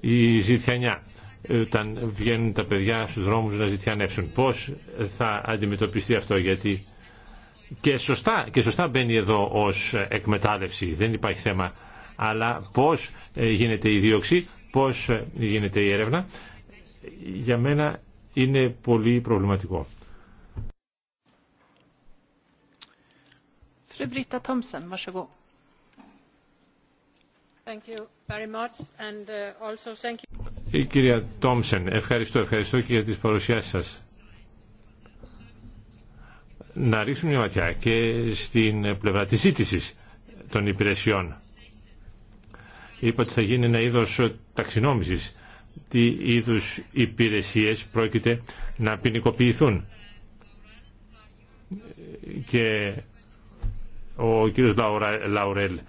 η ζητιανιά όταν βγαίνουν τα παιδιά στους δρόμους να ζητιανεύσουν. Πώς θα αντιμετωπιστεί αυτό γιατί και σωστά, και σωστά μπαίνει εδώ ως εκμετάλλευση, δεν υπάρχει θέμα, αλλά πώς ε, γίνεται η δίωξη, πώς ε, γίνεται η έρευνα, για μένα είναι πολύ προβληματικό. Η κυρία Τόμσεν, ευχαριστώ, ευχαριστώ και για τις παρουσιάσεις σας. Να ρίξουμε μια ματιά και στην πλευρά της ζήτηση των υπηρεσιών. Είπα ότι θα γίνει ένα είδος ταξινόμησης. Τι είδους υπηρεσίες πρόκειται να ποινικοποιηθούν. Και ο κύριος Λαουρέλ,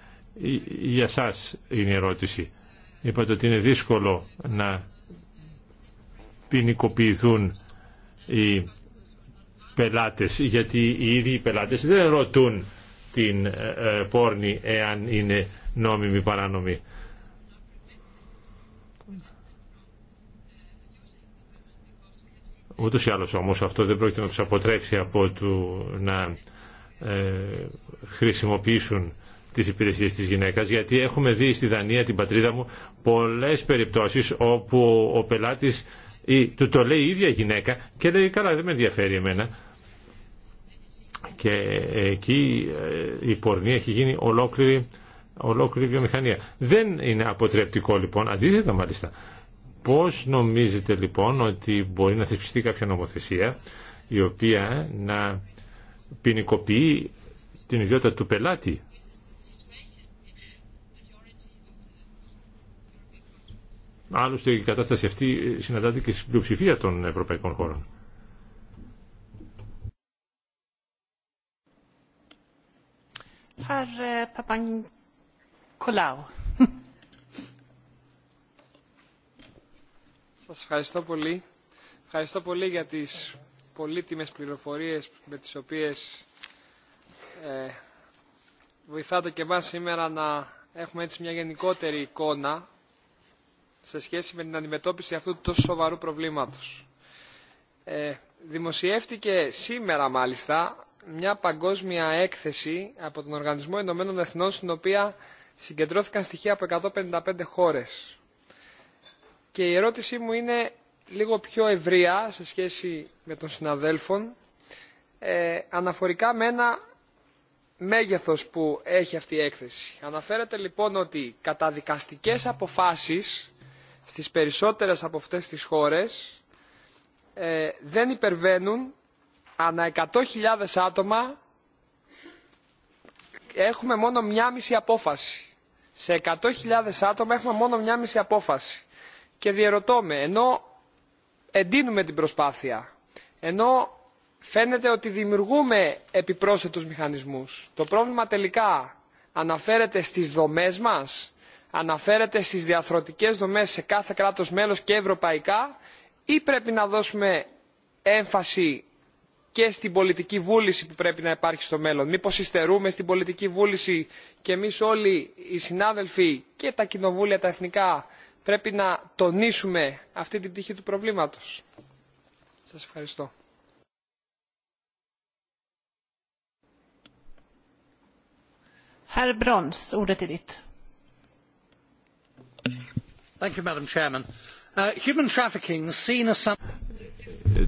για σας είναι η ερώτηση Είπατε ότι είναι δύσκολο να ποινικοποιηθούν οι πελάτες, γιατί οι ίδιοι οι πελάτες δεν ρωτούν την ε, ε, πόρνη εάν είναι νόμιμη παράνομη. Ούτως ή άλλως όμως αυτό δεν πρόκειται να τους αποτρέψει από του να ε, χρησιμοποιήσουν τι υπηρεσίε τη γυναίκα, γιατί έχουμε δει στη Δανία την πατρίδα μου πολλές περιπτώσεις όπου ο πελάτης του το λέει η ίδια γυναίκα και λέει καλά δεν με ενδιαφέρει εμένα και εκεί ε, η πορνεία έχει γίνει ολόκληρη, ολόκληρη βιομηχανία. Δεν είναι αποτρεπτικό λοιπόν, αντίθετα μάλιστα. Πώς νομίζετε λοιπόν ότι μπορεί να θεσπιστεί κάποια νομοθεσία η οποία να ποινικοποιεί την ιδιότητα του πελάτη Άλλωστε η κατάσταση αυτή συναντάται και στην πλειοψηφία των ευρωπαϊκών χώρων. Äh, Σας ευχαριστώ πολύ. Ευχαριστώ πολύ για τις πολύτιμες πληροφορίες με τις οποίες ε, βοηθάτε και εμάς σήμερα να έχουμε έτσι μια γενικότερη εικόνα σε σχέση με την αντιμετώπιση αυτού του τόσο σοβαρού προβλήματος. Ε, δημοσιεύτηκε σήμερα μάλιστα μια παγκόσμια έκθεση από τον Οργανισμό Ενωμένων Εθνών στην οποία συγκεντρώθηκαν στοιχεία από 155 χώρες. Και η ερώτησή μου είναι λίγο πιο ευρεία σε σχέση με τον συναδέλφων ε, αναφορικά με ένα μέγεθος που έχει αυτή η έκθεση. Αναφέρεται λοιπόν ότι καταδικαστικές αποφάσεις στις περισσότερες από αυτές τις χώρες ε, δεν υπερβαίνουν ανά 100.000 άτομα έχουμε μόνο μια μισή απόφαση. Σε 100.000 άτομα έχουμε μόνο μια μισή απόφαση. Και διαρωτώ με, ενώ εντείνουμε την προσπάθεια, ενώ φαίνεται ότι δημιουργούμε επιπρόσθετους μηχανισμούς, το πρόβλημα τελικά αναφέρεται στις δομές μας, αναφέρεται στις διαθροτικές δομές σε κάθε κράτος μέλος και ευρωπαϊκά ή πρέπει να δώσουμε έμφαση και στην πολιτική βούληση που πρέπει να υπάρχει στο μέλλον. Μήπως υστερούμε στην πολιτική βούληση και εμείς όλοι οι συνάδελφοι και τα κοινοβούλια τα εθνικά πρέπει να τονίσουμε αυτή την πτυχή του προβλήματος. Σας ευχαριστώ. Uh,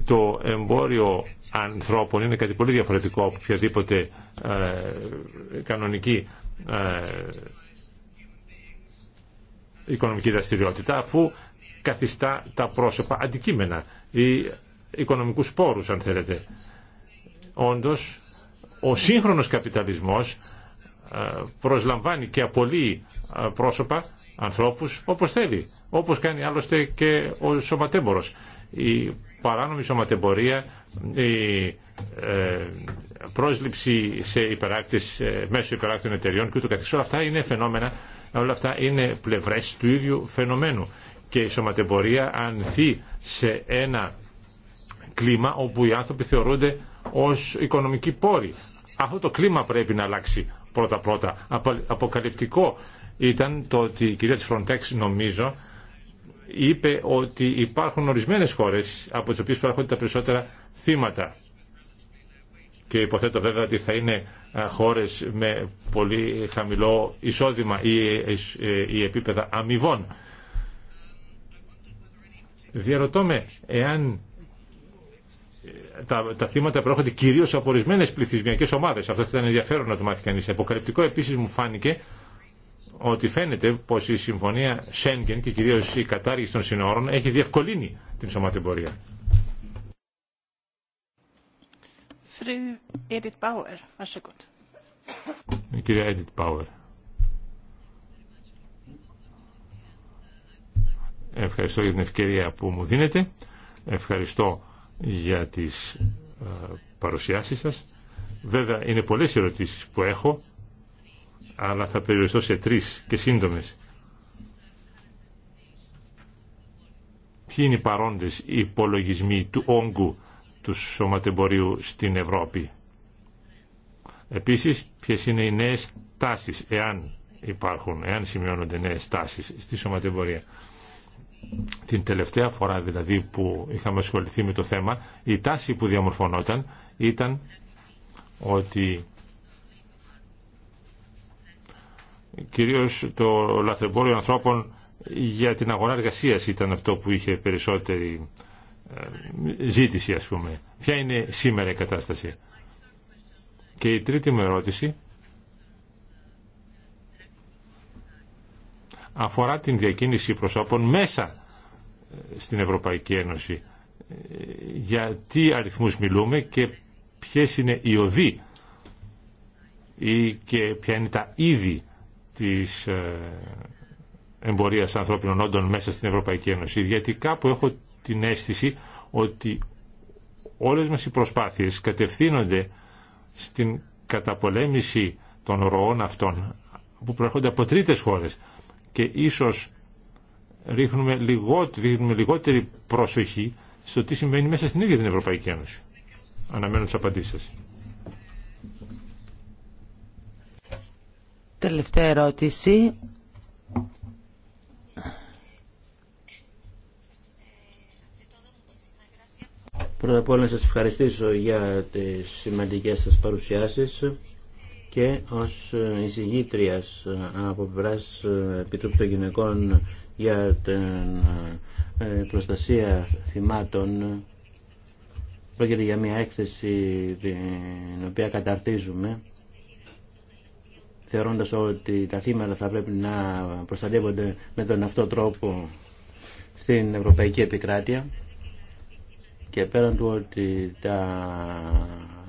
Το εμπόριο ανθρώπων είναι κάτι πολύ διαφορετικό από οποιαδήποτε ε, κανονική ε, οικονομική δραστηριότητα αφού καθιστά τα πρόσωπα αντικείμενα ή οικονομικούς πόρους αν θέλετε. Όντως ο σύγχρονος καπιταλισμός ε, προσλαμβάνει και απολύει πρόσωπα ανθρώπους όπως θέλει, όπως κάνει άλλωστε και ο σωματέμπορος. Η παράνομη σωματεμπορία, η ε, πρόσληψη σε υπεράκτες, ε, μέσω υπεράκτων εταιριών και ούτω Όλα αυτά είναι φαινόμενα, όλα αυτά είναι πλευρές του ίδιου φαινομένου. Και η σωματεμπορία ανθεί σε ένα κλίμα όπου οι άνθρωποι θεωρούνται ως οικονομικοί πόροι. Αυτό το κλίμα πρέπει να αλλάξει πρώτα-πρώτα. Αποκαλυπτικό ήταν το ότι η κυρία της Frontex νομίζω είπε ότι υπάρχουν ορισμένες χώρες από τις οποίες προέρχονται τα περισσότερα θύματα και υποθέτω βέβαια ότι θα είναι χώρες με πολύ χαμηλό εισόδημα ή ε, ε, επίπεδα αμοιβών. Διαρωτώ με εάν ε, τα, τα θύματα προέρχονται κυρίως από ορισμένες πληθυσμιακές ομάδες. Αυτό θα ήταν ενδιαφέρον να το μάθει κανείς. Αποκαλυπτικό επίσης μου φάνηκε ότι φαίνεται πως η συμφωνία Σέγγεν και κυρίως η κατάργηση των συνόρων έχει διευκολύνει την σωματεμπορία. κυρία Ευχαριστώ για την ευκαιρία που μου δίνετε. Ευχαριστώ για τις ε, παρουσιάσεις σας. Βέβαια, είναι πολλές ερωτήσεις που έχω αλλά θα περιοριστώ σε τρεις και σύντομες. Ποιοι είναι οι παρόντες υπολογισμοί του όγκου του σωματεμπορίου στην Ευρώπη. Επίσης, ποιες είναι οι νέες τάσεις, εάν υπάρχουν, εάν σημειώνονται νέες τάσεις στη σωματεμπορία. Την τελευταία φορά δηλαδή που είχαμε ασχοληθεί με το θέμα, η τάση που διαμορφωνόταν ήταν ότι κυρίως το λαθρεμπόριο ανθρώπων για την αγορά εργασία ήταν αυτό που είχε περισσότερη ε, ζήτηση ας πούμε. Ποια είναι σήμερα η κατάσταση. Και η τρίτη μου ερώτηση αφορά την διακίνηση προσώπων μέσα ε, στην Ευρωπαϊκή Ένωση. Ε, για τι αριθμούς μιλούμε και ποιες είναι οι οδοί ή και ποια είναι τα είδη της ε, εμπορίας ανθρώπινων όντων μέσα στην Ευρωπαϊκή Ένωση, γιατί κάπου έχω την αίσθηση ότι όλες μας οι προσπάθειες κατευθύνονται στην καταπολέμηση των ροών αυτών που προέρχονται από τρίτες χώρες και ίσως ρίχνουμε, λιγότερη, προσοχή στο τι συμβαίνει μέσα στην ίδια την Ευρωπαϊκή Ένωση. Αναμένω τις απαντήσεις σας. Τελευταία ερώτηση. Πρώτα απ' όλα να σας ευχαριστήσω για τις σημαντικές σας παρουσιάσεις και ως εισηγήτριας από πλευρά Επιτροπή των Γυναικών για την ε, προστασία θυμάτων πρόκειται για μια έκθεση την οποία καταρτίζουμε θεωρώντα ότι τα θύματα θα πρέπει να προστατεύονται με τον αυτό τρόπο στην Ευρωπαϊκή Επικράτεια και πέραν του ότι τα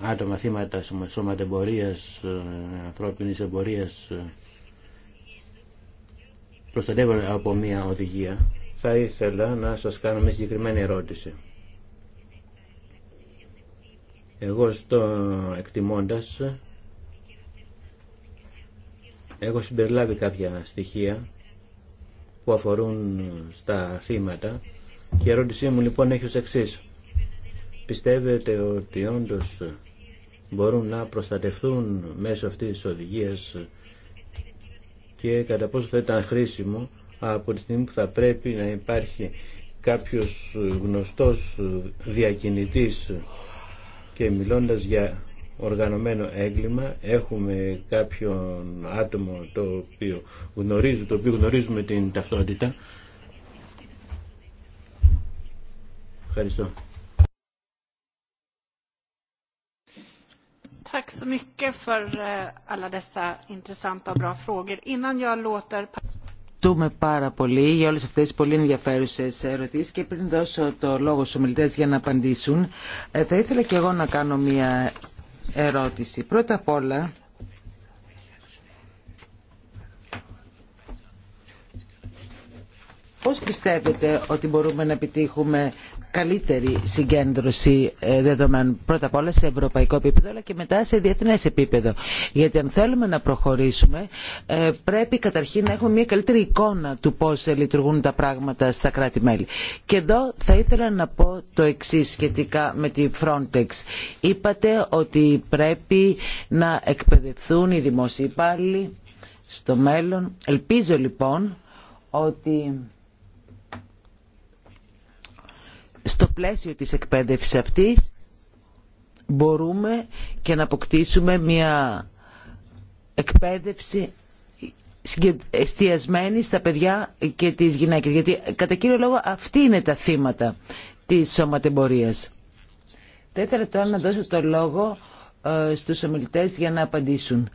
άτομα θύματα σωματεμπορίας, ε, ανθρώπινη εμπορία ε, προστατεύονται από μια οδηγία θα ήθελα να σα κάνω μια συγκεκριμένη ερώτηση. Εγώ στο εκτιμώντας Έχω συμπεριλάβει κάποια στοιχεία που αφορούν στα θύματα και η ερώτησή μου λοιπόν έχει ως εξής. Πιστεύετε ότι όντως μπορούν να προστατευτούν μέσω αυτής της οδηγίας και κατά πόσο θα ήταν χρήσιμο από τη στιγμή που θα πρέπει να υπάρχει κάποιος γνωστός διακινητής και μιλώντας για οργανωμένο έγκλημα, έχουμε κάποιον άτομο το οποίο γνωρίζουμε την ταυτότητα. Ευχαριστώ. Tack ευχαριστούμε πάρα πολύ για όλες αυτές τις πολύ ενδιαφέρουσες ερωτήσεις και πριν δώσω το λόγο στους ομιλητές για να απαντήσουν ε, θα ήθελα και εγώ να κάνω μια ερώτηση. Πρώτα απ' όλα, Πώς πιστεύετε ότι μπορούμε να επιτύχουμε καλύτερη συγκέντρωση ε, δεδομένων πρώτα απ' όλα σε ευρωπαϊκό επίπεδο αλλά και μετά σε διεθνές επίπεδο. Γιατί αν θέλουμε να προχωρήσουμε ε, πρέπει καταρχήν να έχουμε μια καλύτερη εικόνα του πώς ε, λειτουργούν τα πράγματα στα κράτη-μέλη. Και εδώ θα ήθελα να πω το εξή σχετικά με τη Frontex. Είπατε ότι πρέπει να εκπαιδευτούν οι δημόσιοι υπάλληλοι στο μέλλον. Ελπίζω λοιπόν ότι στο πλαίσιο της εκπαίδευσης αυτής μπορούμε και να αποκτήσουμε μια εκπαίδευση εστιασμένη στα παιδιά και τις γυναίκες. Γιατί κατά κύριο λόγο αυτοί είναι τα θύματα της σωματεμπορίας. Θα τώρα να δώσω το λόγο ε, στους ομιλητές για να απαντήσουν.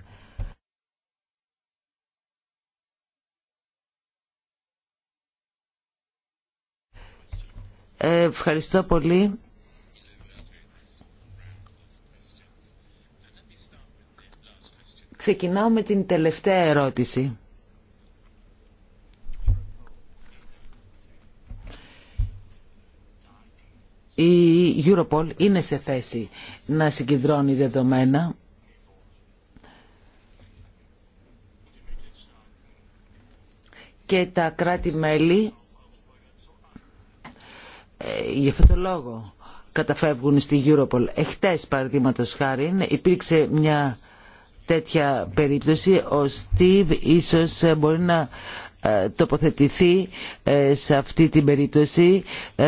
Ευχαριστώ πολύ. Ξεκινάω με την τελευταία ερώτηση. Η Europol είναι σε θέση να συγκεντρώνει δεδομένα και τα κράτη-μέλη ε, γι' αυτό τον λόγο καταφεύγουν στη Europol. Εχθές, παραδείγματο χάρη, υπήρξε μια τέτοια περίπτωση. Ο Στίβ ίσως ε, μπορεί να ε, τοποθετηθεί σε αυτή την περίπτωση.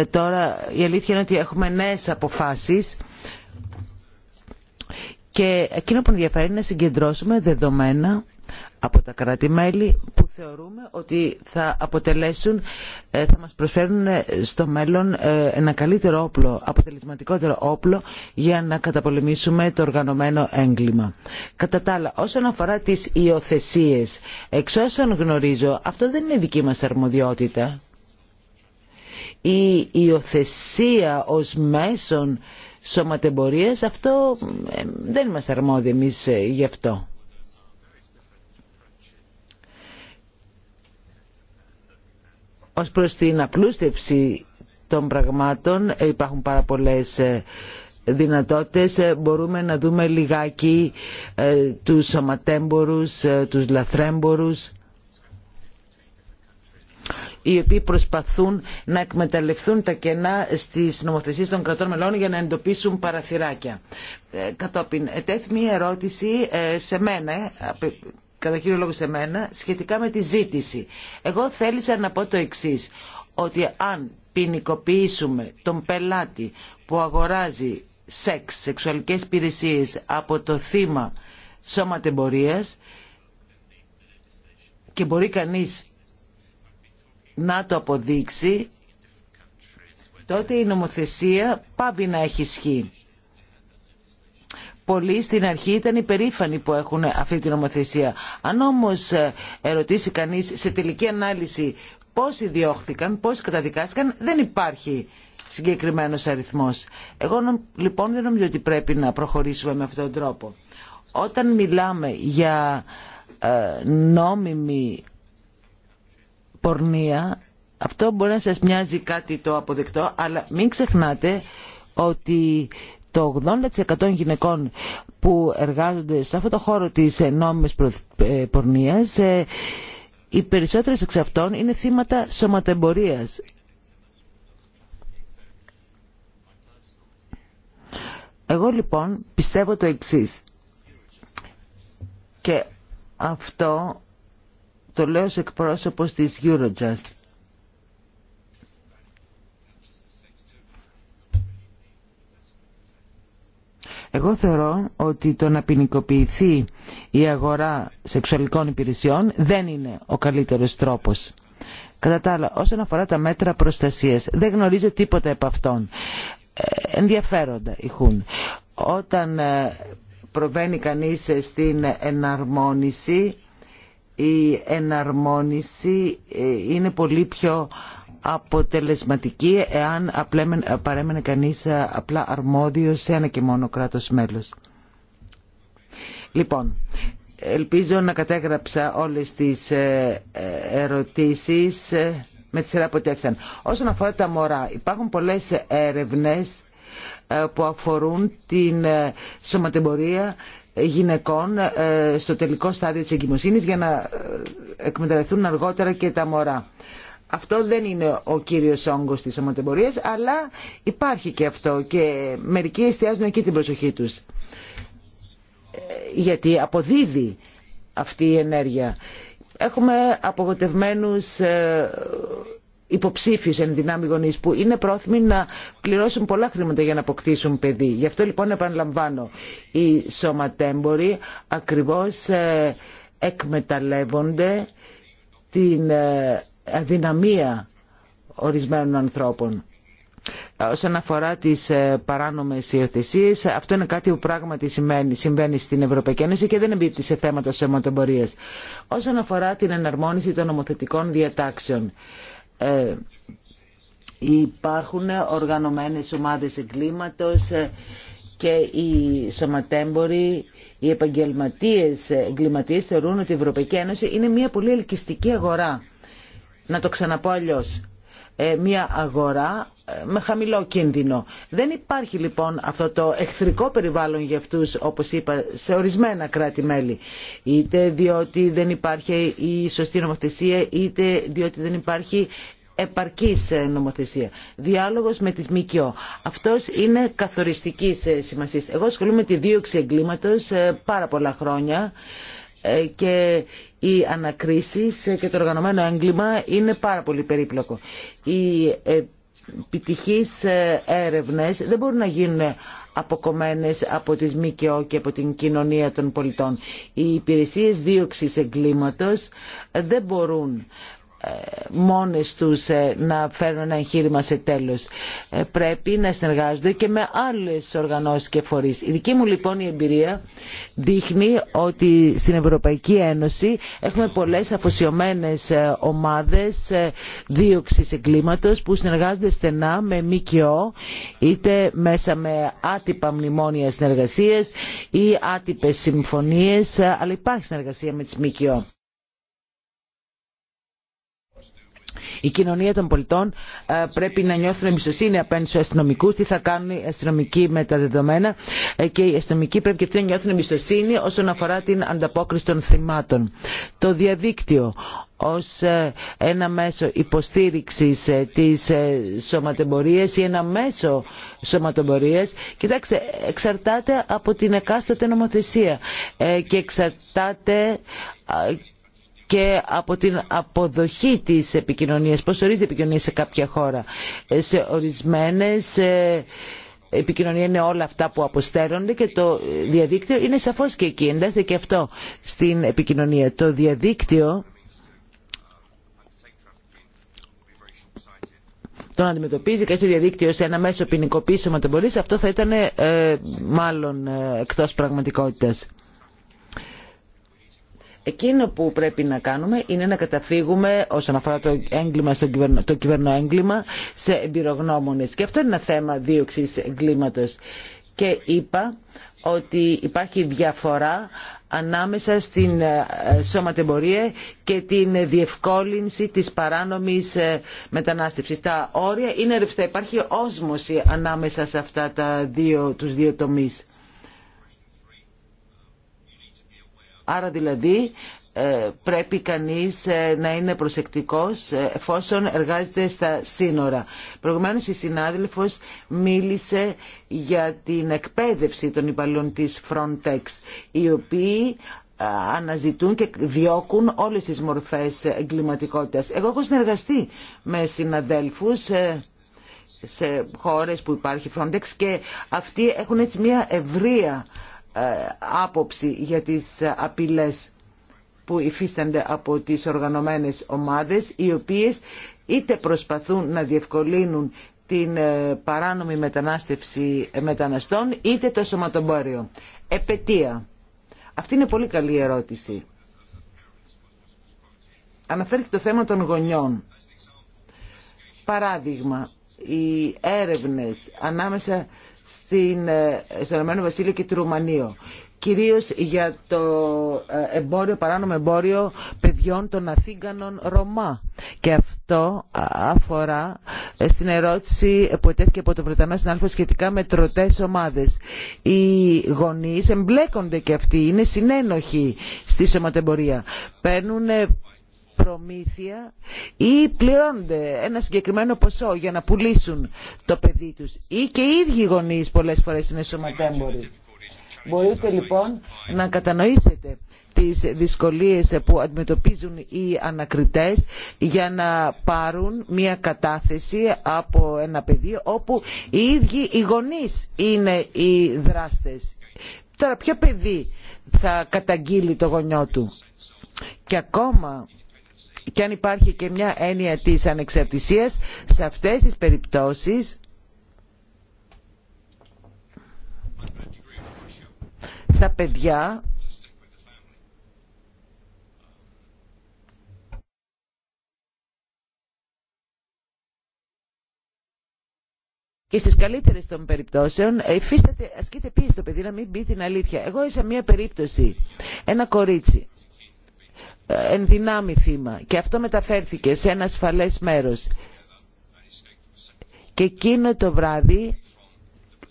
Τώρα η αλήθεια είναι ότι έχουμε νέες αποφάσεις και εκείνο που ενδιαφέρει είναι να συγκεντρώσουμε δεδομένα από τα κράτη-μέλη που θεωρούμε ότι θα αποτελέσουν, ε, θα μας προσφέρουν ε, στο μέλλον ε, ένα καλύτερο όπλο, αποτελεσματικότερο όπλο για να καταπολεμήσουμε το οργανωμένο έγκλημα. Κατά τα άλλα, όσον αφορά τις υιοθεσίε, εξ όσων γνωρίζω, αυτό δεν είναι δική μας αρμοδιότητα. Η υιοθεσία ως μέσον σωματεμπορίας, αυτό δεν είμαστε αρμόδιοι εμείς γι' αυτό. Ως προς την απλούστευση των πραγμάτων ε, υπάρχουν πάρα πολλές ε, δυνατότητες ε, μπορούμε να δούμε λιγάκι του τους σωματέμπορους, τους λαθρέμπορους οι οποίοι προσπαθούν να εκμεταλλευτούν τα κενά στις νομοθεσίες των κρατών μελών για να εντοπίσουν παραθυράκια. κατόπιν, ετέθη μία ερώτηση σε μένα, κατά κύριο λόγο σε μένα, σχετικά με τη ζήτηση. Εγώ θέλησα να πω το εξής, ότι αν ποινικοποιήσουμε τον πελάτη που αγοράζει σεξ, σεξουαλικές υπηρεσίε από το θύμα σώματεμπορίας και μπορεί κανείς να το αποδείξει, τότε η νομοθεσία πάβει να έχει σχή πολλοί στην αρχή ήταν υπερήφανοι που έχουν αυτή την νομοθεσία. Αν όμως ε, ερωτήσει κανείς σε τελική ανάλυση πόσοι διώχθηκαν, πόσοι καταδικάστηκαν, δεν υπάρχει συγκεκριμένος αριθμός. Εγώ λοιπόν δεν νομίζω ότι πρέπει να προχωρήσουμε με αυτόν τον τρόπο. Όταν μιλάμε για ε, νόμιμη πορνεία, αυτό μπορεί να σας μοιάζει κάτι το αποδεκτό, αλλά μην ξεχνάτε ότι το 80% των γυναικών που εργάζονται σε αυτό το χώρο της νόμιμης ε, πορνείας ε, οι περισσότερες εξ αυτών είναι θύματα σωματεμπορίας. Εγώ λοιπόν πιστεύω το εξής και αυτό το λέω σε εκπρόσωπος της Eurojust. Εγώ θεωρώ ότι το να ποινικοποιηθεί η αγορά σεξουαλικών υπηρεσιών δεν είναι ο καλύτερος τρόπος. Κατά τα άλλα, όσον αφορά τα μέτρα προστασίας, δεν γνωρίζω τίποτα από αυτόν. Ε, ενδιαφέροντα ηχούν. Όταν ε, προβαίνει κανείς στην εναρμόνιση, η εναρμόνιση ε, είναι πολύ πιο αποτελεσματική εάν παρέμενε κανείς ε, απλά αρμόδιος σε ένα και μόνο κράτος μέλος. Λοιπόν, ελπίζω να κατέγραψα όλες τις ε, ε, ερωτήσεις με τη σειρά που Όσον αφορά τα μωρά, υπάρχουν πολλές έρευνες που αφορούν την σωματεμπορία γυναικών στο τελικό στάδιο της εγκυμοσύνης για να εκμεταλλευτούν αργότερα και τα μωρά. Αυτό δεν είναι ο κύριος όγκος της σωματεμπορίας, αλλά υπάρχει και αυτό και μερικοί εστιάζουν εκεί την προσοχή τους. Ε, γιατί αποδίδει αυτή η ενέργεια. Έχουμε απογοτευμένους ε, υποψήφιου εν δυνάμει γονεί που είναι πρόθυμοι να πληρώσουν πολλά χρήματα για να αποκτήσουν παιδί. Γι' αυτό λοιπόν επαναλαμβάνω, οι σωματέμποροι ακριβώ ε, εκμεταλλεύονται την αδυναμία ορισμένων ανθρώπων. Όσον αφορά τις ε, παράνομες υιοθεσίε, αυτό είναι κάτι που πράγματι συμβαίνει, στην Ευρωπαϊκή Ένωση και δεν εμπίπτει σε θέματα σωματομπορίας. Όσον αφορά την εναρμόνιση των νομοθετικών διατάξεων, ε, υπάρχουν οργανωμένες ομάδες εγκλήματος ε, και οι σωματέμποροι, οι επαγγελματίες εγκληματίες θεωρούν ότι η Ευρωπαϊκή Ένωση είναι μια πολύ ελκυστική αγορά να το ξαναπώ ε, μια αγορά ε, με χαμηλό κίνδυνο. Δεν υπάρχει λοιπόν αυτό το εχθρικό περιβάλλον για αυτούς, όπως είπα, σε ορισμένα κράτη-μέλη. Είτε διότι δεν υπάρχει η σωστή νομοθεσία, είτε διότι δεν υπάρχει επαρκής ε, νομοθεσία. Διάλογος με τις ΜΚΟ. Αυτός είναι καθοριστικής σημασίας. Εγώ ασχολούμαι τη δίωξη εγκλήματος πάρα πολλά χρόνια και οι ανακρίσεις και το οργανωμένο έγκλημα είναι πάρα πολύ περίπλοκο. Οι επιτυχείς έρευνες δεν μπορούν να γίνουν αποκομμένες από τις ΜΚΟ και από την κοινωνία των πολιτών. Οι υπηρεσίες δίωξης εγκλήματος δεν μπορούν ε, μόνες τους ε, να φέρουν ένα εγχείρημα σε τέλος. Ε, πρέπει να συνεργάζονται και με άλλες οργανώσεις και φορείς. Η δική μου λοιπόν η εμπειρία δείχνει ότι στην Ευρωπαϊκή Ένωση έχουμε πολλές αφοσιωμένες ομάδες δίωξης εγκλήματος που συνεργάζονται στενά με ΜΚΟ είτε μέσα με άτυπα μνημόνια συνεργασίες ή άτυπες συμφωνίες αλλά υπάρχει συνεργασία με τις ΜΚΟ. Η κοινωνία των πολιτών ε, πρέπει να νιώθουν εμπιστοσύνη απέναντι στου αστυνομικού, τι θα κάνουν οι αστυνομικοί με τα δεδομένα ε, και οι αστυνομικοί πρέπει και αυτοί να νιώθουν εμπιστοσύνη όσον αφορά την ανταπόκριση των θυμάτων. Το διαδίκτυο ως ε, ένα μέσο υποστήριξης της σωματεμπορίας ή ένα μέσο σωματεμπορίας. Κοιτάξτε, εξαρτάται από την εκάστοτε νομοθεσία και εξαρτάται και από την αποδοχή της επικοινωνίας, πώς ορίζεται η επικοινωνία σε κάποια χώρα. Ε, σε ορισμένες ε, επικοινωνία είναι όλα αυτά που αποστέρονται και το διαδίκτυο είναι σαφώς και εκεί, εντάσσεται και αυτό στην επικοινωνία. Το διαδίκτυο το να αντιμετωπίζει και το διαδίκτυο σε ένα μέσο ποινικοποίηση μπορείς, αυτό θα ήταν ε, μάλλον ε, εκτός πραγματικότητας. Εκείνο που πρέπει να κάνουμε είναι να καταφύγουμε όσον αφορά το, έγκλημα, στο κυβερνο, το κυβερνοέγκλημα σε εμπειρογνώμονες. Και αυτό είναι ένα θέμα δίωξης εγκλήματος. Και είπα ότι υπάρχει διαφορά ανάμεσα στην ε, σωματεμπορία και την διευκόλυνση της παράνομης ε, μετανάστευσης. Τα όρια είναι ρευστά. Υπάρχει όσμωση ανάμεσα σε αυτά τα δύο, τους δύο τομείς. Άρα δηλαδή ε, πρέπει κανείς ε, να είναι προσεκτικός ε, εφόσον εργάζεται στα σύνορα. Προηγουμένως η συνάδελφος μίλησε για την εκπαίδευση των υπαλλήλων της Frontex, οι οποίοι αναζητούν και διώκουν όλες τις μορφές εγκληματικότητας. Εγώ έχω συνεργαστεί με συναδέλφους σε χώρες που υπάρχει Frontex και αυτοί έχουν έτσι μια ευρεία ε, άποψη για τις απειλές που υφίστανται από τις οργανωμένες ομάδες οι οποίες είτε προσπαθούν να διευκολύνουν την ε, παράνομη μετανάστευση μεταναστών είτε το σωματομπόριο. Επαιτία. Αυτή είναι πολύ καλή ερώτηση. Αναφέρθηκε το θέμα των γονιών. Παράδειγμα, οι έρευνες ανάμεσα στην, ε, στο Ηνωμένο Βασίλειο και τη Ρουμανία Κυρίω για το ε, εμπόριο, παράνομο εμπόριο παιδιών των Αθήγανων Ρωμά. Και αυτό αφορά ε, στην ερώτηση που ετέθηκε από τον Βρετανό συνάδελφο σχετικά με τροτές ομάδε. Οι γονεί εμπλέκονται και αυτοί, είναι συνένοχοι στη σωματεμπορία. Παίρνουν προμήθεια ή πληρώνονται ένα συγκεκριμένο ποσό για να πουλήσουν το παιδί τους ή και οι ίδιοι γονείς πολλές φορές είναι σωματέμποροι. Μπορείτε λοιπόν να κατανοήσετε τις δυσκολίες που αντιμετωπίζουν οι ανακριτές για να πάρουν μια κατάθεση από ένα παιδί όπου οι ίδιοι οι γονείς είναι οι δράστες. Τώρα ποιο παιδί θα καταγγείλει το γονιό του. Και ακόμα και αν υπάρχει και μια έννοια της ανεξαρτησίας σε αυτές τις περιπτώσεις τα παιδιά και στι καλύτερε των περιπτώσεων υφίσταται, ασκείται πίεση το παιδί να μην μπει την αλήθεια. Εγώ είσα μια περίπτωση, ένα κορίτσι δυνάμει θύμα και αυτό μεταφέρθηκε σε ένα ασφαλές μέρος και εκείνο το βράδυ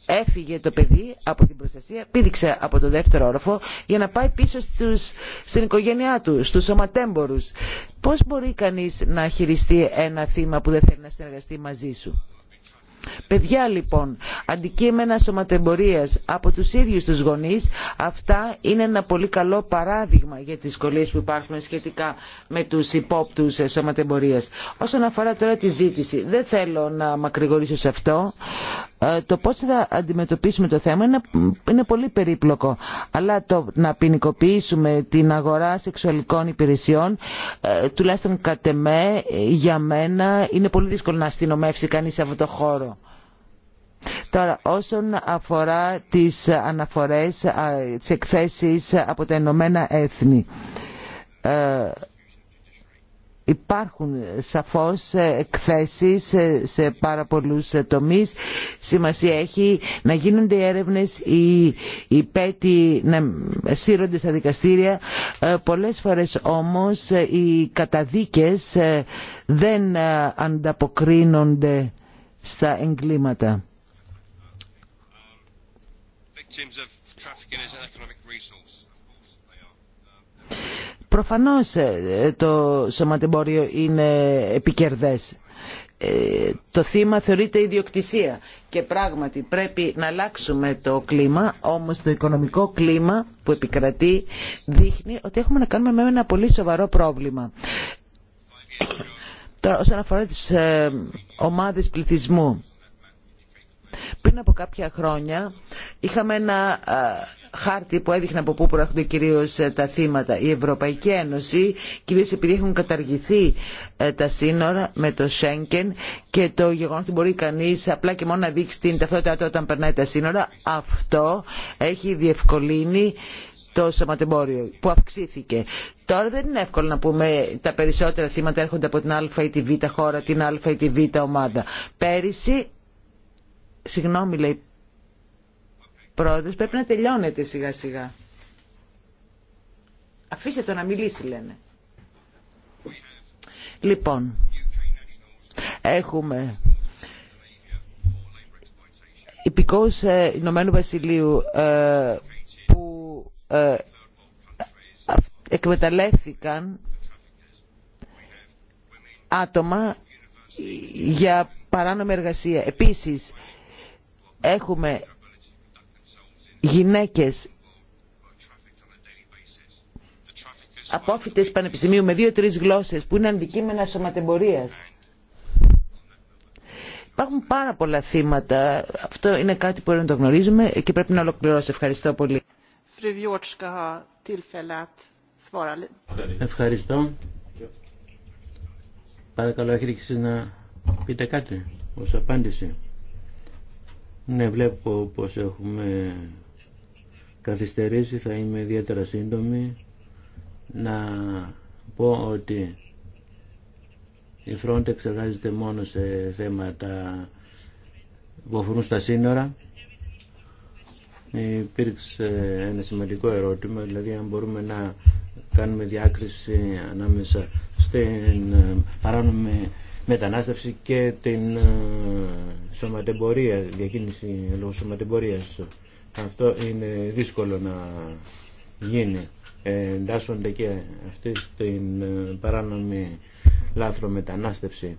έφυγε το παιδί από την προστασία, πήδηξε από το δεύτερο όροφο για να πάει πίσω στους, στην οικογένειά του, στους σωματέμπορους. Πώς μπορεί κανείς να χειριστεί ένα θύμα που δεν θέλει να συνεργαστεί μαζί σου. Παιδιά λοιπόν, αντικείμενα σωματεμπορίας από τους ίδιους τους γονείς, αυτά είναι ένα πολύ καλό παράδειγμα για τις δυσκολίε που υπάρχουν σχετικά με τους υπόπτους ε, σωματεμπορίας. Όσον αφορά τώρα τη ζήτηση, δεν θέλω να μακρηγορήσω σε αυτό. Ε, το πώς θα αντιμετωπίσουμε το θέμα είναι, πολύ περίπλοκο. Αλλά το να ποινικοποιήσουμε την αγορά σεξουαλικών υπηρεσιών, ε, τουλάχιστον κατ' εμέ, για μένα, είναι πολύ δύσκολο να αστυνομεύσει κάνει σε αυτό το χώρο. Τώρα, όσον αφορά τις αναφορές, τις εκθέσεις από τα Ηνωμένα Έθνη, ε, υπάρχουν σαφώς εκθέσεις σε πάρα πολλούς τομείς. Σημασία έχει να γίνονται οι έρευνες, οι, οι πέτοι να σύρονται στα δικαστήρια. Ε, πολλές φορές όμως οι καταδίκες ε, δεν ε, ανταποκρίνονται στα εγκλήματα Προφανώς ε, το σωματεμπόριο είναι επικερδές. Ε, το θύμα θεωρείται ιδιοκτησία και πράγματι πρέπει να αλλάξουμε το κλίμα, όμως το οικονομικό κλίμα που επικρατεί δείχνει ότι έχουμε να κάνουμε με ένα πολύ σοβαρό πρόβλημα. Τώρα, όσον αφορά τις ε, ομάδες πληθυσμού, πριν από κάποια χρόνια είχαμε ένα χάρτη που έδειχνε από πού προέρχονται κυρίω ε, τα θύματα. Η Ευρωπαϊκή Ένωση, κυρίω επειδή έχουν καταργηθεί ε, τα σύνορα με το Σέγγεν και το γεγονό ότι μπορεί κανεί απλά και μόνο να δείξει την ταυτότητά του όταν περνάει τα σύνορα, αυτό έχει διευκολύνει το σωματεμπόριο που αυξήθηκε. Τώρα δεν είναι εύκολο να πούμε τα περισσότερα θύματα έρχονται από την Α ή τη Β χώρα, την Α ή τη Β ομάδα. Πέρυσι, συγγνώμη λέει πρόεδρος πρέπει να τελειωνεται σιγά σιγά. Αφήστε το να μιλήσει λένε. Λοιπόν, έχουμε υπηκόους ε, Ηνωμένου Βασιλείου ε, που ε, εκμεταλλεύθηκαν άτομα για παράνομη εργασία. Επίσης, έχουμε γυναίκες απόφυτες πανεπιστημίου με δύο-τρεις γλώσσες που είναι αντικείμενα σωματεμπορίας. Υπάρχουν πάρα πολλά θύματα. Αυτό είναι κάτι που πρέπει το γνωρίζουμε και πρέπει να ολοκληρώσω. Ευχαριστώ πολύ. Ευχαριστώ. Παρακαλώ, έχετε και εσείς να πείτε κάτι ως απάντηση. Ναι, βλέπω πως έχουμε καθυστερήσει, θα είμαι ιδιαίτερα σύντομη να πω ότι η Frontex εργάζεται μόνο σε θέματα που αφορούν στα σύνορα. Υπήρξε ένα σημαντικό ερώτημα, δηλαδή αν μπορούμε να κάνουμε διάκριση ανάμεσα στην ε, παράνομη μετανάστευση και την ε, σωματεμπορία, διακίνηση λόγω σωματεμπορίας. Αυτό είναι δύσκολο να γίνει. Εντάσσονται και αυτή την ε, παράνομη λάθρο μετανάστευση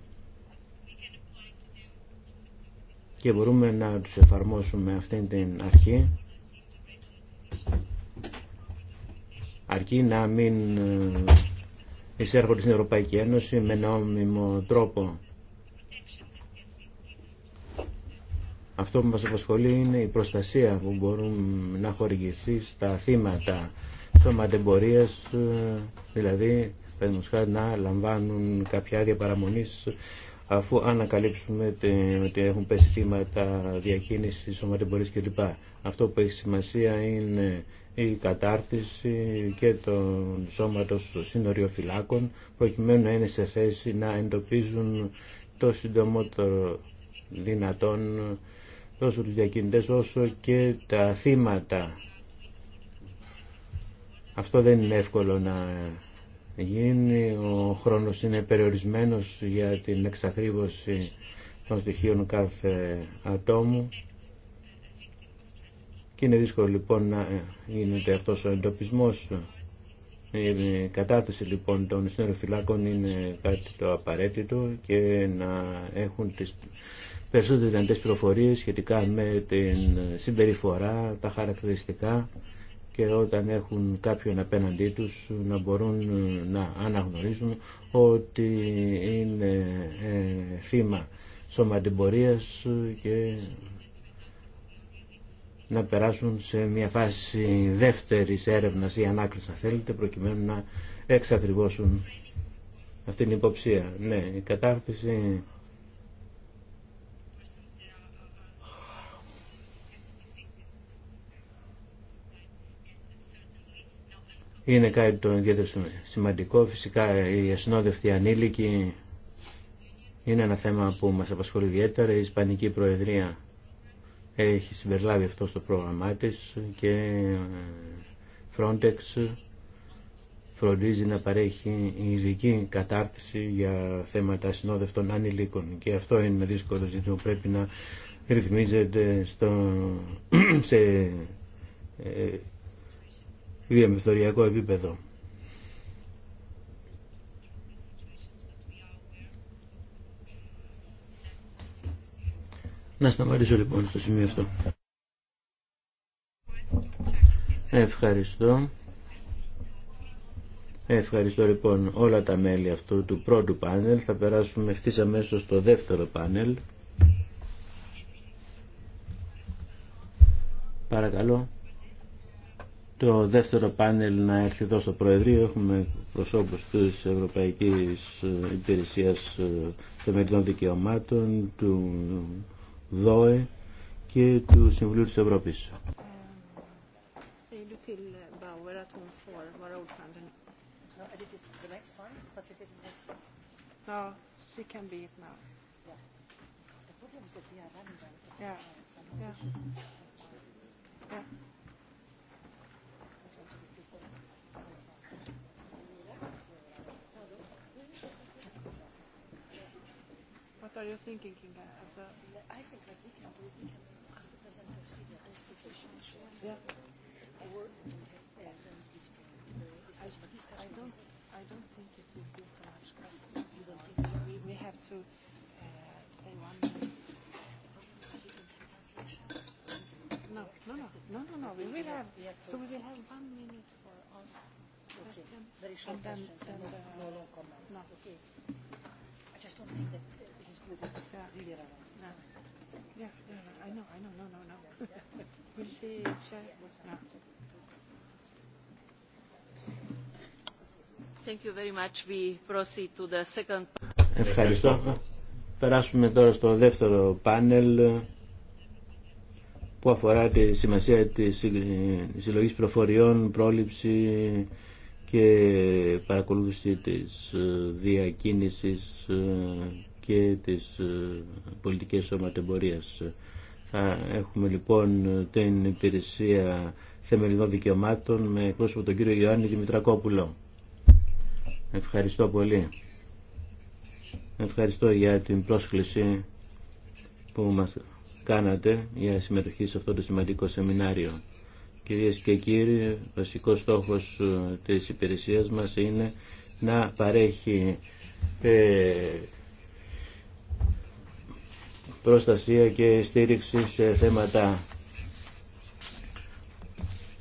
και μπορούμε να τους εφαρμόσουμε αυτή την αρχή αρκεί να μην ε, εισέρχονται στην Ευρωπαϊκή Ένωση με νόμιμο τρόπο Αυτό που μας απασχολεί είναι η προστασία που μπορούν να χορηγηθεί στα θύματα σωματεμπορίας, ε, δηλαδή να λαμβάνουν κάποια άδεια παραμονής αφού ανακαλύψουμε ότι έχουν πέσει θύματα διακίνηση, σωματεμπορίας κλπ. Αυτό που έχει σημασία είναι η κατάρτιση και το σώματος σύνοριοφυλάκων προκειμένου να είναι σε θέση να εντοπίζουν το συντομότερο δυνατόν τόσο τους διακινητές όσο και τα θύματα. Αυτό δεν είναι εύκολο να γίνει. Ο χρόνος είναι περιορισμένος για την εξακρίβωση των στοιχείων κάθε ατόμου και είναι δύσκολο λοιπόν να γίνεται αυτός ο εντοπισμός. Η κατάρτιση λοιπόν των φυλάκων είναι κάτι το απαραίτητο και να έχουν τις περισσότερες δυνατές πληροφορίες σχετικά με την συμπεριφορά, τα χαρακτηριστικά και όταν έχουν κάποιον απέναντί τους να μπορούν να αναγνωρίζουν ότι είναι ε, θύμα σωματιμπορίας και να περάσουν σε μια φάση δεύτερης έρευνας ή ανάκλησης αν θέλετε προκειμένου να εξακριβώσουν αυτήν την υποψία. Ναι, η κατάρτιση είναι κάτι το ιδιαίτερο σημαντικό. Φυσικά οι ασυνόδευτοι ανήλικοι είναι ένα θέμα που μας απασχολεί ιδιαίτερα. Η Ισπανική Προεδρία έχει συμπεριλάβει αυτό στο πρόγραμμά της και ε, Frontex φροντίζει να παρέχει ειδική κατάρτιση για θέματα ασυνόδευτων ανηλίκων και αυτό είναι ένα δύσκολο ζήτημα που πρέπει να ρυθμίζεται στο, *clears throat* σε ε, διαμεθοριακό επίπεδο. Να σταματήσω λοιπόν στο σημείο αυτό. Ευχαριστώ. Ευχαριστώ λοιπόν όλα τα μέλη αυτού του πρώτου πάνελ. Θα περάσουμε ευθύ αμέσω στο δεύτερο πάνελ. Παρακαλώ το δεύτερο πάνελ να έρθει εδώ στο Προεδρείο. Έχουμε προσώπους της Ευρωπαϊκής Υπηρεσίας ε, Θεμελιών Δικαιωμάτων, του ΔΟΕ και του Συμβουλίου της Ευρώπης. are you thinking of the... I think that we can do it. We can ask the presenters here and physician Yeah. Or I don't, I don't think it will be so much cost. You don't think so? We, we have to uh, say one minute. No, no, no, no, no, no. We will have, so we will have one minute for us. Okay. Very short questions. No long comments. No. Okay. I just don't think that Ευχαριστώ. Περάσουμε τώρα στο δεύτερο πάνελ που αφορά τη σημασία της συλλογής προφοριών, πρόληψη και παρακολούθηση της ε, διακίνησης ε, και τις ε, πολιτικές σωματεμπορίας. Θα έχουμε λοιπόν την υπηρεσία θεμελιδών δικαιωμάτων με πρόσωπο τον κύριο Ιωάννη Δημητρακόπουλο. Ευχαριστώ πολύ. Ευχαριστώ για την πρόσκληση που μας κάνατε για συμμετοχή σε αυτό το σημαντικό σεμινάριο. Κυρίες και κύριοι, βασικός στόχος ε, της υπηρεσίας μας είναι να παρέχει ε, προστασία και στήριξη σε θέματα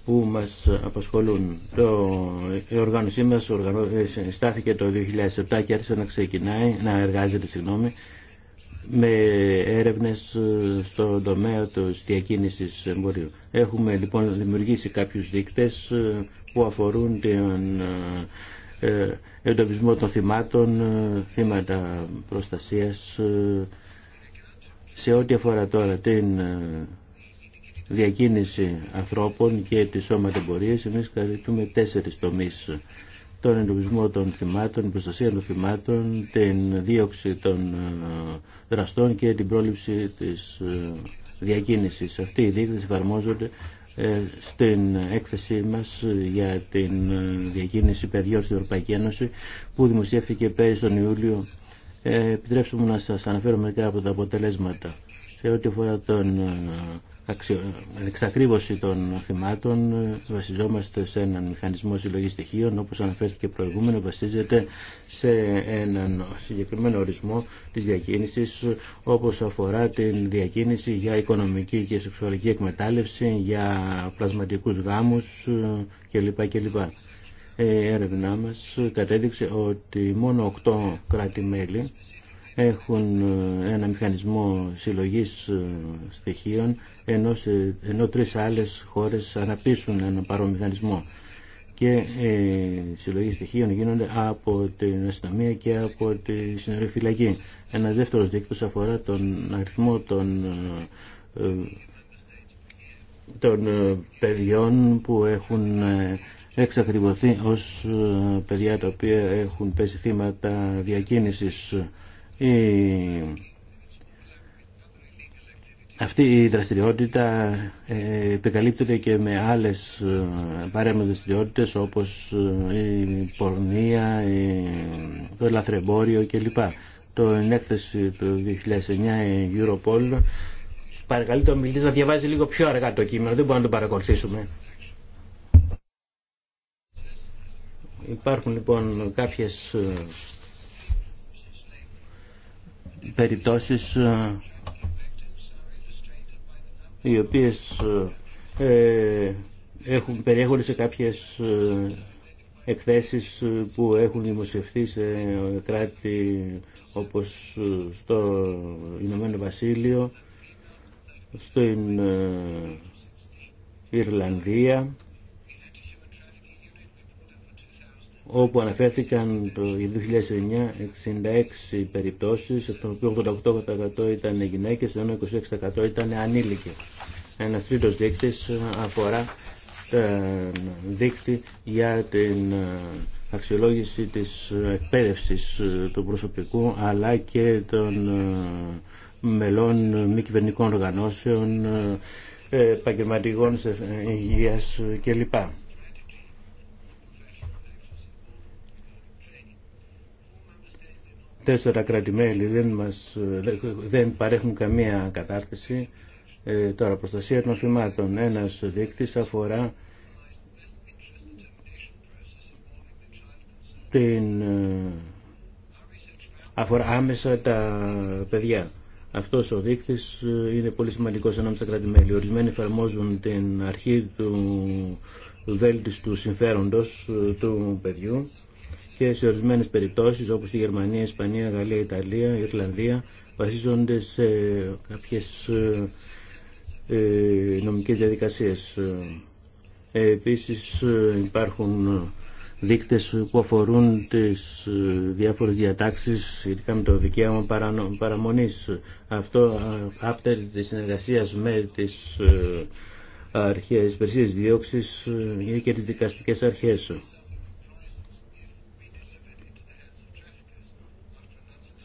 που μας απασχολούν. Το, η οργάνωσή μας οργανώ, ε, στάθηκε το 2007 και άρχισε να ξεκινάει, να εργάζεται συγγνώμη, με έρευνες ε, στον τομέα της διακίνησης εμπορίου. Έχουμε λοιπόν δημιουργήσει κάποιους δείκτες ε, που αφορούν τον εντοπισμό των θυμάτων, θύματα προστασίας, σε ό,τι αφορά τώρα την ε, διακίνηση ανθρώπων και τις σώματεμπορίες, εμείς καλύπτουμε τέσσερις τομείς. Τον εντοπισμό των θυμάτων, την προστασία των θυμάτων, την δίωξη των ε, δραστών και την πρόληψη της ε, διακίνησης. Αυτή οι δείκτε εφαρμόζονται στην έκθεσή μας για την διακίνηση παιδιών στην Ευρωπαϊκή Ένωση που δημοσιεύθηκε πέρυσι τον Ιούλιο ε, επιτρέψτε μου να σας αναφέρω μερικά από τα αποτελέσματα. Σε ό,τι αφορά την ε, εξακρίβωση των θυμάτων, ε, βασιζόμαστε σε έναν μηχανισμό συλλογής στοιχείων, όπως αναφέρθηκε προηγούμενο, βασίζεται σε έναν συγκεκριμένο ορισμό της διακίνησης, όπως αφορά την διακίνηση για οικονομική και σεξουαλική εκμετάλλευση, για πλασματικούς γάμους κλπ. κλπ. Ε, έρευνά μας κατέδειξε ότι μόνο 8 κράτη-μέλη έχουν ε, ένα μηχανισμό συλλογής ε, στοιχείων ενώ, σε, ενώ τρεις άλλες χώρες αναπτύσσουν ένα παρόμοιο και ε, συλλογή στοιχείων γίνονται από την αστυνομία και από τη φυλακή. Ένα δεύτερο δείκτος αφορά τον αριθμό των, των παιδιών που έχουν εξακριβωθεί ως ε, παιδιά τα οποία έχουν πέσει θύματα διακίνησης. Αυτή η δραστηριότητα ε, επικαλύπτεται και με άλλες ε, παρέμες δραστηριότητες όπως η πορνεία, το λαθρεμπόριο κλπ. Το ενέκθεση του 2009 η Europol παρακαλεί τον μιλητή να διαβάζει λίγο πιο αργά το κείμενο, δεν μπορούμε να το παρακολουθήσουμε. Υπάρχουν λοιπόν κάποιες ε, περιπτώσεις ε, οι οποίες ε, έχουν, περιέχονται σε κάποιες εκθέσεις που έχουν δημοσιευθεί σε κράτη όπως στο Ηνωμένο Βασίλειο, στην Ιρλανδία όπου αναφέρθηκαν το 2009 66 περιπτώσεις, από το οποίο 88% ήταν γυναίκες, ενώ 26% ήταν ανήλικες. Ένας τρίτος δείκτης αφορά δείκτη για την ε, αξιολόγηση της εκπαίδευσης ε, του προσωπικού αλλά και των ε, μελών μη κυβερνικών οργανώσεων, επαγγελματικών υγείας κλπ. τέσσερα δεν, μας, δεν παρέχουν καμία κατάρτιση. Ε, τώρα, προστασία των θυμάτων. Ένας δείκτης αφορά την, ε, αφορά άμεσα τα παιδιά. Αυτός ο δείκτης ε, είναι πολύ σημαντικός ανάμεσα στα κράτη-μέλη. Ορισμένοι εφαρμόζουν την αρχή του βέλτιστου συμφέροντος του παιδιού και σε ορισμένε περιπτώσει όπω η Γερμανία, η Ισπανία, η Γαλλία, η Ιταλία, η Ιρλανδία βασίζονται σε κάποιε ε, νομικέ διαδικασίε. Ε, Επίση ε, υπάρχουν δείκτες που αφορούν τις διάφορες διατάξεις ειδικά με το δικαίωμα παραμονής. Αυτό άπτερ τη συνεργασία με τις αρχές, υπηρεσίες διώξης και τις δικαστικές αρχές.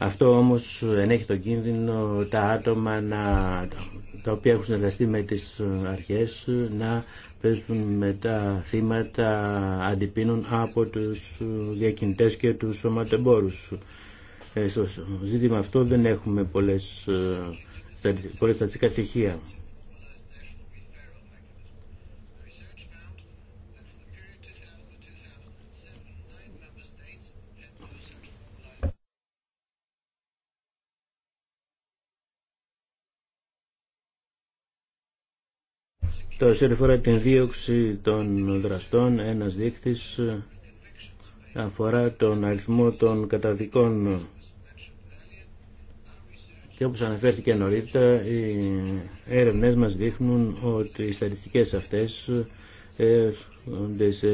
Αυτό όμως ενέχει τον κίνδυνο τα άτομα να, τα οποία έχουν συνεργαστεί με τις αρχές να παίζουν με τα θύματα αντιπίνων από τους διακινητές και τους σωματεμπόρους. Ε, στο ζήτημα αυτό δεν έχουμε πολλές, ε, πολλές στατιστικά στοιχεία. Τώρα σε φορά την δίωξη των δραστών, ένας δείκτης αφορά τον αριθμό των καταδικών και όπως αναφέρθηκε νωρίτερα, οι έρευνες μας δείχνουν ότι οι στατιστικές αυτές έρχονται ε, σε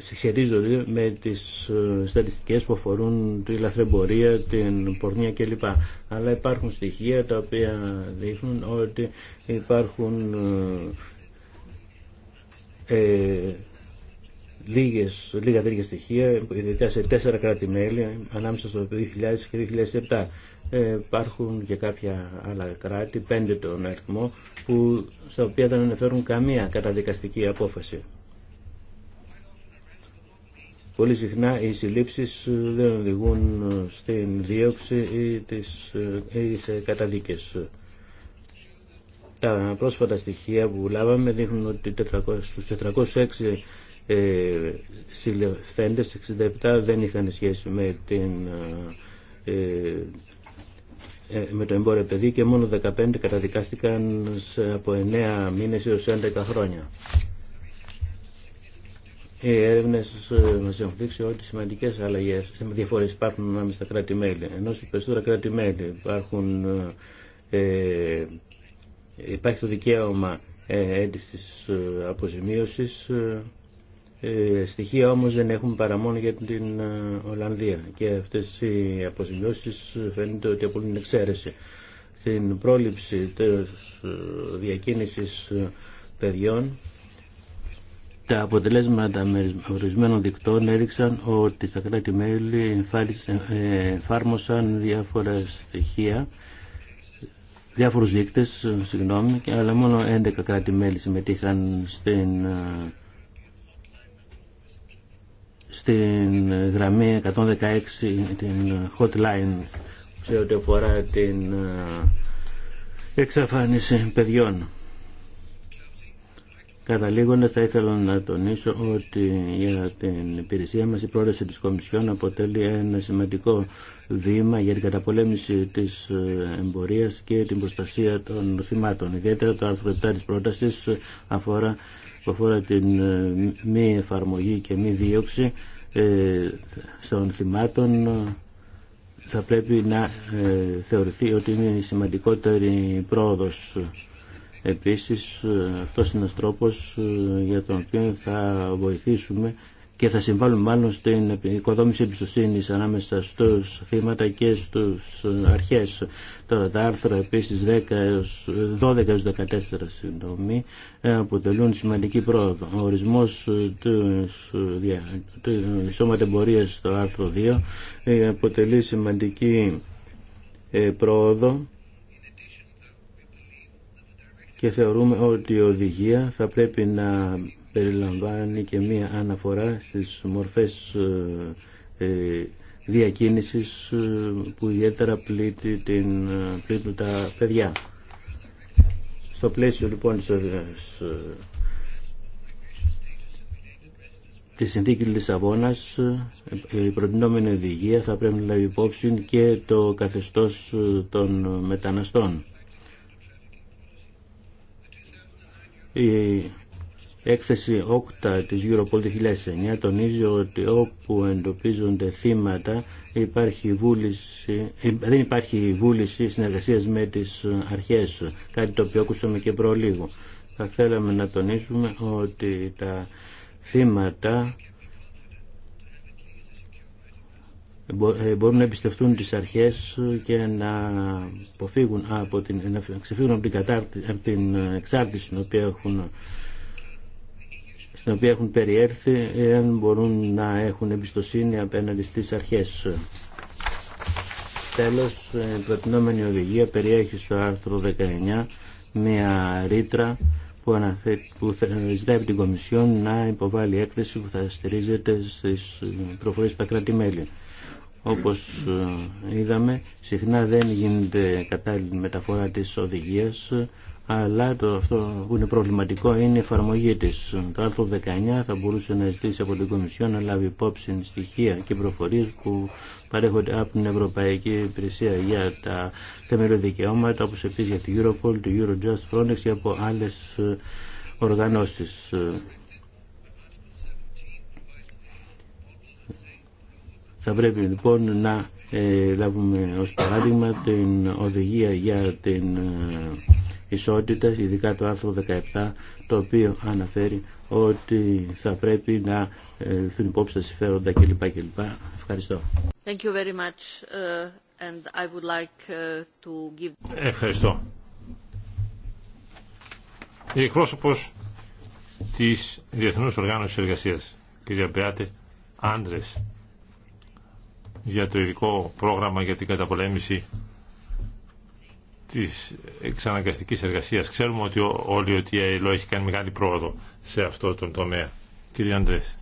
συσχετίζονται με τις ε, στατιστικές που αφορούν τη λαθρεμπορία, την πορνεία κλπ. Αλλά υπάρχουν στοιχεία τα οποία δείχνουν ότι υπάρχουν ε, ε λίγες, λίγα τέτοια στοιχεία, ειδικά σε τέσσερα κράτη-μέλη, ανάμεσα στο 2000 και 2007. Ε, υπάρχουν και κάποια άλλα κράτη, πέντε τον αριθμό, που, στα οποία δεν αναφέρουν καμία καταδικαστική απόφαση. Πολύ συχνά οι συλλήψεις ε, δεν οδηγούν ε, στην δίωξη ή, τις, ε, ή σε καταδίκες. Τα πρόσφατα στοιχεία που λάβαμε δείχνουν ότι 400, στους 406 ε, 67 δεν είχαν σχέση με, την, ε, με το εμπόριο παιδί και μόνο 15 καταδικάστηκαν από 9 μήνες έως 11 χρόνια οι έρευνε ε, μα έχουν δείξει ότι σημαντικέ αλλαγέ, διαφορέ υπάρχουν ανάμεσα στα κράτη-μέλη. Ενώ στην περισσότερα κράτη-μέλη υπάρχουν. Ε, ε, υπάρχει το δικαίωμα ε, έντησης στοιχεία όμως δεν έχουμε παρά μόνο για την Ολλανδία και αυτές οι αποζημιώσεις φαίνεται ότι την εξαίρεση στην πρόληψη της διακίνησης παιδιών τα αποτελέσματα με ορισμένων δικτών έδειξαν ότι τα κράτη-μέλη ε, εφάρμοσαν διάφορα στοιχεία, διάφορους δείκτες, συγγνώμη, αλλά μόνο 11 κράτη-μέλη συμμετείχαν στην, ε, στην γραμμή 116, την hotline, σε ό,τι αφορά την ε, εξαφάνιση παιδιών. Καταλήγοντας θα ήθελα να τονίσω ότι για την υπηρεσία μας η πρόταση της Κομισιόν αποτελεί ένα σημαντικό βήμα για την καταπολέμηση της ε, εμπορίας και την προστασία των θυμάτων. Ιδιαίτερα το άρθρο 7 της πρότασης αφορά, αφορά την ε, μη εφαρμογή και μη δίωξη ε, των θυμάτων θα πρέπει να θεωρηθεί ότι είναι η σημαντικότερη πρόοδος Επίσης αυτό είναι ο τρόπος ε, για τον οποίο θα βοηθήσουμε και θα συμβάλλουμε μάλλον στην οικοδόμηση εμπιστοσύνη ανάμεσα στους θύματα και στους ε, αρχές. Τώρα τα άρθρα επίσης 10 12 14 συγγνώμη, ε, αποτελούν σημαντική πρόοδο. Ο ορισμός του σώματα στο άρθρο 2 αποτελεί σημαντική πρόοδο και θεωρούμε ότι η οδηγία θα πρέπει να περιλαμβάνει και μία αναφορά στις μορφές ε, ε, διακίνησης ε, που ιδιαίτερα πλήττει την, πλήττουν τα παιδιά. Στο πλαίσιο λοιπόν της, της συνθήκης Λισαβόνας η προτινόμενη οδηγία θα πρέπει να λάβει υπόψη και το καθεστώς των μεταναστών. Η έκθεση ΟΚΤΑ της Europol 2009 τονίζει ότι όπου εντοπίζονται θύματα υπάρχει βούληση, ε, δεν υπάρχει βούληση συνεργασίας με τις αρχές, κάτι το οποίο ακούσαμε και προλίγο. Θα θέλαμε να τονίσουμε ότι τα θύματα Ε, μπορούν να εμπιστευτούν τις αρχές και να, από την, να ξεφύγουν από την, την εξάρτηση στην οποία έχουν στην οποία έχουν περιέρθει εάν μπορούν να έχουν εμπιστοσύνη απέναντι στις αρχές. Τέλος, ε, η προτινόμενη οδηγία περιέχει στο άρθρο 19 μια ρήτρα που, αναφέ, που ζητάει την Κομισιόν να υποβάλει έκθεση που θα στηρίζεται στις ε, προφορές στα όπως ε, είδαμε, συχνά δεν γίνεται κατάλληλη μεταφορά της οδηγίας, αλλά το αυτό που είναι προβληματικό είναι η εφαρμογή της. Το άρθρο 19 θα μπορούσε να ζητήσει από την Κομισιόν να λάβει υπόψη στοιχεία και προφορίες που παρέχονται από την Ευρωπαϊκή Υπηρεσία για τα θεμελιώδη δικαιώματα, όπως επίσης για τη Europol, την Eurojust, Frontex και από άλλες ε, οργανώσεις. Θα πρέπει λοιπόν να ε, λάβουμε ως παράδειγμα την οδηγία για την ε, ισότητα, ειδικά το άρθρο 17, το οποίο αναφέρει ότι θα πρέπει να ε, ληφθούν υπόψη τα συμφέροντα κλπ. κλπ. Ευχαριστώ. Thank you very much. Uh, and I would like uh, to give... Ευχαριστώ. Η εκπρόσωπο της Διεθνού Οργάνωση Εργασία, κυρία Μπεάτε Άντρε για το ειδικό πρόγραμμα για την καταπολέμηση της εξαναγκαστικής εργασίας. Ξέρουμε ότι όλοι ότι η ΑΕΛΟ έχει κάνει μεγάλη πρόοδο σε αυτό τον τομέα. Κύριε Αντρές.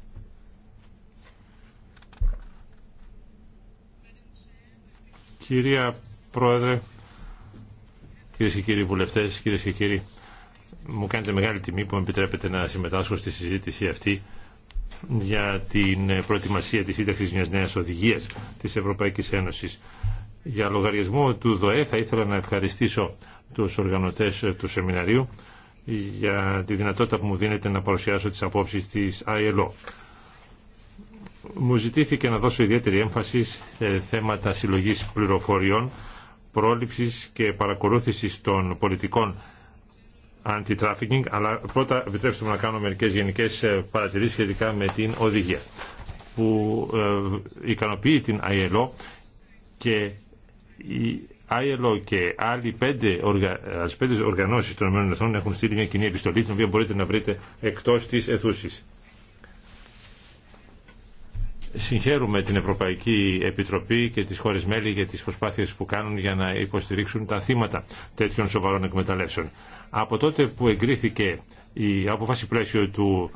Κυρία Πρόεδρε, κυρίε και κύριοι βουλευτέ, κυρίε και κύριοι, μου κάνετε μεγάλη τιμή που με επιτρέπετε να συμμετάσχω στη συζήτηση αυτή για την προετοιμασία της σύνταξης μιας νέας οδηγίας της Ευρωπαϊκής Ένωσης. Για λογαριασμό του ΔΟΕ θα ήθελα να ευχαριστήσω τους οργανωτές του σεμιναρίου για τη δυνατότητα που μου δίνεται να παρουσιάσω τις απόψεις της ILO. Μου ζητήθηκε να δώσω ιδιαίτερη έμφαση σε θέματα συλλογής πληροφοριών, πρόληψης και παρακολούθησης των πολιτικών anti-trafficking, αλλά πρώτα επιτρέψτε μου να κάνω μερικές γενικές ε, παρατηρήσεις σχετικά με την οδηγία που ε, ικανοποιεί την ILO και η ILO και άλλοι πέντε, οργα... οργανώσεις των ΗΠΑ έχουν στείλει μια κοινή επιστολή την οποία μπορείτε να βρείτε εκτός της αιθούσης. Συγχαίρουμε την Ευρωπαϊκή Επιτροπή και τις χώρες μέλη για τις προσπάθειες που κάνουν για να υποστηρίξουν τα θύματα τέτοιων σοβαρών εκμεταλλεύσεων. Από τότε που εγκρίθηκε η αποφάση πλαίσιο του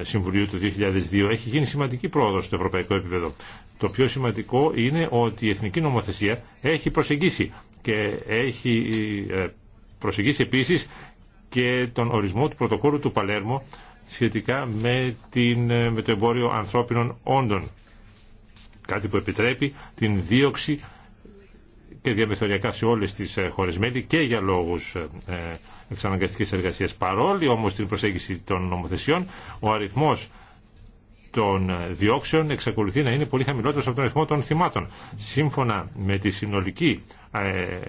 Συμβουλίου του 2002 έχει γίνει σημαντική πρόοδο στο ευρωπαϊκό επίπεδο. Το πιο σημαντικό είναι ότι η εθνική νομοθεσία έχει προσεγγίσει και έχει ε, προσεγγίσει επίσης και τον ορισμό του πρωτοκόλου του Παλέρμο σχετικά με, την, ε, με το εμπόριο ανθρώπινων όντων. Κάτι που επιτρέπει την δίωξη και διαμεθοριακά σε όλες τις ε, χώρες μέλη και για λόγους ε, ε, εξαναγκαστικής εργασίας. Παρόλοι όμως την προσέγγιση των νομοθεσιών, ο αριθμός των διώξεων εξακολουθεί να είναι πολύ χαμηλότερος από τον αριθμό των θυμάτων. Σύμφωνα με τη συνολική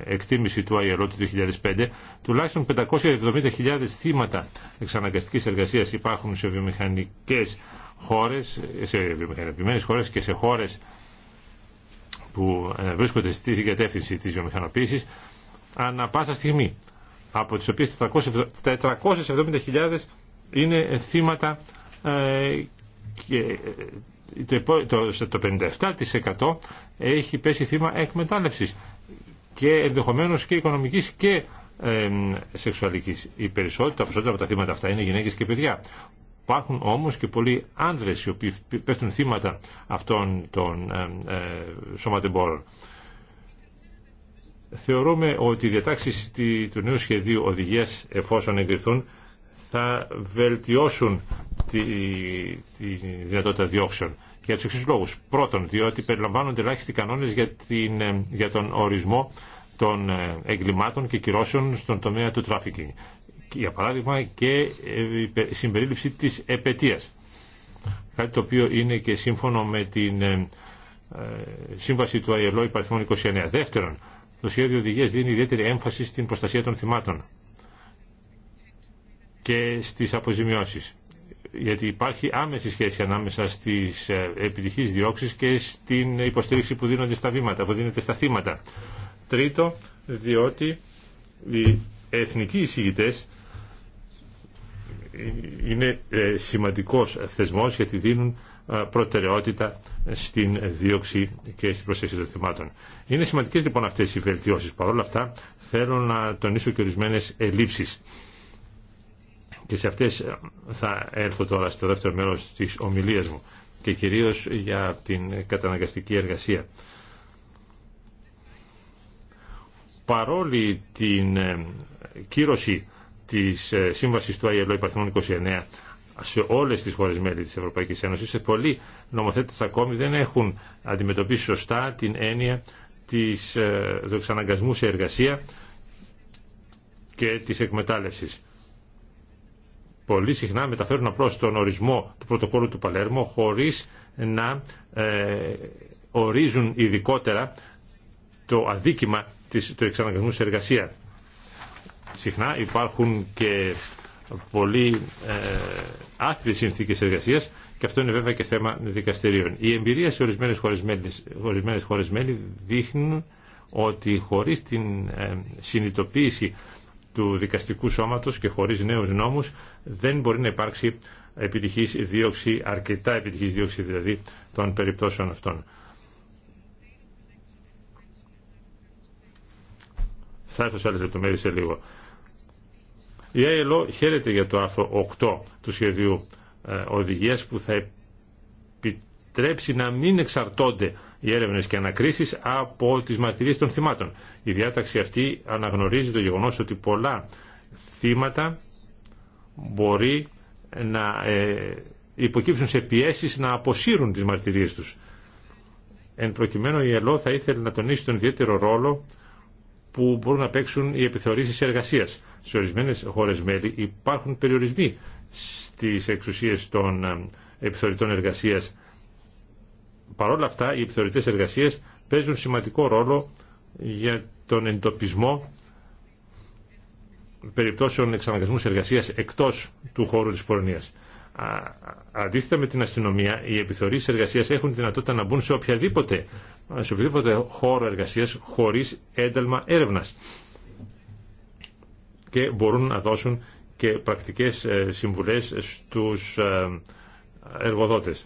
εκτίμηση του ILO του 2005, τουλάχιστον 570.000 θύματα εξαναγκαστικής εργασίας υπάρχουν σε βιομηχανικές χώρες, σε βιομηχανικές χώρες και σε χώρες που ε, βρίσκονται στη κατεύθυνση της βιομηχανοποίησης ανά πάσα στιγμή, από τις οποίες 470.000 είναι θύματα ε, και ε, το 57% έχει πέσει θύμα εκμετάλλευσης και ενδεχομένως και οικονομικής και σεξουαλικής. Η περισσότερα, περισσότερα από τα θύματα αυτά είναι γυναίκες και παιδιά Υπάρχουν όμως και πολλοί άνδρες οι οποίοι πέφτουν θύματα αυτών των ε, ε, σωματεμπόρων. Θεωρούμε ότι οι διατάξεις του νέου σχεδίου οδηγίας εφόσον εγκριθούν θα βελτιώσουν τη, τη δυνατότητα διώξεων για τους εξής λόγους. Πρώτον, διότι περιλαμβάνονται ελάχιστοι κανόνες για, την, ε, για τον ορισμό των εγκλημάτων και κυρώσεων στον τομέα του τράφικινγκ για παράδειγμα και ε, η συμπερίληψη της επαιτίας. Κάτι το οποίο είναι και σύμφωνο με την ε, ε, σύμβαση του ΑΕΛΟ υπαριθμών 29. Δεύτερον, το σχέδιο οδηγίας δίνει ιδιαίτερη έμφαση στην προστασία των θυμάτων και στις αποζημιώσεις. Γιατί υπάρχει άμεση σχέση ανάμεσα στις επιτυχείς διώξεις και στην υποστήριξη που δίνονται στα βήματα, που δίνεται στα θύματα. Τρίτο, διότι οι εθνικοί εισηγητές είναι ε, σημαντικός θεσμός γιατί δίνουν ε, προτεραιότητα στην δίωξη και στην προσέγγιση των θυμάτων. Είναι σημαντικές λοιπόν αυτές οι βελτιώσεις. Παρ' όλα αυτά θέλω να τονίσω και ορισμένε ελλείψεις. Και σε αυτές ε, θα έρθω τώρα στο δεύτερο μέρος της ομιλίας μου και κυρίως για την καταναγκαστική εργασία. Παρόλη την κύρωση τη ε, σύμβαση του ILO υπαρθμών 29 σε όλες τις χώρε μέλη της Ευρωπαϊκής Ένωσης. Σε πολλοί νομοθέτες ακόμη δεν έχουν αντιμετωπίσει σωστά την έννοια της, του ε, εξαναγκασμού σε εργασία και τη εκμετάλλευση. Πολύ συχνά μεταφέρουν απλώ τον ορισμό του πρωτοκόλλου του Παλέρμο χωρίς να ε, ορίζουν ειδικότερα το αδίκημα του εξαναγκασμού σε εργασία συχνά υπάρχουν και πολύ ε, άθλιες συνθήκες εργασίας και αυτό είναι βέβαια και θέμα δικαστηρίων. Η εμπειρία σε ορισμένες χώρες μέλη, ορισμένες δείχνουν ότι χωρίς την ε, συνειδητοποίηση του δικαστικού σώματος και χωρίς νέους νόμους δεν μπορεί να υπάρξει επιτυχής δίωξη, αρκετά επιτυχής δίωξη δηλαδή των περιπτώσεων αυτών. Θα έρθω σε άλλες σε λίγο. Η ΑΕΛΟ χαίρεται για το άρθρο 8 του σχεδίου ε, οδηγίας που θα επιτρέψει να μην εξαρτώνται οι έρευνε και ανακρίσει από τι μαρτυρίε των θυμάτων. Η διάταξη αυτή αναγνωρίζει το γεγονό ότι πολλά θύματα μπορεί να ε, υποκύψουν σε πιέσει να αποσύρουν τι μαρτυρίε του. Εν προκειμένου, η ΕΛΟ θα ήθελε να τονίσει τον ιδιαίτερο ρόλο που μπορούν να παίξουν οι επιθεωρήσει εργασία σε ορισμένε χώρες μέλη υπάρχουν περιορισμοί στις εξουσίε των ε, επιθεωρητών εργασία. Παρ' όλα αυτά οι επιθεωρητές εργασίες παίζουν σημαντικό ρόλο για τον εντοπισμό περιπτώσεων εξαναγκασμού εργασίας εκτός του χώρου της πορνεία. Αντίθετα με την αστυνομία, οι επιθεωρητές εργασία έχουν δυνατότητα να μπουν σε, οποιαδήποτε, χώρο εργασίας χωρίς ένταλμα έρευνας και μπορούν να δώσουν και πρακτικές ε, συμβουλές στους ε, εργοδότες.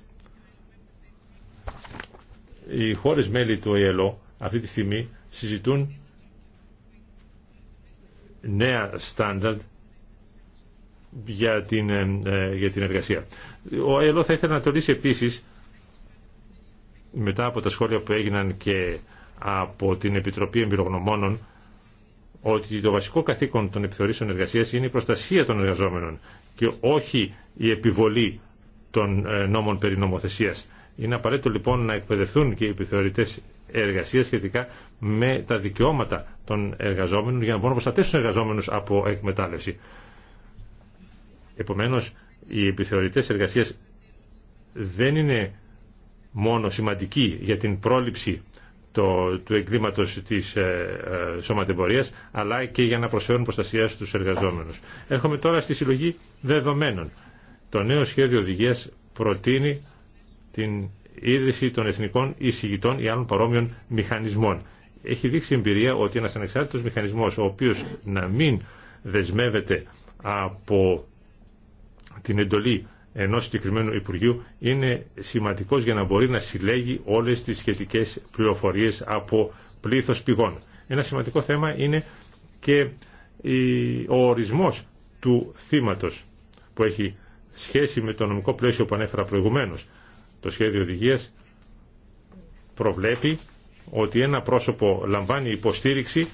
Οι χώρες μέλη του έλο αυτή τη στιγμή συζητούν νέα στάνταρτ για την, ε, την εργασία. Ο ΕΛΟ θα ήθελε να το λύσει επίσης μετά από τα σχόλια που έγιναν και από την Επιτροπή Εμπειρογνωμόνων ότι το βασικό καθήκον των επιθεωρήσεων εργασίας είναι η προστασία των εργαζόμενων και όχι η επιβολή των ε, νόμων περί νομοθεσίας. Είναι απαραίτητο λοιπόν να εκπαιδευτούν και οι επιθεωρητές εργασίας σχετικά με τα δικαιώματα των εργαζόμενων για να μπορούν να προστατεύσουν τους εργαζόμενους από εκμετάλλευση. Επομένω, οι επιθεωρητές εργασία δεν είναι μόνο σημαντικοί για την πρόληψη το, του εγκλήματος της ε, ε, σωματεμπορίας αλλά και για να προσφέρουν προστασία στους εργαζόμενους. Έρχομαι τώρα στη συλλογή δεδομένων. Το νέο σχέδιο οδηγίας προτείνει την ίδρυση των εθνικών εισηγητών ή άλλων παρόμοιων μηχανισμών. Έχει δείξει εμπειρία ότι ένας ανεξάρτητος μηχανισμός ο οποίος να μην δεσμεύεται από την εντολή ενός συγκεκριμένου Υπουργείου είναι σημαντικός για να μπορεί να συλλέγει όλες τις σχετικές πληροφορίες από πλήθος πηγών. Ένα σημαντικό θέμα είναι και ο ορισμός του θύματος που έχει σχέση με το νομικό πλαίσιο που ανέφερα προηγουμένως. Το σχέδιο οδηγία προβλέπει ότι ένα πρόσωπο λαμβάνει υποστήριξη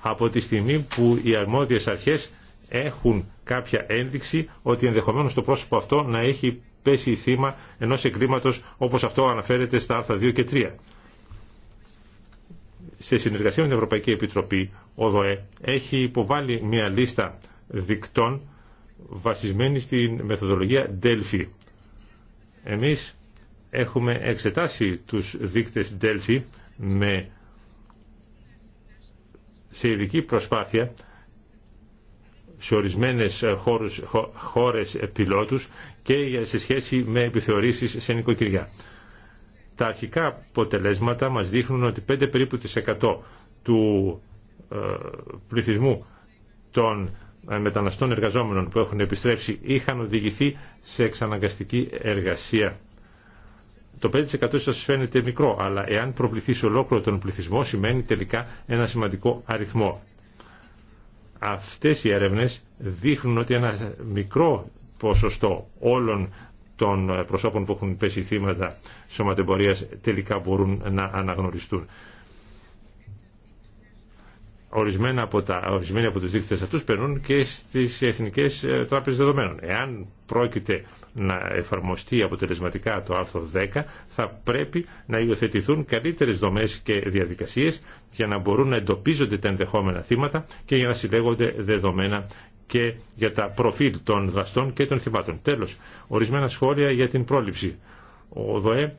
από τη στιγμή που οι αρμόδιες αρχές έχουν κάποια ένδειξη ότι ενδεχομένως το πρόσωπο αυτό να έχει πέσει θύμα ενός εγκλήματος όπως αυτό αναφέρεται στα άρθρα 2 και 3. Σε συνεργασία με την Ευρωπαϊκή Επιτροπή, ο ΔΟΕ έχει υποβάλει μια λίστα δικτών βασισμένη στην μεθοδολογία Delphi. Εμείς έχουμε εξετάσει τους δείκτες Delphi με σε ειδική προσπάθεια σε ορισμένες ε, χώρους, χώρες πιλότους και σε σχέση με επιθεωρήσεις σε νοικοκυριά. Τα αρχικά αποτελέσματα μας δείχνουν ότι 5 περίπου του ε, πληθυσμού των ε, μεταναστών εργαζόμενων που έχουν επιστρέψει είχαν οδηγηθεί σε εξαναγκαστική εργασία. Το 5% σας φαίνεται μικρό, αλλά εάν προβληθεί σε ολόκληρο τον πληθυσμό σημαίνει τελικά ένα σημαντικό αριθμό. Αυτές οι έρευνες δείχνουν ότι ένα μικρό ποσοστό όλων των προσώπων που έχουν πέσει θύματα σωματεμπορίας τελικά μπορούν να αναγνωριστούν. Ορισμένα από τα, ορισμένοι από τους δείκτες αυτούς περνούν και στις εθνικές τράπεζες δεδομένων. Εάν πρόκειται να εφαρμοστεί αποτελεσματικά το άρθρο 10 θα πρέπει να υιοθετηθούν καλύτερες δομές και διαδικασίες για να μπορούν να εντοπίζονται τα ενδεχόμενα θύματα και για να συλλέγονται δεδομένα και για τα προφίλ των δραστών και των θυμάτων. Τέλος, ορισμένα σχόλια για την πρόληψη. Ο ΔΟΕ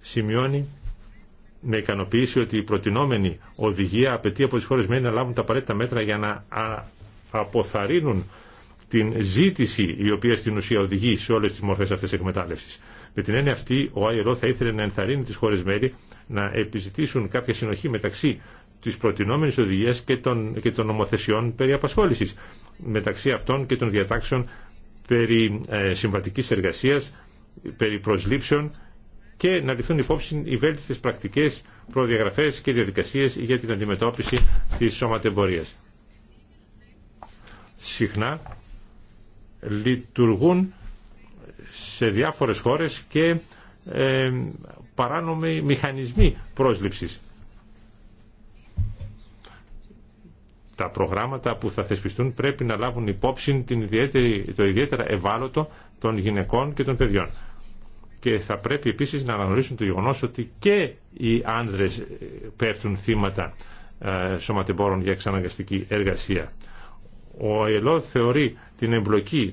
σημειώνει με ικανοποίηση ότι η προτινόμενη οδηγία απαιτεί από τις χώρες να λάβουν τα απαραίτητα μέτρα για να αποθαρρύνουν την ζήτηση η οποία στην ουσία οδηγεί σε όλες τις μορφές αυτές εκμετάλλευσης. Με την έννοια αυτή, ο ΑΕΡΟ θα ήθελε να ενθαρρύνει τις χώρες μέλη να επιζητήσουν κάποια συνοχή μεταξύ της προτινόμενης οδηγίας και των, και των νομοθεσιών περί απασχόλησης, μεταξύ αυτών και των διατάξεων περί ε, συμβατικής εργασίας, περί προσλήψεων και να ληφθούν υπόψη οι βέλτιστες πρακτικές προδιαγραφές και διαδικασίες για την αντιμετώπιση τη σωματεμπορίας. Συχνά λειτουργούν σε διάφορες χώρες και ε, παράνομοι μηχανισμοί πρόσληψης. Τα προγράμματα που θα θεσπιστούν πρέπει να λάβουν υπόψη την ιδιαίτερη, το ιδιαίτερα ευάλωτο των γυναικών και των παιδιών. Και θα πρέπει επίσης να αναγνωρίσουν το γεγονός ότι και οι άνδρες ε, πέφτουν θύματα ε, σωματεμπόρων για εξαναγκαστική εργασία. Ο ΕΛΟ θεωρεί την εμπλοκή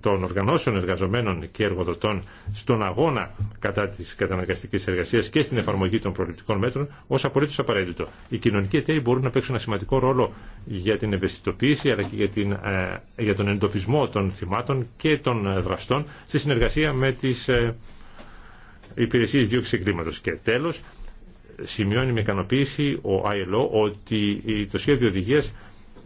των, οργανώσεων εργαζομένων και εργοδοτών στον αγώνα κατά τη καταναγκαστική εργασία και στην εφαρμογή των προληπτικών μέτρων ω απολύτω απαραίτητο. Οι κοινωνικοί εταίροι μπορούν να παίξουν ένα σημαντικό ρόλο για την ευαισθητοποίηση αλλά και για, την, ε, για τον εντοπισμό των θυμάτων και των δραστών στη συνεργασία με τι ε, υπηρεσίες δίωξη εγκλήματος. Και τέλο σημειώνει με ικανοποίηση ο ILO ότι το σχέδιο οδηγία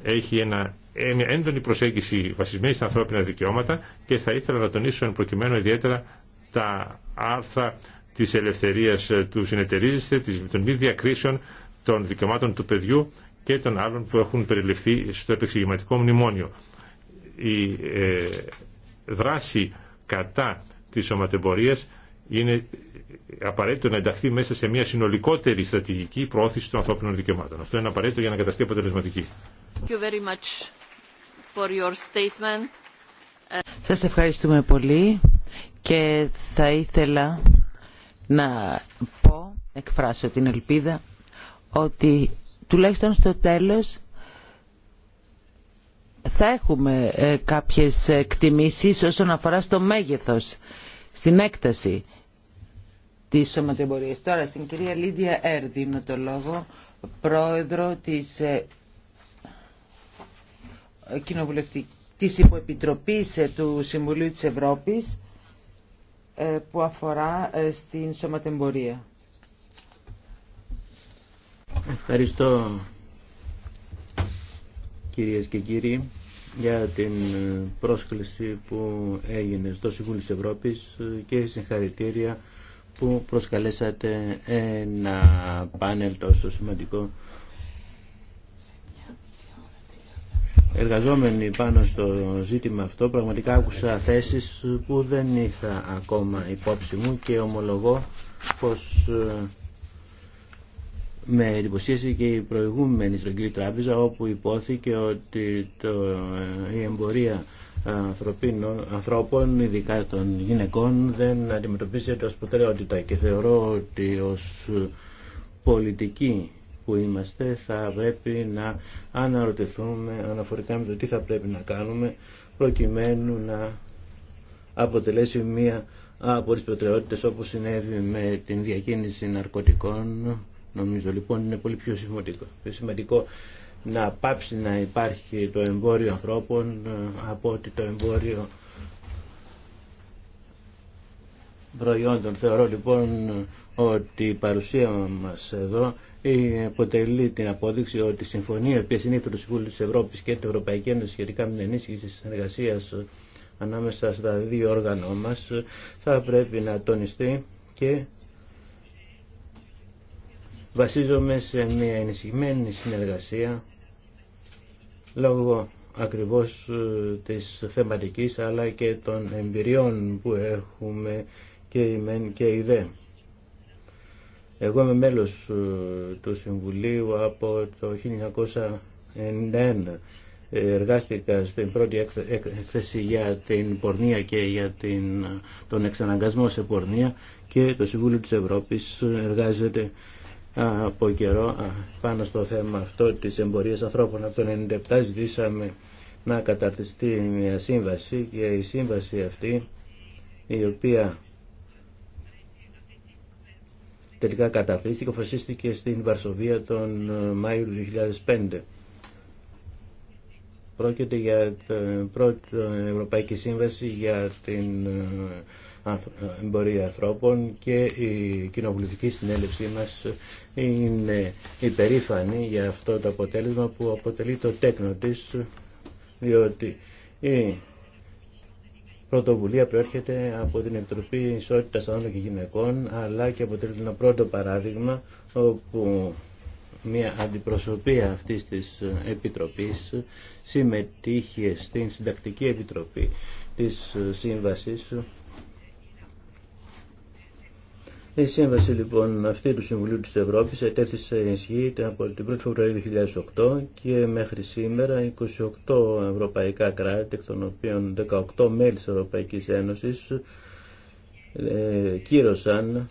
έχει ένα μια έντονη προσέγγιση βασισμένη στα ανθρώπινα δικαιώματα και θα ήθελα να τονίσω εν προκειμένου ιδιαίτερα τα άρθρα της ελευθερίας του συνεταιρίζεστε, των μη διακρίσεων των δικαιωμάτων του παιδιού και των άλλων που έχουν περιληφθεί στο επεξηγηματικό μνημόνιο. Η ε, δράση κατά της σωματεμπορίας είναι απαραίτητο να ενταχθεί μέσα σε μια συνολικότερη στρατηγική προώθηση των ανθρώπινων δικαιωμάτων. Αυτό είναι απαραίτητο για να καταστεί αποτελεσματική. you very much for Σας ευχαριστούμε πολύ και θα ήθελα να πω, εκφράσω την ελπίδα, ότι τουλάχιστον στο τέλος θα έχουμε ε, κάποιες εκτιμήσεις όσον αφορά στο μέγεθος, στην έκταση της σωματεμπορίας. Τώρα στην κυρία Λίδια Έρδη με το λόγο, πρόεδρο της ε, της Υποεπιτροπής ε, του Συμβουλίου της Ευρώπης ε, που αφορά ε, στην σωματεμπορία. Ευχαριστώ κυρίες και κύριοι για την πρόσκληση που έγινε στο Συμβούλιο της Ευρώπης και συγχαρητήρια που προσκαλέσατε ένα πάνελ τόσο σημαντικό εργαζόμενοι πάνω στο ζήτημα αυτό πραγματικά άκουσα θέσεις που δεν είχα ακόμα υπόψη μου και ομολογώ πως ε, με εντυπωσίασε και η προηγούμενη στρογγυλή τράπεζα όπου υπόθηκε ότι ε, η εμπορία ε, ανθρώπων, ειδικά των γυναικών, δεν αντιμετωπίζεται ως προτεραιότητα και θεωρώ ότι ως πολιτική που είμαστε θα πρέπει να αναρωτηθούμε αναφορικά με το τι θα πρέπει να κάνουμε προκειμένου να αποτελέσει μία από τις προτεραιότητες όπως συνέβη με την διακίνηση ναρκωτικών. Νομίζω λοιπόν είναι πολύ πιο σημαντικό, πιο σημαντικό να πάψει να υπάρχει το εμπόριο ανθρώπων ε, από ότι το εμπόριο προϊόντων. Θεωρώ λοιπόν ότι η παρουσία μας εδώ ε, αποτελεί την απόδειξη ότι η συμφωνία η οποία συνήθω του Συμβούλου τη Ευρώπη και την Ευρωπαϊκή Ένωση σχετικά με την ενίσχυση τη συνεργασία ανάμεσα στα δύο όργανα μα θα πρέπει να τονιστεί και βασίζομαι σε μια ενισχυμένη συνεργασία λόγω ακριβώς ε, της θεματικής αλλά και των εμπειριών που έχουμε και η μεν και η δε. Εγώ είμαι μέλος ε, του Συμβουλίου από το 1991. Ε, εργάστηκα στην πρώτη έκθεση για την πορνεία και για την, τον εξαναγκασμό σε πορνεία και το Συμβούλιο της Ευρώπης εργάζεται από καιρό πάνω στο θέμα αυτό της εμπορίας ανθρώπων. Από το 1997 ζητήσαμε να καταρτιστεί μια σύμβαση και η σύμβαση αυτή η οποία τελικά καταψήφισε φασίστηκε στην Βαρσοβία τον ε, Μάιο του 2005. Πρόκειται για την πρώτη ε, Ευρωπαϊκή Σύμβαση για την ε, εμπορία ανθρώπων και η κοινοβουλευτική συνέλευσή μας είναι υπερήφανη για αυτό το αποτέλεσμα που αποτελεί το τέκνο της διότι η πρωτοβουλία προέρχεται από την Επιτροπή Ισότητας Ανώνων και Γυναικών αλλά και αποτελεί ένα πρώτο παράδειγμα όπου μια αντιπροσωπεία αυτής της Επιτροπής συμμετείχε στην Συντακτική Επιτροπή της Σύμβασης η σύμβαση λοιπόν αυτή του Συμβουλίου της Ευρώπης ετέθησε ενισχύ από την 1η Φεβρουαρίου 2008 και μέχρι σήμερα 28 ευρωπαϊκά κράτη, εκ των οποίων 18 μέλη της Ευρωπαϊκής Ένωσης, ε, κύρωσαν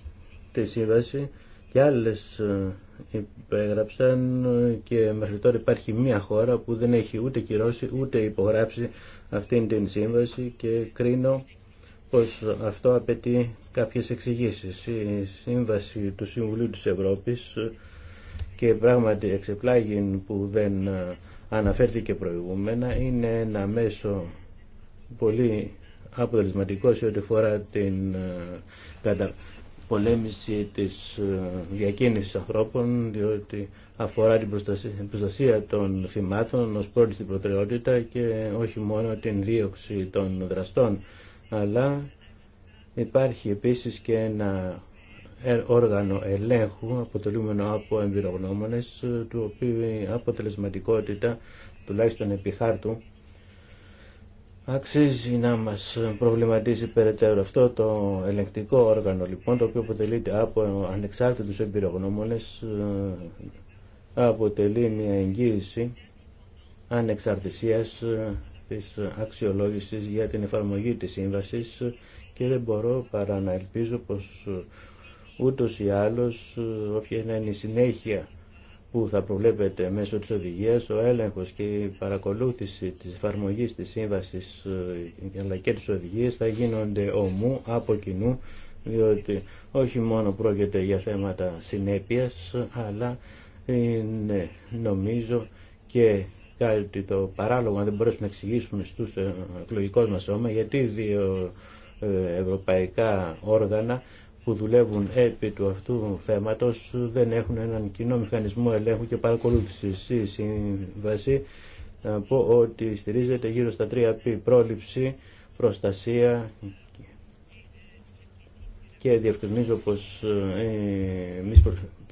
τη σύμβαση και άλλες ε, υπέγραψαν και μέχρι τώρα υπάρχει μία χώρα που δεν έχει ούτε κυρώσει ούτε υπογράψει αυτήν την σύμβαση και κρίνω πως αυτό απαιτεί κάποιες εξηγήσεις. Η σύμβαση του Συμβουλίου της Ευρώπης και πράγματι εξεπλάγει που δεν αναφέρθηκε προηγούμενα είναι ένα μέσο πολύ αποτελεσματικό σε ό,τι φορά την ε, καταπολέμηση της ε, διακίνησης ανθρώπων διότι αφορά την προστασία των θυμάτων ως πρώτη στην προτεραιότητα και όχι μόνο την δίωξη των δραστών αλλά υπάρχει επίσης και ένα ε, όργανο ελέγχου αποτελούμενο από εμπειρογνώμονες του οποίου η αποτελεσματικότητα τουλάχιστον επί χάρτου Αξίζει να μας προβληματίσει περαιτέρω αυτό το ελεγκτικό όργανο λοιπόν το οποίο αποτελείται από ανεξάρτητους εμπειρογνώμονες ε, αποτελεί μια εγγύηση ανεξαρτησίας ε, της αξιολόγησης για την εφαρμογή της σύμβασης και δεν μπορώ παρά να ελπίζω πως ούτως ή άλλως όποια είναι η συνέχεια που θα προβλέπετε μέσω της οδηγίας, ο έλεγχος και η παρακολούθηση της εφαρμογής της σύμβασης αλλά και της οδηγίας θα γίνονται ομού από κοινού διότι όχι μόνο πρόκειται για θέματα συνέπειας αλλά είναι νομίζω και κάτι το παράλογο, αν δεν μπορέσουμε να εξηγήσουμε στους ε, εκλογικό μας σώμα γιατί δύο ε, ευρωπαϊκά όργανα που δουλεύουν επί του αυτού θέματος δεν έχουν έναν κοινό μηχανισμό ελέγχου και παρακολούθησης. Η σύμβαση να πω ότι στηρίζεται γύρω στα τρία π. πρόληψη, προστασία και διευκρινίζω πως ε, εμείς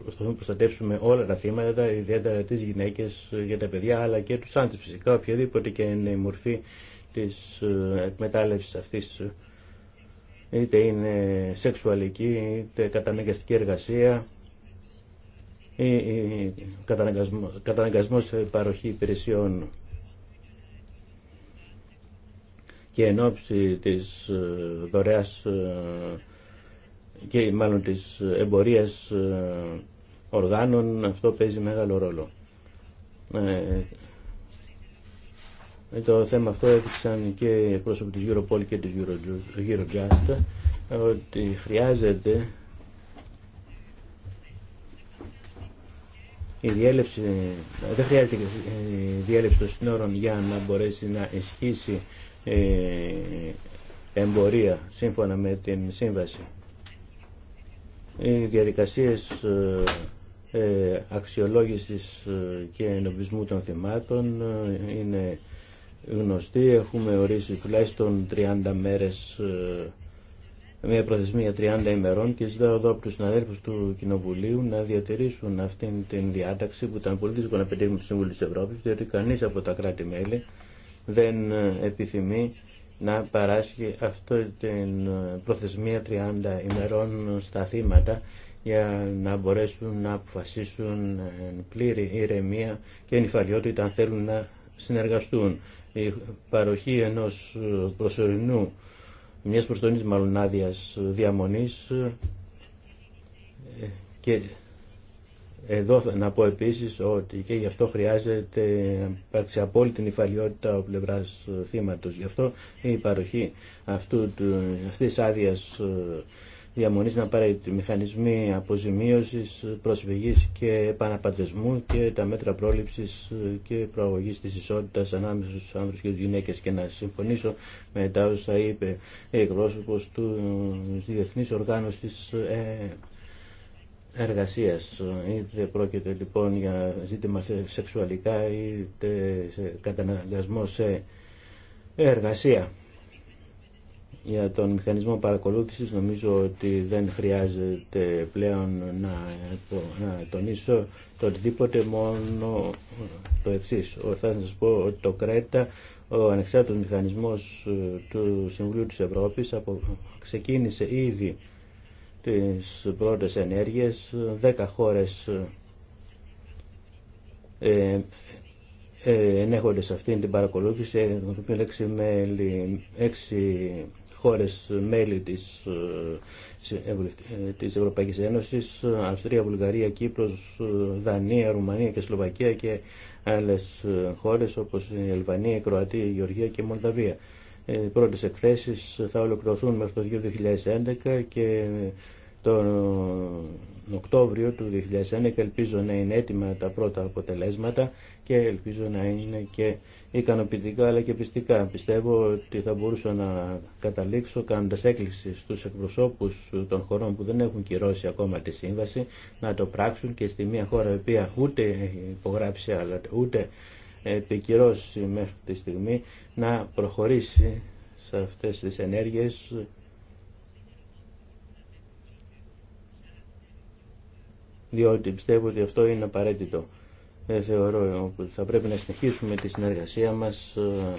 προσπαθούμε να προστατεύσουμε όλα τα θύματα, ιδιαίτερα τις γυναίκες για τα παιδιά, αλλά και τους άντρε. φυσικά, οποιαδήποτε και είναι η μορφή της ε, εκμετάλλευσης αυτής, είτε είναι σεξουαλική, είτε καταναγκαστική εργασία, ή καταναγκασμό, καταναγκασμός σε παροχή υπηρεσιών. Και εν ώψη της ε, δωρεάς ε, και μάλλον της εμπορίας ε, οργάνων αυτό παίζει μεγάλο ρόλο. Ε, ε, το θέμα αυτό έδειξαν και οι πρόσωποι της Europol και της Eurojust ότι χρειάζεται η διέλευση, δεν χρειάζεται η διέλευση των συνόρων για να μπορέσει να ισχύσει ε, εμπορία σύμφωνα με την σύμβαση οι ε, διαδικασίες ε, ε, αξιολόγησης και ενοπισμού των θυμάτων είναι γνωστοί. Έχουμε ορίσει τουλάχιστον 30 μέρες, μια προθεσμία 30 ημερών και ζητάω εδώ από τους συναδέλφους του Κοινοβουλίου να διατηρήσουν αυτήν την διάταξη που ήταν πολύ δύσκολο να πετύχουμε στο Συμβουλή της Ευρώπης, διότι κανείς από τα κράτη-μέλη δεν επιθυμεί να παράσχει αυτή την ε, προθεσμία 30 ημερών στα θύματα για να μπορέσουν να αποφασίσουν πλήρη ηρεμία και νυφαλιότητα αν θέλουν να συνεργαστούν. Η παροχή ενός ε, προσωρινού, μιας προσωρινής μάλλον άδειας διαμονής ε, και εδώ να πω επίσης ότι και γι' αυτό χρειάζεται υπάρξει απόλυτη νυφαλιότητα ο πλευράς ε, θύματος. Γι' αυτό η παροχή αυτού, τη άδεια ε, διαμονής να πάρει μηχανισμή αποζημίωσης, προσφυγή και επαναπατρισμού και τα μέτρα πρόληψης ε, και προαγωγής της ισότητας ανάμεσα στους άνδρες και τις γυναίκες και να συμφωνήσω με όσα είπε η εκπρόσωπος του Διεθνής Οργάνωσης εργασίας. Είτε πρόκειται λοιπόν για ζήτημα σεξουαλικά είτε σε καταναγκασμό σε εργασία. Για τον μηχανισμό παρακολούθησης νομίζω ότι δεν χρειάζεται πλέον να, να τονίσω το οτιδήποτε μόνο το εξή. Θα σας πω ότι το ΚΡΕΤΑ ο ανεξάρτητος μηχανισμός ε, του Συμβουλίου της Ευρώπης ξεκίνησε ήδη τις πρώτες ενέργειες. Δέκα χώρες ε, ε, ενέχονται σε αυτήν την παρακολούθηση, έχουν έξι, μέλη, έξι χώρες μέλη της, ε, ε, της Ευρωπαϊκής Ένωσης, Αυστρία, Βουλγαρία, Κύπρος, Δανία, Ρουμανία και Σλοβακία και άλλες χώρες όπως η Ελβανία, η Κροατία, η Γεωργία και η Μολδαβία. Ε, οι πρώτες εκθέσεις θα ολοκληρωθούν μέχρι το 2011 και τον Οκτώβριο του 2011 ελπίζω να είναι έτοιμα τα πρώτα αποτελέσματα και ελπίζω να είναι και ικανοποιητικά αλλά και πιστικά. Πιστεύω ότι θα μπορούσα να καταλήξω κάνοντας έκκληση στους εκπροσώπους των χωρών που δεν έχουν κυρώσει ακόμα τη σύμβαση να το πράξουν και στη μία χώρα η οποία ούτε υπογράψει αλλά ούτε επικυρώσει μέχρι τη στιγμή να προχωρήσει σε αυτές τις ενέργειες διότι πιστεύω ότι αυτό είναι απαραίτητο. Ε, θεωρώ ότι θα πρέπει να συνεχίσουμε τη συνεργασία μας ε,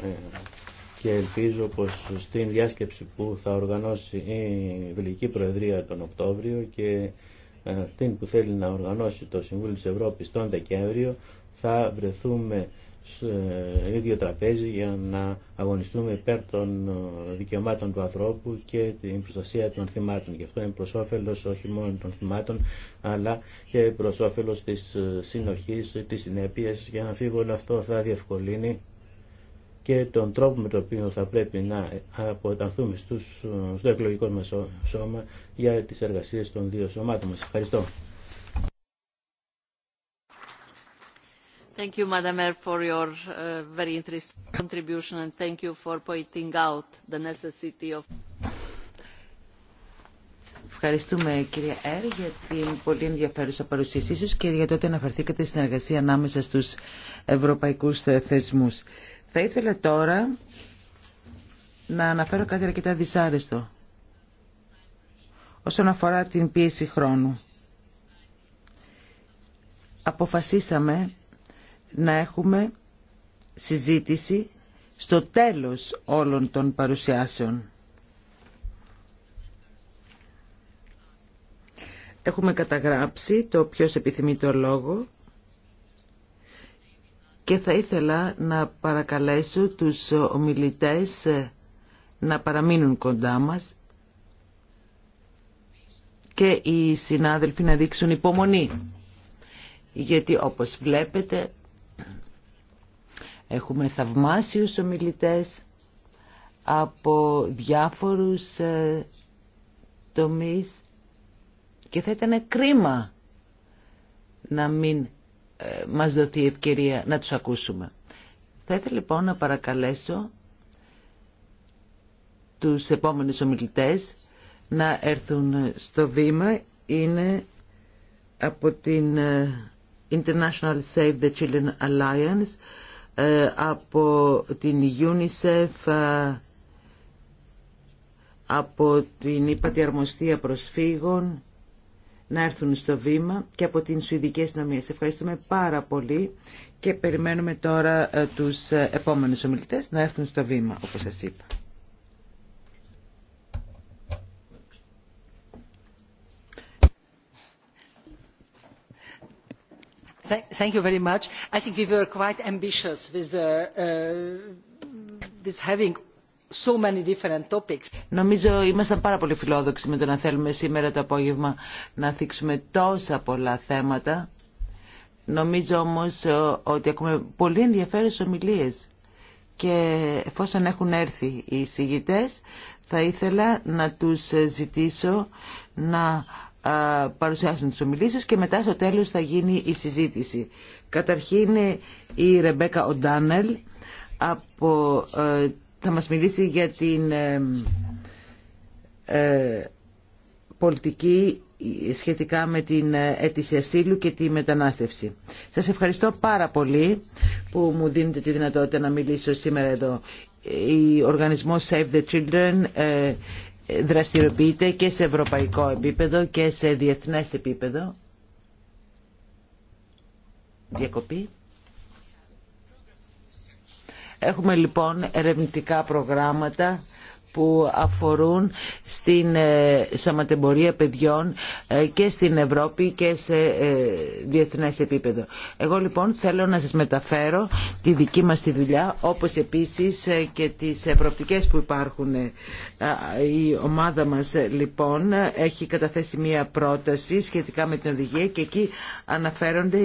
και ελπίζω πως στην διάσκεψη που θα οργανώσει η Βελική Προεδρία τον Οκτώβριο και την που θέλει να οργανώσει το Συμβούλιο της Ευρώπης τον Δεκέμβριο θα βρεθούμε σε ίδιο τραπέζι για να αγωνιστούμε υπέρ των ε, δικαιωμάτων του ανθρώπου και την προστασία των θυμάτων. Και αυτό είναι προς όφελος όχι μόνο των θυμάτων, αλλά και προς όφελος της ε, συνοχής, της συνέπειας. Για να φύγω όλο αυτό θα διευκολύνει και τον τρόπο με τον οποίο θα πρέπει να αποτανθούμε στους, ε, στο εκλογικό μας σώμα για τις εργασίες των δύο σωμάτων μας. Ευχαριστώ. Thank you, for your uh, very interesting contribution and thank you for pointing out the necessity of... Ευχαριστούμε κυρία Έρ για την πολύ ενδιαφέρουσα παρουσίαση σας και για το ότι αναφερθήκατε στην εργασία ανάμεσα στους ευρωπαϊκούς θεσμούς. Θα ήθελα τώρα να αναφέρω κάτι αρκετά δυσάρεστο όσον αφορά την πίεση χρόνου. Αποφασίσαμε να έχουμε συζήτηση στο τέλος όλων των παρουσιάσεων. Έχουμε καταγράψει το ποιος επιθυμεί το λόγο και θα ήθελα να παρακαλέσω τους ομιλητές να παραμείνουν κοντά μας και οι συνάδελφοι να δείξουν υπομονή. Γιατί όπως βλέπετε Έχουμε θαυμάσιους ομιλητές από διάφορους ε, τομείς και θα ήταν κρίμα να μην ε, μας δοθεί η ευκαιρία να τους ακούσουμε. Θα ήθελα λοιπόν να παρακαλέσω τους επόμενους ομιλητές να έρθουν στο βήμα. Είναι από την ε, International Save the Children Alliance ε, από την UNICEF, ε, από την ύπατη αρμοστία προσφύγων να έρθουν στο βήμα και από την Σουηδική Αστυνομία. Σε ευχαριστούμε πάρα πολύ και περιμένουμε τώρα ε, τους επόμενους ομιλητές να έρθουν στο βήμα, όπως σας είπα. Thank you very much. I think we were quite ambitious uh, with having so many different topics. Νομίζω ήμασταν πάρα πολύ φιλόδοξοι με το να θέλουμε σήμερα το απόγευμα να θίξουμε τόσα πολλά θέματα. Νομίζω όμως ε, ότι έχουμε πολύ ενδιαφέρουσες ομιλίες και εφόσον έχουν έρθει οι συγητές θα ήθελα να τους ζητήσω να παρουσιάσουν τις ομιλήσεις και μετά στο τέλος θα γίνει η συζήτηση. Καταρχήν η Ρεμπέκα Οντάνελ από, ε, θα μας μιλήσει για την ε, ε, πολιτική σχετικά με την αίτηση ασύλου και τη μετανάστευση. Σας ευχαριστώ πάρα πολύ που μου δίνετε τη δυνατότητα να μιλήσω σήμερα εδώ. Ο οργανισμός Save the Children δραστηριοποιείται και σε ευρωπαϊκό επίπεδο και σε διεθνές επίπεδο. Διακοπή. Έχουμε λοιπόν ερευνητικά προγράμματα που αφορούν στην ε, σωματεμπορία παιδιών ε, και στην Ευρώπη και σε ε, διεθνές επίπεδο. Εγώ λοιπόν θέλω να σας μεταφέρω τη δική μας τη δουλειά όπως επίσης και τις ευρωπτικές που υπάρχουν. Η ομάδα μας λοιπόν έχει καταθέσει μία πρόταση σχετικά με την οδηγία και εκεί αναφέρονται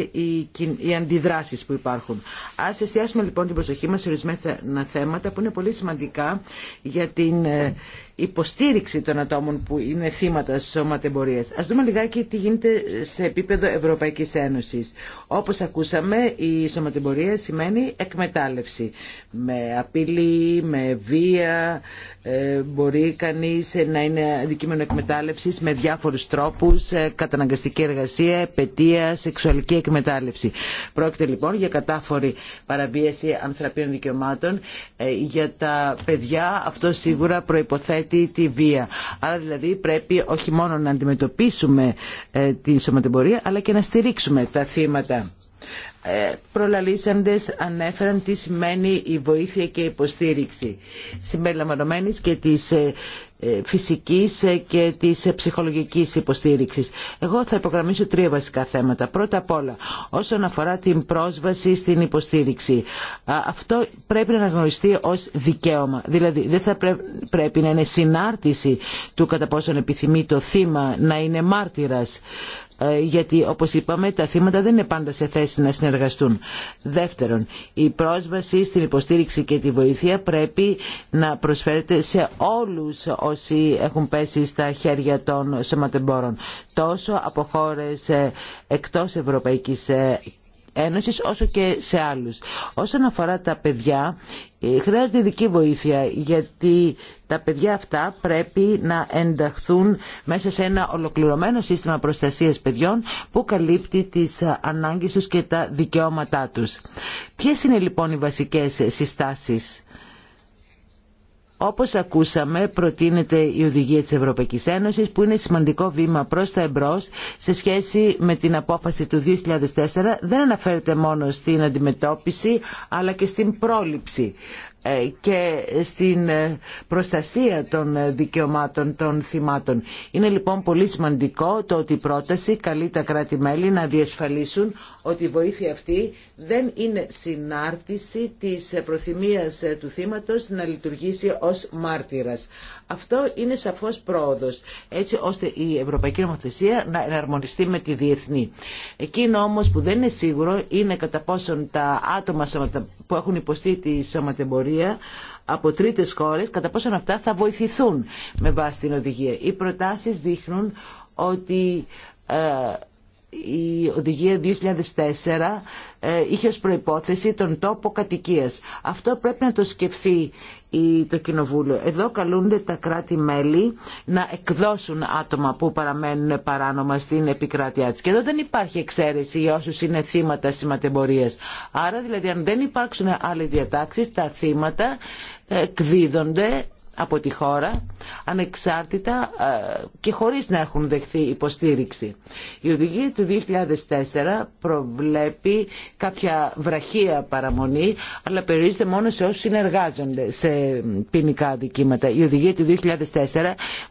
οι αντιδράσεις που υπάρχουν. Ας εστιάσουμε λοιπόν την προσοχή μας σε ορισμένα θέματα που είναι πολύ σημαντικά για την είναι υποστήριξη των ατόμων που είναι θύματα σωματεμπορίας. Ας δούμε λιγάκι τι γίνεται σε επίπεδο Ευρωπαϊκής Ένωσης. Όπως ακούσαμε, η σωματεμπορία σημαίνει εκμετάλλευση. Με απειλή, με βία, ε, μπορεί κανείς να είναι αντικείμενο εκμετάλλευσης με διάφορους τρόπους, ε, καταναγκαστική εργασία, επαιτία, σεξουαλική εκμετάλλευση. Πρόκειται λοιπόν για κατάφορη παραβίαση ανθρωπίνων δικαιωμάτων. Ε, για τα παιδιά αυτό σίγουρα προϋποθέτει αυτή τη βία. Άρα δηλαδή πρέπει όχι μόνο να αντιμετωπίσουμε ε, την σωματεμπορία αλλά και να στηρίξουμε τα θύματα. Ε, προλαλήσαντες ανέφεραν τι σημαίνει η βοήθεια και η υποστήριξη συμπεριλαμβανομένης και της ε, ε, φυσικής και της ψυχολογικής υποστήριξης. Εγώ θα υπογραμμίσω τρία βασικά θέματα. Πρώτα απ' όλα, όσον αφορά την πρόσβαση στην υποστήριξη. Αυτό πρέπει να αναγνωριστεί ως δικαίωμα. Δηλαδή, δεν θα πρέπει να είναι συνάρτηση του κατά πόσον επιθυμεί το θύμα να είναι μάρτυρας. Ε, γιατί όπως είπαμε τα θύματα δεν είναι πάντα σε θέση να συνεργαστούν. Δεύτερον, η πρόσβαση στην υποστήριξη και τη βοήθεια πρέπει να προσφέρεται σε όλους όσοι έχουν πέσει στα χέρια των σωματεμπόρων, τόσο από χώρες ε, εκτός Ευρωπαϊκής ε, όσο και σε άλλους. Όσον αφορά τα παιδιά, ε, χρειάζεται ειδική βοήθεια γιατί τα παιδιά αυτά πρέπει να ενταχθούν μέσα σε ένα ολοκληρωμένο σύστημα προστασίας παιδιών που καλύπτει τις ε, ανάγκες τους και τα δικαιώματά τους. Ποιες είναι λοιπόν οι βασικές συστάσεις όπως ακούσαμε προτείνεται η οδηγία της Ευρωπαϊκής Ένωσης που είναι σημαντικό βήμα προς τα εμπρός σε σχέση με την απόφαση του 2004 δεν αναφέρεται μόνο στην αντιμετώπιση αλλά και στην πρόληψη ε, και στην ε, προστασία των ε, δικαιωμάτων των θυμάτων. Είναι λοιπόν πολύ σημαντικό το ότι η πρόταση καλεί τα κράτη-μέλη να διασφαλίσουν ότι η βοήθεια αυτή δεν είναι συνάρτηση της προθυμίας του θύματος να λειτουργήσει ως μάρτυρας. Αυτό είναι σαφώς πρόοδος, έτσι ώστε η Ευρωπαϊκή Νομοθεσία να εναρμονιστεί με τη διεθνή. Εκείνο όμως που δεν είναι σίγουρο είναι κατά πόσον τα άτομα που έχουν υποστεί τη σωματεμπορία από τρίτες χώρες, κατά πόσον αυτά θα βοηθηθούν με βάση την οδηγία. Οι προτάσεις δείχνουν ότι ε, η οδηγία 2004 ε, είχε ως προϋπόθεση τον τόπο κατοικίας. Αυτό πρέπει να το σκεφτεί το Κοινοβούλιο. Εδώ καλούνται τα κράτη-μέλη να εκδώσουν άτομα που παραμένουν παράνομα στην επικράτειά της. Και εδώ δεν υπάρχει εξαίρεση για όσους είναι θύματα σηματεμπορίας. Άρα δηλαδή αν δεν υπάρξουν άλλες διατάξεις, τα θύματα ε, εκδίδονται από τη χώρα ανεξάρτητα ε, και χωρίς να έχουν δεχθεί υποστήριξη. Η οδηγία του 2004 προβλέπει κάποια βραχία παραμονή αλλά περιορίζεται μόνο σε όσους συνεργάζονται σε ποινικά δικήματα. Η οδηγία του 2004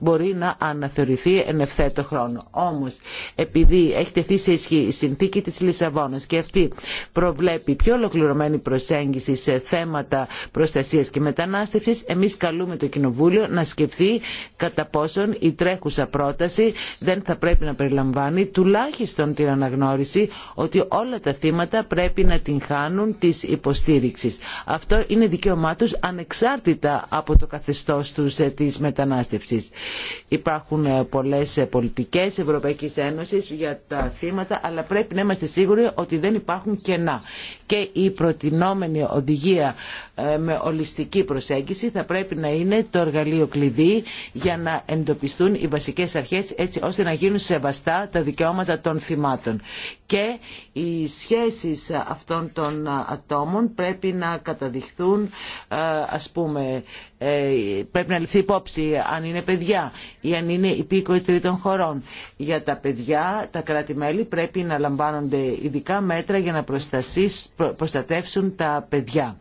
μπορεί να αναθεωρηθεί εν ευθέτω χρόνο. Όμως επειδή έχει τεθεί σε ισχύ η συνθήκη της Λισαβόνας και αυτή προβλέπει πιο ολοκληρωμένη προσέγγιση σε θέματα προστασίας και μετανάστευσης, εμείς καλούμε το Κοινοβούλιο να σκεφτεί κατά πόσον η τρέχουσα πρόταση δεν θα πρέπει να περιλαμβάνει τουλάχιστον την αναγνώριση ότι όλα τα θύματα πρέπει να την χάνουν της υποστήριξης. Αυτό είναι δικαίωμά τους ανεξάρτητα από το καθεστώς τους ε, της μετανάστευσης. Υπάρχουν ε, πολλές ε, πολιτικές Ευρωπαϊκής Ένωσης για τα θύματα αλλά πρέπει να είμαστε σίγουροι ότι δεν υπάρχουν κενά. Και η προτινόμενη οδηγία με ολιστική προσέγγιση θα πρέπει να είναι το εργαλείο κλειδί για να εντοπιστούν οι βασικές αρχές έτσι ώστε να γίνουν σεβαστά τα δικαιώματα των θυμάτων. Και οι σχέσεις αυτών των ατόμων πρέπει να καταδειχθούν, ε, ας πούμε, ε, πρέπει να ληφθεί υπόψη αν είναι παιδιά ή αν είναι υπήκοοι τρίτων χωρών. Για τα παιδιά, τα κράτη-μέλη πρέπει να λαμβάνονται ειδικά μέτρα για να προστατεύσουν τα παιδιά.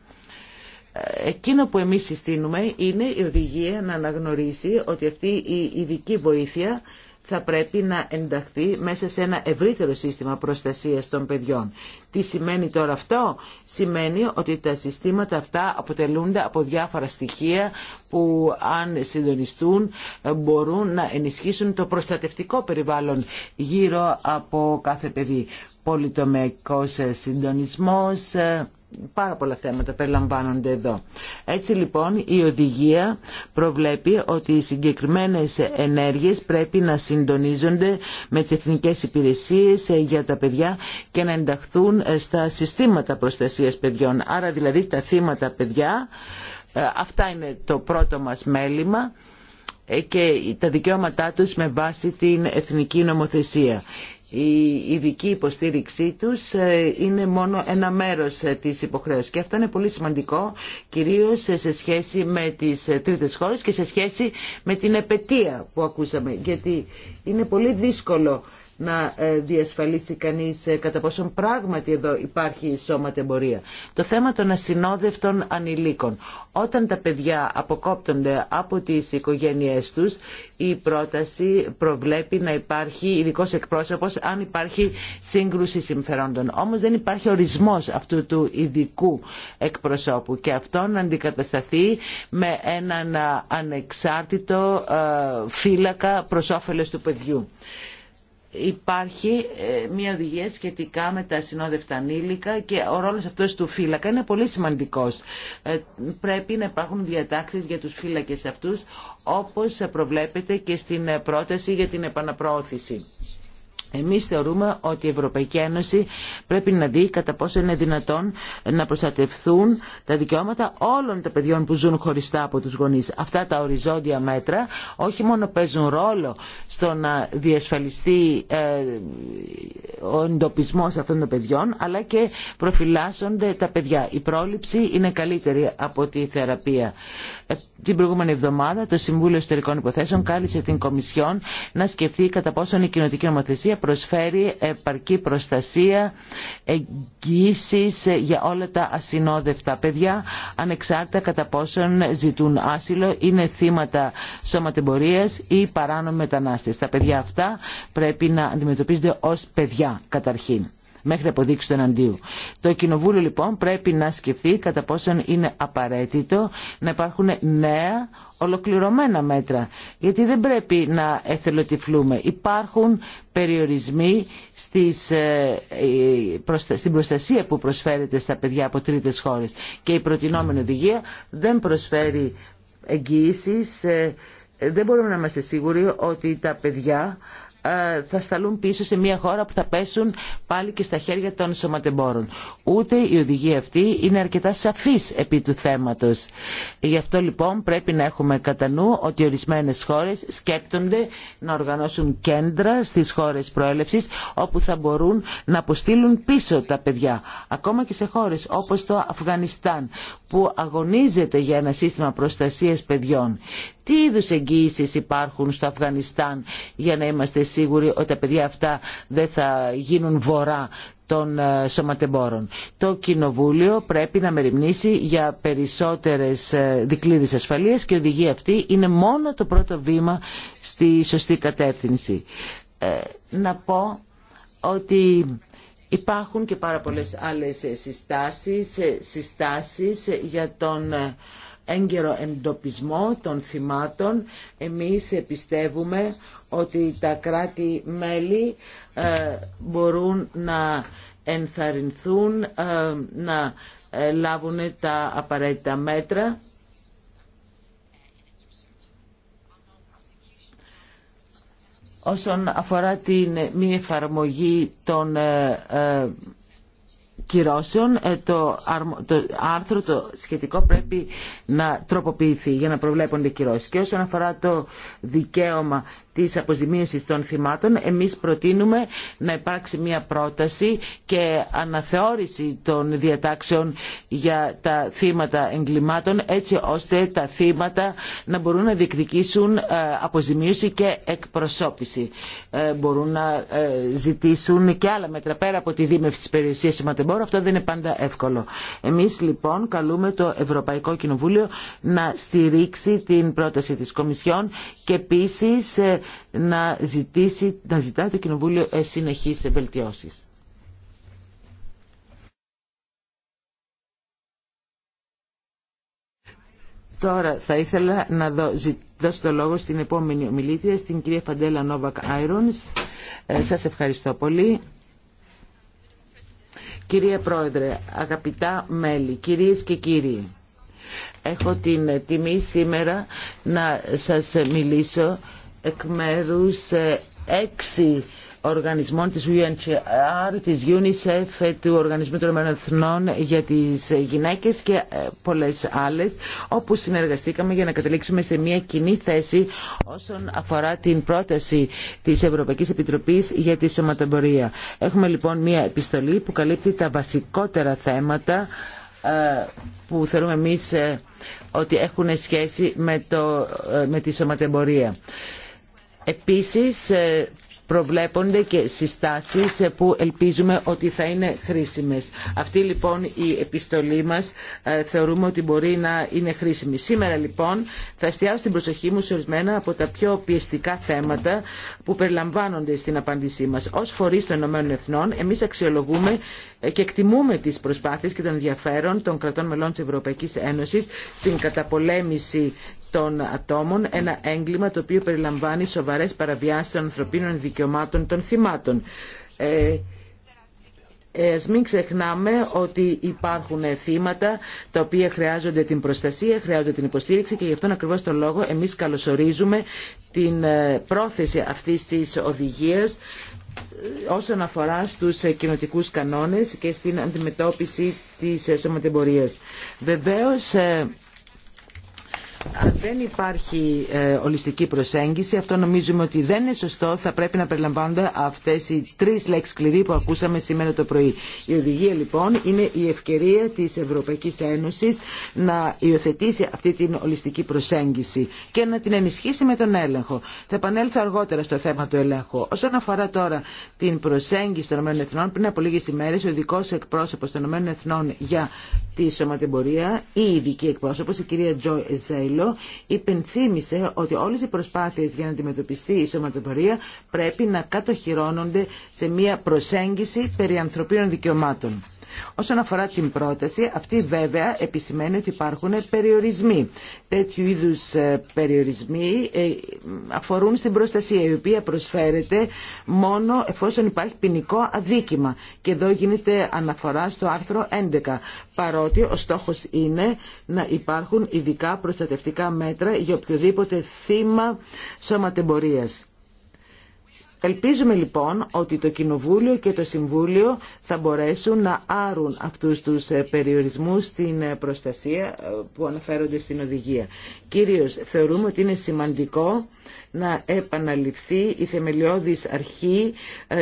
Εκείνο που εμείς συστήνουμε είναι η οδηγία να αναγνωρίσει ότι αυτή η ειδική βοήθεια θα πρέπει να ενταχθεί μέσα σε ένα ευρύτερο σύστημα προστασίας των παιδιών. Τι σημαίνει τώρα αυτό? Σημαίνει ότι τα συστήματα αυτά αποτελούνται από διάφορα στοιχεία που αν συντονιστούν μπορούν να ενισχύσουν το προστατευτικό περιβάλλον γύρω από κάθε παιδί. Πολυτομιακός συντονισμός, πάρα πολλά θέματα περιλαμβάνονται εδώ. Έτσι λοιπόν η οδηγία προβλέπει ότι οι συγκεκριμένες ενέργειες πρέπει να συντονίζονται με τις εθνικές υπηρεσίες ε, για τα παιδιά και να ενταχθούν ε, στα συστήματα προστασίας παιδιών. Άρα δηλαδή τα θύματα παιδιά, ε, αυτά είναι το πρώτο μας μέλημα και τα δικαιώματά τους με βάση την εθνική νομοθεσία η ειδική υποστήριξή τους ε, είναι μόνο ένα μέρος ε, της υποχρέωσης. Και αυτό είναι πολύ σημαντικό, κυρίως σε σχέση με τις ε, τρίτες χώρες και σε σχέση με την επαιτία που ακούσαμε. Γιατί είναι πολύ δύσκολο να ε, διασφαλίσει κανείς ε, κατά πόσον πράγματι εδώ υπάρχει εμπορία. Το θέμα των ασυνόδευτων ανηλίκων. Όταν τα παιδιά αποκόπτονται από τις οικογένειές τους, η πρόταση προβλέπει να υπάρχει ειδικό εκπρόσωπος αν υπάρχει σύγκρουση συμφερόντων. Όμως δεν υπάρχει ορισμός αυτού του ειδικού εκπροσώπου και αυτό να αντικατασταθεί με έναν ανεξάρτητο ε, φύλακα προς όφελος του παιδιού υπάρχει ε, μια οδηγία σχετικά με τα συνόδευτα ανήλικα και ο ρόλος αυτός του φύλακα είναι πολύ σημαντικός. Ε, πρέπει να υπάρχουν διατάξεις για τους φύλακες αυτούς όπως προβλέπεται και στην πρόταση για την επαναπροώθηση. Εμείς θεωρούμε ότι η Ευρωπαϊκή Ένωση πρέπει να δει κατά πόσο είναι δυνατόν να προστατευθούν τα δικαιώματα όλων των παιδιών που ζουν χωριστά από τους γονείς. Αυτά τα οριζόντια μέτρα όχι μόνο παίζουν ρόλο στο να διασφαλιστεί ε, ο εντοπισμό αυτών των παιδιών, αλλά και προφυλάσσονται τα παιδιά. Η πρόληψη είναι καλύτερη από τη θεραπεία την προηγούμενη εβδομάδα το Συμβούλιο Ιστορικών Υποθέσεων κάλεσε την Κομισιόν να σκεφτεί κατά πόσον η κοινωτική νομοθεσία προσφέρει επαρκή προστασία, εγγύησης για όλα τα ασυνόδευτα παιδιά, ανεξάρτητα κατά πόσον ζητούν άσυλο, είναι θύματα σωματεμπορίας ή παράνομοι μετανάστες. Τα παιδιά αυτά πρέπει να αντιμετωπίζονται ως παιδιά καταρχήν μέχρι αποδείξει του εναντίου. Το Κοινοβούλιο λοιπόν πρέπει να σκεφτεί κατά πόσον είναι απαραίτητο να υπάρχουν νέα ολοκληρωμένα μέτρα. Γιατί δεν πρέπει να εθελοτυφλούμε. Υπάρχουν περιορισμοί στις, ε, ε, στην προστασία που προσφέρεται στα παιδιά από τρίτες χώρες. Και η προτινόμενη οδηγία δεν προσφέρει εγγυήσεις. Ε, δεν μπορούμε να είμαστε σίγουροι ότι τα παιδιά ε, θα σταλούν πίσω σε μια χώρα που θα πέσουν πάλι και στα χέρια των σωματεμπόρων. Ούτε η οδηγία αυτή είναι αρκετά σαφής επί του θέματος. Γι' αυτό λοιπόν πρέπει να έχουμε κατά νου ότι ορισμένες χώρες σκέπτονται να οργανώσουν κέντρα στις χώρες προέλευσης όπου θα μπορούν να αποστείλουν πίσω τα παιδιά. Ακόμα και σε χώρες όπως το Αφγανιστάν που αγωνίζεται για ένα σύστημα προστασίας παιδιών. Τι είδου εγγύησει υπάρχουν στο Αφγανιστάν για να είμαστε σίγουροι ότι τα παιδιά αυτά δεν θα γίνουν βορρά των ε, σωματεμπόρων. Το Κοινοβούλιο πρέπει να μεριμνήσει για περισσότερες ε, δικλείδες ασφαλείας και η οδηγία αυτή είναι μόνο το πρώτο βήμα στη σωστή κατεύθυνση. Ε, να πω ότι υπάρχουν και πάρα πολλές άλλες συστάσεις, συστάσεις για τον έγκαιρο εντοπισμό των θυμάτων. Εμείς πιστεύουμε ότι τα κράτη-μέλη ε, μπορούν να ενθαρρυνθούν, ε, να ε, λάβουν τα απαραίτητα μέτρα. Όσον αφορά την μη εφαρμογή των κυρώσεων ε, το, το άρθρο το σχετικό πρέπει να τροποποιηθεί για να προβλέπονται κυρώσεις. Και όσον αφορά το δικαίωμα της αποζημίωσης των θυμάτων εμείς προτείνουμε να υπάρξει μια πρόταση και αναθεώρηση των διατάξεων για τα θύματα εγκλημάτων έτσι ώστε τα θύματα να μπορούν να διεκδικήσουν ε, αποζημίωση και εκπροσώπηση. Ε, μπορούν να ε, ζητήσουν και άλλα μέτρα πέρα από τη δίμευση της περιουσίας σωματεμπόρου. Αυτό δεν είναι πάντα εύκολο. Εμείς λοιπόν καλούμε το Ευρωπαϊκό Κοινοβούλιο να στηρίξει την πρόταση της Κομισιόν και επίσης να, ζητήσει, να ζητάει το Κοινοβούλιο ε, συνεχείς βελτιώσεις. Τώρα θα ήθελα να δώσω το λόγο στην επόμενη ομιλήτρια, στην κυρία Φαντέλα Νόβακ Άιρονς. Ε, σας ευχαριστώ πολύ. Κυρία Πρόεδρε, αγαπητά μέλη, κυρίες και κύριοι, έχω την τιμή σήμερα να σας μιλήσω εκ μέρου ε, έξι οργανισμών της UNHCR, της UNICEF, του Οργανισμού των Εθνών για τις γυναίκες και ε, πολλές άλλες, όπου συνεργαστήκαμε για να καταλήξουμε σε μια κοινή θέση όσον αφορά την πρόταση της Ευρωπαϊκής Επιτροπής για τη σωματεμπορία. Έχουμε λοιπόν μια επιστολή που καλύπτει τα βασικότερα θέματα ε, που θεωρούμε εμείς ότι έχουν σχέση με, το, με τη σωματεμπορία. Επίσης ε, προβλέπονται και συστάσεις ε, που ελπίζουμε ότι θα είναι χρήσιμες. Αυτή λοιπόν η επιστολή μας ε, θεωρούμε ότι μπορεί να είναι χρήσιμη. Σήμερα λοιπόν θα εστιάσω την προσοχή μου σε ορισμένα από τα πιο πιεστικά θέματα που περιλαμβάνονται στην απάντησή μας. Ως φορείς των Ηνωμένων Εθνών εμείς αξιολογούμε και εκτιμούμε τις προσπάθειες και τον ενδιαφέρον των κρατών μελών της Ευρωπαϊκής Ένωσης στην καταπολέμηση των ατόμων ένα έγκλημα το οποίο περιλαμβάνει σοβαρές παραβιάσεις των ανθρωπίνων δικαιωμάτων των θυμάτων. Ε, ε, Ας μην ξεχνάμε ότι υπάρχουν θύματα τα οποία χρειάζονται την προστασία, χρειάζονται την υποστήριξη και γι' αυτόν ακριβώς τον λόγο εμείς καλωσορίζουμε την ε, πρόθεση αυτής της οδηγίας ε, όσον αφορά στους κοινοτικούς κανόνες και στην αντιμετώπιση της σωματεμπορίας. Βεβαίως αν δεν υπάρχει ε, ολιστική προσέγγιση, αυτό νομίζουμε ότι δεν είναι σωστό, θα πρέπει να περιλαμβάνονται αυτές οι τρεις λέξεις κλειδί που ακούσαμε σήμερα το πρωί. Η οδηγία λοιπόν είναι η ευκαιρία της Ευρωπαϊκής Ένωσης να υιοθετήσει αυτή την ολιστική προσέγγιση και να την ενισχύσει με τον έλεγχο. Θα επανέλθω αργότερα στο θέμα του ελέγχου. Όσον αφορά τώρα την προσέγγιση των ΗΕ, πριν από λίγες ημέρες ο ειδικό εκπρόσωπος των ΗΕ για τη σωματεμπορία, η ειδική εκπρόσωπος, η κυρία Τζο Ζέιλο, υπενθύμησε ότι όλες οι προσπάθειες για να αντιμετωπιστεί η σωματεμπορία πρέπει να κατοχυρώνονται σε μια προσέγγιση περί ανθρωπίνων δικαιωμάτων. Όσον αφορά την πρόταση, αυτή βέβαια επισημαίνει ότι υπάρχουν περιορισμοί. Τέτοιου είδους ε, περιορισμοί ε, αφορούν στην προστασία, η οποία προσφέρεται μόνο εφόσον υπάρχει ποινικό αδίκημα. Και εδώ γίνεται αναφορά στο άρθρο 11, παρότι ο στόχος είναι να υπάρχουν ειδικά προστατευτικά μέτρα για οποιοδήποτε θύμα σωματεμπορίας. Ελπίζουμε λοιπόν ότι το Κοινοβούλιο και το Συμβούλιο θα μπορέσουν να άρουν αυτούς τους ε, περιορισμούς στην ε, προστασία ε, που αναφέρονται στην οδηγία. Κυρίως θεωρούμε ότι είναι σημαντικό να επαναληφθεί η θεμελιώδης αρχή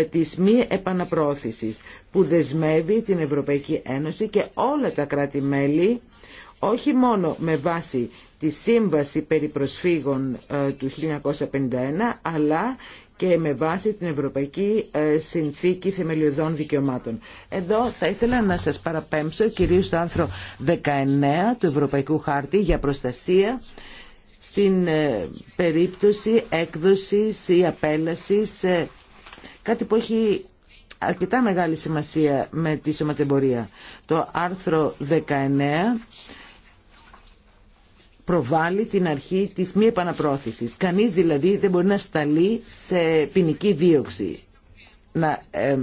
της μη επαναπρόθεσης που δεσμεύει την Ευρωπαϊκή Ένωση και όλα τα κράτη-μέλη όχι μόνο με βάση τη Σύμβαση περί προσφύγων του 1951, αλλά και με βάση την Ευρωπαϊκή ε, Συνθήκη Θεμελιωδών Δικαιωμάτων. Εδώ θα ήθελα να σας παραπέμψω κυρίως στο άρθρο 19 του Ευρωπαϊκού Χάρτη για προστασία στην ε, περίπτωση έκδοσης ή απέλασης ε, κάτι που έχει αρκετά μεγάλη σημασία με τη σωματεμπορία. Το άρθρο 19 προβάλλει την αρχή της μη επαναπρόθεσης. Κανείς δηλαδή δεν μπορεί να σταλεί σε ποινική δίωξη, να ε,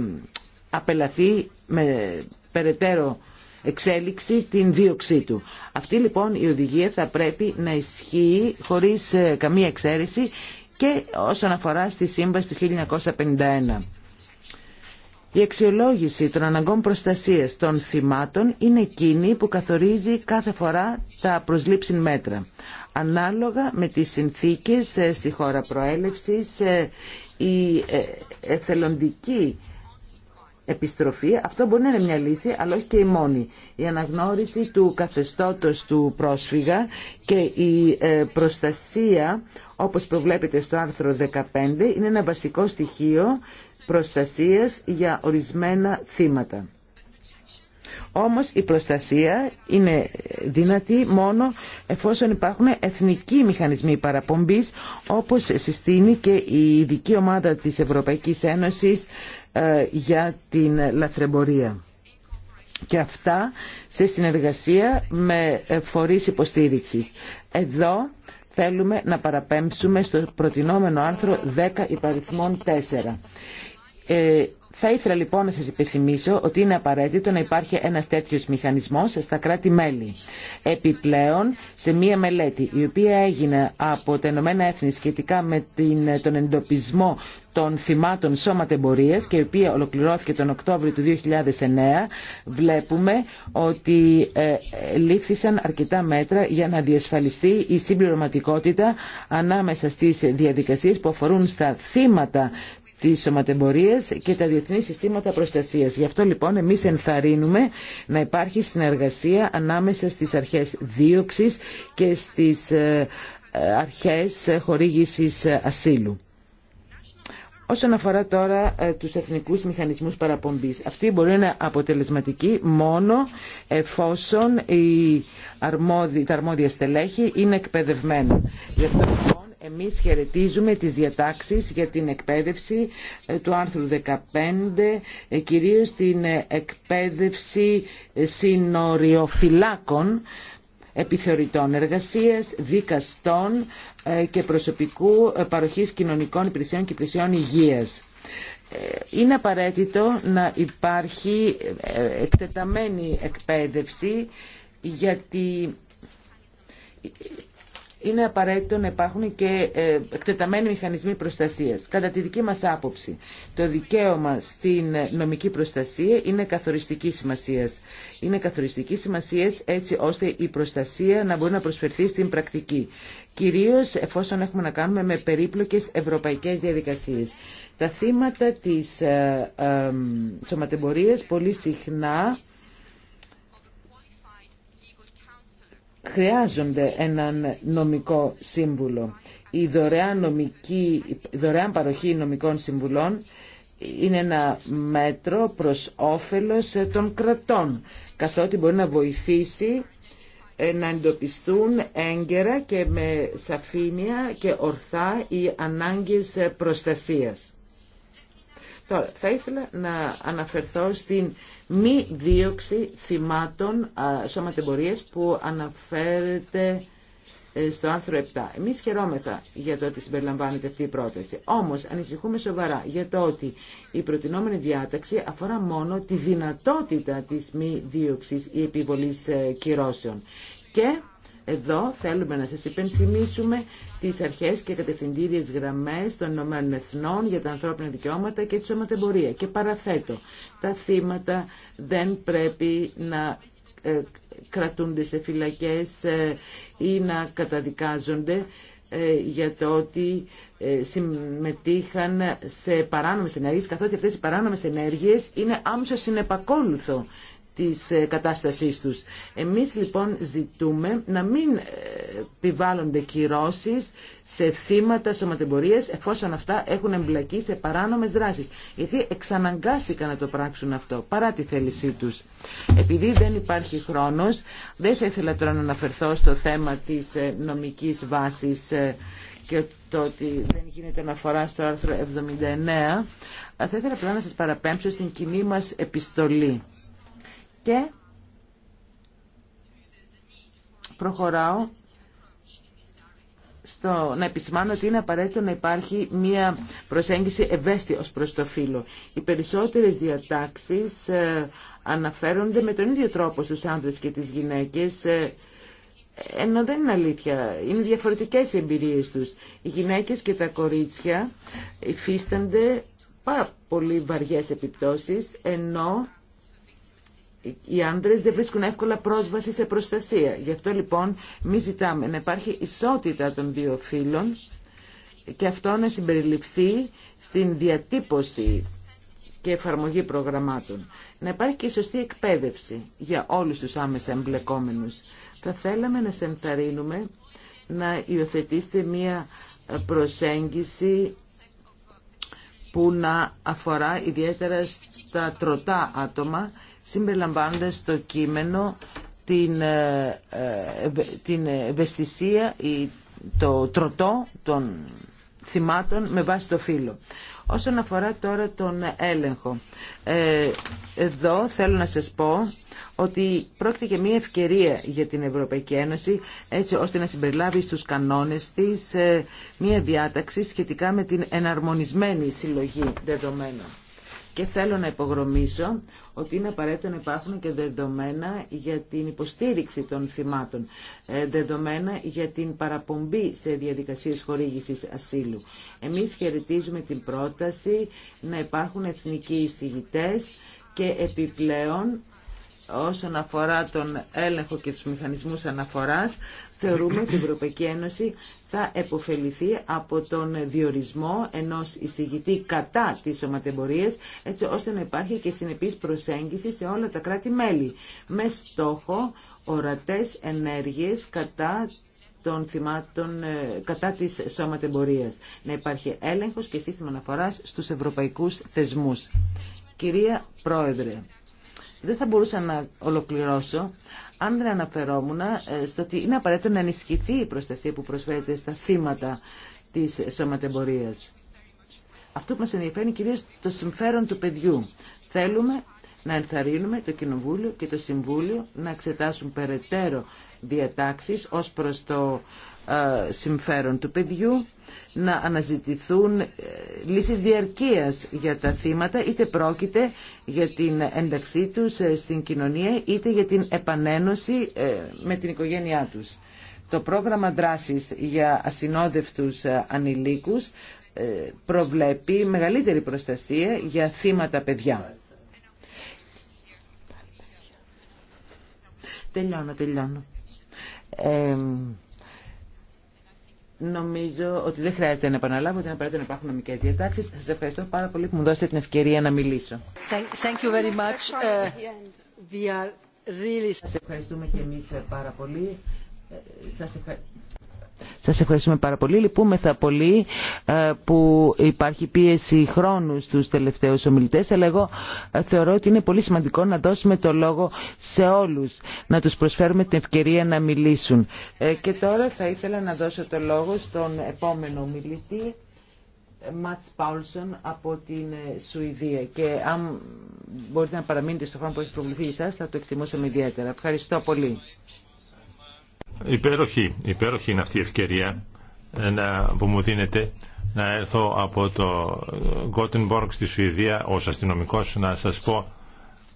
απελαθεί με περαιτέρω εξέλιξη την δίωξή του. Αυτή λοιπόν η οδηγία θα πρέπει να ισχύει χωρίς ε, καμία εξαίρεση και όσον αφορά στη σύμβαση του 1951. Η αξιολόγηση των αναγκών προστασίας των θυμάτων είναι εκείνη που καθορίζει κάθε φορά τα προσλήψιν μέτρα. Ανάλογα με τις συνθήκες ε, στη χώρα προέλευσης, ε, η ε, εθελοντική επιστροφή, αυτό μπορεί να είναι μια λύση, αλλά όχι και η μόνη. Η αναγνώριση του καθεστώτος του πρόσφυγα και η προστασία, όπως προβλέπεται στο άρθρο 15, είναι ένα βασικό στοιχείο προστασίας για ορισμένα θύματα. Όμως η προστασία είναι δυνατή μόνο εφόσον υπάρχουν εθνικοί μηχανισμοί παραπομπής όπως συστήνει και η ειδική ομάδα της Ευρωπαϊκής Ένωσης ε, για την λαθρεμπορία. Και αυτά σε συνεργασία με φορείς υποστήριξης. Εδώ θέλουμε να παραπέμψουμε στο προτινόμενο άρθρο 10 υπαριθμών 4. Ε, θα ήθελα λοιπόν να σας υπενθυμίσω ότι είναι απαραίτητο να υπάρχει ένας τέτοιος μηχανισμός στα κράτη-μέλη. Επιπλέον, σε μία μελέτη η οποία έγινε από τα Ηνωμένα Έθνη σχετικά με την, τον εντοπισμό των θυμάτων σώματεμπορίας και η οποία ολοκληρώθηκε τον Οκτώβριο του 2009, βλέπουμε ότι ε, λήφθησαν αρκετά μέτρα για να διασφαλιστεί η συμπληρωματικότητα ανάμεσα στις διαδικασίες που αφορούν στα θύματα τις σωματεμπορίες και τα διεθνή συστήματα προστασίας. Γι' αυτό λοιπόν εμείς ενθαρρύνουμε να υπάρχει συνεργασία ανάμεσα στις αρχές δίωξης και στις ε, ε, αρχές χορήγησης ασύλου. Όσον αφορά τώρα ε, τους εθνικούς μηχανισμούς παραπομπής, αυτοί μπορεί να είναι αποτελεσματικοί μόνο εφόσον οι τα αρμόδια στελέχη είναι εκπαιδευμένα. Γι' αυτό λοιπόν, εμείς χαιρετίζουμε τις διατάξεις για την εκπαίδευση ε, του άρθρου 15, ε, κυρίως την ε, εκπαίδευση συνοριοφυλάκων, επιθεωρητών εργασίας, δικαστών και προσωπικού παροχής κοινωνικών υπηρεσιών και υπηρεσιών υγείας. Είναι απαραίτητο να υπάρχει εκτεταμένη εκπαίδευση γιατί είναι απαραίτητο να υπάρχουν και ε, εκτεταμένοι μηχανισμοί προστασίας. Κατά τη δική μας άποψη, το δικαίωμα στην νομική προστασία είναι καθοριστική σημασίας. Είναι καθοριστική σημασίας έτσι ώστε η προστασία να μπορεί να προσφερθεί στην πρακτική. Κυρίως εφόσον έχουμε να κάνουμε με περίπλοκες ευρωπαϊκές διαδικασίες. Τα θύματα της ε, ε, σωματεμπορίας πολύ συχνά χρειάζονται έναν νομικό σύμβουλο. Η δωρεάν, νομική, δωρεάν παροχή νομικών συμβουλών είναι ένα μέτρο προς όφελος ε, των κρατών, καθότι μπορεί να βοηθήσει ε, να εντοπιστούν έγκαιρα και με σαφήνεια και ορθά οι ανάγκες ε, προστασίας. Τώρα, θα ήθελα να αναφερθώ στην μη δίωξη θυμάτων σώματεμπορίες που αναφέρεται ε, στο άρθρο 7. Εμείς χαιρόμεθα για το ότι συμπεριλαμβάνεται αυτή η πρόταση. Όμως ανησυχούμε σοβαρά για το ότι η προτινόμενη διάταξη αφορά μόνο τη δυνατότητα της μη δίωξης ή επιβολής ε, κυρώσεων. Και εδώ θέλουμε να σας υπενθυμίσουμε τις αρχές και κατευθυντήριες γραμμές των Ηνωμένων Εθνών για τα ανθρώπινα δικαιώματα και τη σωματεμπορία. Και παραθέτω, τα θύματα δεν πρέπει να ε, κρατούνται σε φυλακές ε, ή να καταδικάζονται ε, για το ότι συμμετείχαν σε παράνομες ενέργειες, καθότι αυτές οι παράνομες ενέργειες είναι άμεσα συνεπακόλουθο της ε, κατάστασής τους. Εμείς λοιπόν ζητούμε να μην ε, επιβάλλονται κυρώσεις σε θύματα σωματεμπορίες εφόσον αυτά έχουν εμπλακεί σε παράνομες δράσεις. Γιατί εξαναγκάστηκαν να το πράξουν αυτό παρά τη θέλησή τους. Επειδή δεν υπάρχει χρόνος, δεν θα ήθελα τώρα να αναφερθώ στο θέμα της ε, νομικής βάσης και το ότι δεν γίνεται αναφορά στο άρθρο 79. Θα ήθελα απλά να σας παραπέμψω στην κοινή μας επιστολή και προχωράω στο να επισημάνω ότι είναι απαραίτητο να υπάρχει μια προσέγγιση ευαίσθητη ως προς το φύλλο. Οι περισσότερες διατάξεις ε, αναφέρονται με τον ίδιο τρόπο στους άνδρες και τις γυναίκες ε, ενώ δεν είναι αλήθεια. Είναι διαφορετικές οι εμπειρίες τους. Οι γυναίκες και τα κορίτσια υφίστανται πάρα πολύ βαριές επιπτώσεις, ενώ οι άντρες δεν βρίσκουν εύκολα πρόσβαση σε προστασία. Γι' αυτό λοιπόν μη ζητάμε να υπάρχει ισότητα των δύο φύλων και αυτό να συμπεριληφθεί στην διατύπωση και εφαρμογή προγραμμάτων. Να υπάρχει και η σωστή εκπαίδευση για όλους τους άμεσα εμπλεκόμενους. Θα θέλαμε να σε ενθαρρύνουμε να υιοθετήσετε μία προσέγγιση που να αφορά ιδιαίτερα στα τροτά άτομα συμπεριλαμβάνοντας στο κείμενο την, ε, ε, την ευαισθησία ή το τροτό των θυμάτων με βάση το φύλλο. Όσον αφορά τώρα τον έλεγχο, ε, εδώ θέλω να σας πω ότι πρόκειται για μια ευκαιρία για την Ευρωπαϊκή Ένωση έτσι ώστε να συμπεριλάβει στους κανόνες της μια διάταξη σχετικά με την εναρμονισμένη συλλογή δεδομένων. Και θέλω να υπογρομίσω ότι είναι απαραίτητο να υπάρχουν και δεδομένα για την υποστήριξη των θυμάτων, ε, δεδομένα για την παραπομπή σε διαδικασίες χορήγησης ασύλου. Εμείς χαιρετίζουμε την πρόταση να υπάρχουν εθνικοί εισηγητές και επιπλέον όσον αφορά τον έλεγχο και τους μηχανισμούς αναφοράς, θεωρούμε την η Ευρωπαϊκή Ένωση θα επωφεληθεί από τον διορισμό ενός εισηγητή κατά της σωματεμπορίας, έτσι ώστε να υπάρχει και συνεπής προσέγγιση σε όλα τα κράτη-μέλη, με στόχο ορατές ενέργειες κατά των θυμάτων ε, κατά της σώματεμπορίας. Να υπάρχει έλεγχος και σύστημα αναφοράς στους ευρωπαϊκούς θεσμούς. Κυρία Πρόεδρε, δεν θα μπορούσα να ολοκληρώσω αν δεν αναφερόμουν ε, στο ότι είναι απαραίτητο να ενισχυθεί η προστασία που προσφέρεται στα θύματα της σωματεμπορίας. Αυτό που μας ενδιαφέρει είναι κυρίως το συμφέρον του παιδιού. Θέλουμε να ενθαρρύνουμε το Κοινοβούλιο και το Συμβούλιο να εξετάσουν περαιτέρω διατάξεις ως προς το ε, συμφέρον του παιδιού, να αναζητηθούν ε, λύσεις διαρκείας για τα θύματα, είτε πρόκειται για την ένταξή τους ε, στην κοινωνία, είτε για την επανένωση με την οικογένειά τους. Το πρόγραμμα δράσης για ασυνόδευτους ανηλίκους προβλέπει μεγαλύτερη προστασία για θύματα παιδιά. Τελειώνω, τελειώνω. Ε, Νομίζω ότι δεν χρειάζεται να επαναλάβω ότι απαραίτητο να υπάρχουν νομικέ διατάξει. Σα ευχαριστώ πάρα πολύ που μου δώσετε την ευκαιρία να μιλήσω. Thank you very much. Uh, we are really... Σας ευχαριστούμε και εμεί πάρα πολύ. Ε, σας ευχα. Σας ευχαριστούμε πάρα πολύ. Λυπούμεθα πολύ ε, που υπάρχει πίεση χρόνου στους τελευταίους ομιλητές, αλλά εγώ ε, θεωρώ ότι είναι πολύ σημαντικό να δώσουμε το λόγο σε όλους, να τους προσφέρουμε την ευκαιρία να μιλήσουν. Ε, και τώρα θα ήθελα να δώσω το λόγο στον επόμενο ομιλητή, Μάτς Πάουλσον από την Σουηδία. Και αν μπορείτε να παραμείνετε στο χρόνο που έχει προβληθεί εσάς, θα το εκτιμούσαμε ιδιαίτερα. Ευχαριστώ πολύ. Υπέροχη, υπέροχη είναι αυτή η ευκαιρία ε, που μου δίνεται να έρθω από το Gothenburg στη Σουηδία ως αστυνομικός να σας πω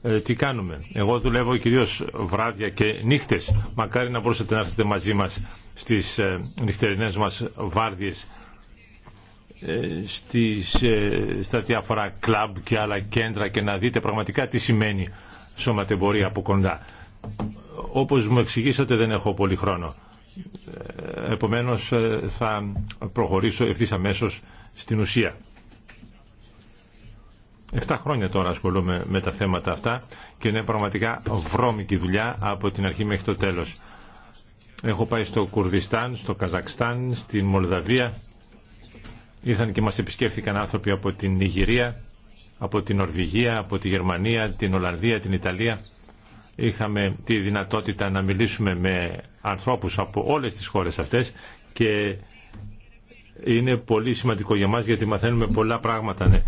ε, τι κάνουμε. Εγώ δουλεύω κυρίως βράδια και νύχτες. Μακάρι να μπορούσατε να έρθετε μαζί μας στις ε, νυχτερινές μας βάρδιες στις, στα διάφορα κλαμπ και άλλα κέντρα και να δείτε πραγματικά τι σημαίνει σωματεμπορία από κοντά όπως μου εξηγήσατε δεν έχω πολύ χρόνο. Ε, επομένως ε, θα προχωρήσω ευθύς αμέσως στην ουσία. Εφτά χρόνια τώρα ασχολούμαι με τα θέματα αυτά και είναι πραγματικά βρώμικη δουλειά από την αρχή μέχρι το τέλος. Έχω πάει στο Κουρδιστάν, στο Καζακστάν, στην Μολδαβία. Ήρθαν και μας επισκέφθηκαν άνθρωποι από την Νιγηρία, από την Νορβηγία, από τη Γερμανία, την Ολλανδία, την Ιταλία είχαμε τη δυνατότητα να μιλήσουμε με ανθρώπους από όλες τις χώρες αυτές και είναι πολύ σημαντικό για μας γιατί μαθαίνουμε πολλά πράγματα. Ναι.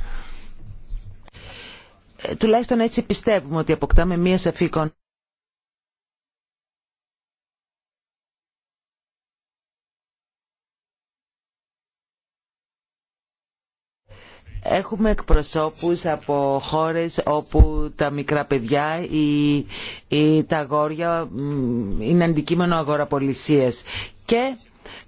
Ε, τουλάχιστον έτσι πιστεύουμε ότι αποκτάμε μία σαφή εικόνα. Έχουμε εκπροσώπους από χώρες όπου τα μικρά παιδιά ή, ή τα αγόρια είναι αντικείμενο αγοραπολισίας και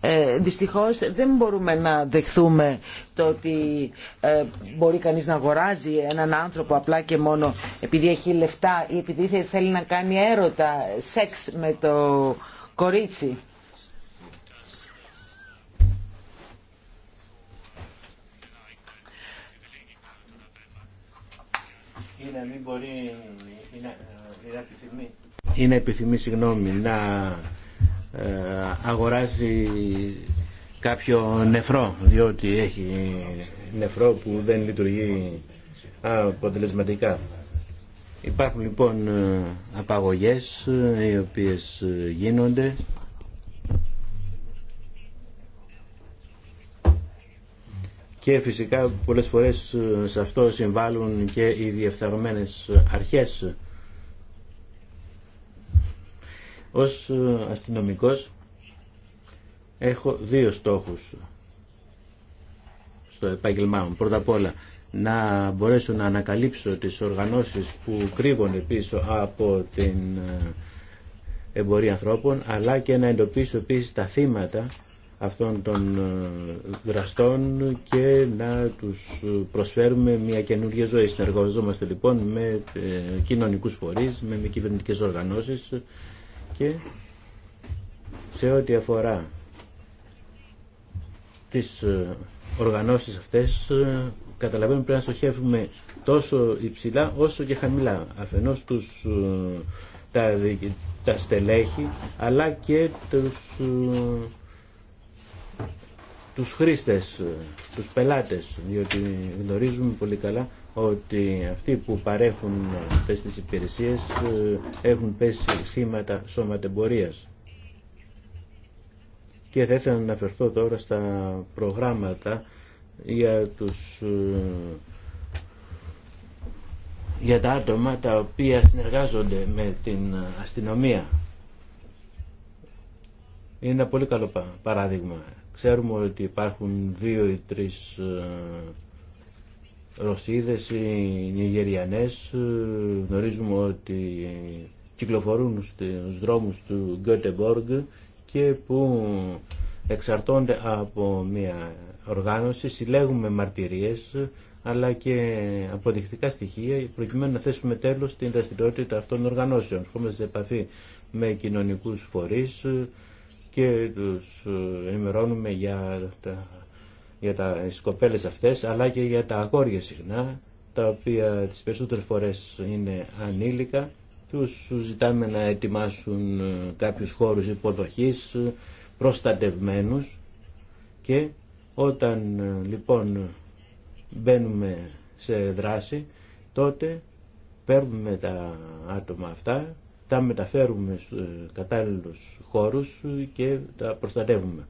ε, δυστυχώς δεν μπορούμε να δεχθούμε το ότι ε, μπορεί κανείς να αγοράζει έναν άνθρωπο απλά και μόνο επειδή έχει λεφτά ή επειδή θέλει να κάνει έρωτα σεξ με το κορίτσι. Είναι να μην μπορεί ε, να, επιθυμεί. αγοράσει κάποιο νεφρό, διότι έχει νεφρό που δεν λειτουργεί αποτελεσματικά. Υπάρχουν λοιπόν ε, απαγωγές ε, οι οποίες γίνονται και φυσικά πολλές φορές ε, σε αυτό συμβάλλουν και οι διεφθαρμένες αρχές. Ως ε, αστυνομικός έχω δύο στόχους στο επάγγελμά μου. Πρώτα απ' όλα να μπορέσω να ανακαλύψω τις οργανώσεις που κρύβονται πίσω από την ε, εμπορία ανθρώπων αλλά και να εντοπίσω επίσης τα θύματα αυτών των ε, δραστών και να τους προσφέρουμε μια καινούργια ζωή. Συνεργαζόμαστε λοιπόν με ε, κοινωνικούς φορείς, με μη κυβερνητικές οργανώσεις και σε ό,τι αφορά τις ε, οργανώσεις αυτές καταλαβαίνουμε πρέπει να στοχεύουμε τόσο υψηλά όσο και χαμηλά αφενός τους τα, τα στελέχη αλλά και τους τους χρήστες, ε, τους πελάτες, διότι γνωρίζουμε πολύ καλά ότι αυτοί που παρέχουν αυτές τις υπηρεσίες ε, έχουν πέσει σήματα σώματεμπορίας. Και θα ήθελα να αναφερθώ τώρα στα προγράμματα για, τους, ε, για τα άτομα τα οποία συνεργάζονται με την αστυνομία. Είναι ένα πολύ καλό παράδειγμα Ξέρουμε ότι υπάρχουν δύο ή τρεις ε, Ρωσίδες ή Νιγεριανές ε, γνωρίζουμε ότι κυκλοφορούν στους δρόμους του Γκέτεμποργκ και που εξαρτώνται από μια οργάνωση, συλλέγουμε μαρτυρίες αλλά και αποδεικτικά στοιχεία προκειμένου να θέσουμε τέλος στην δραστηριότητα αυτών των οργανώσεων. Έχουμε σε επαφή με κοινωνικούς φορείς, και τους ε, ενημερώνουμε για τα, για τα τις αυτές αλλά και για τα ακόρια συχνά τα οποία τις περισσότερες φορές είναι ανήλικα τους ζητάμε να ετοιμάσουν ε, κάποιους χώρους υποδοχής ε, προστατευμένους και όταν λοιπόν μπαίνουμε σε δράση τότε παίρνουμε τα άτομα αυτά τα μεταφέρουμε στους ε, κατάλληλους χώρους και τα προστατεύουμε.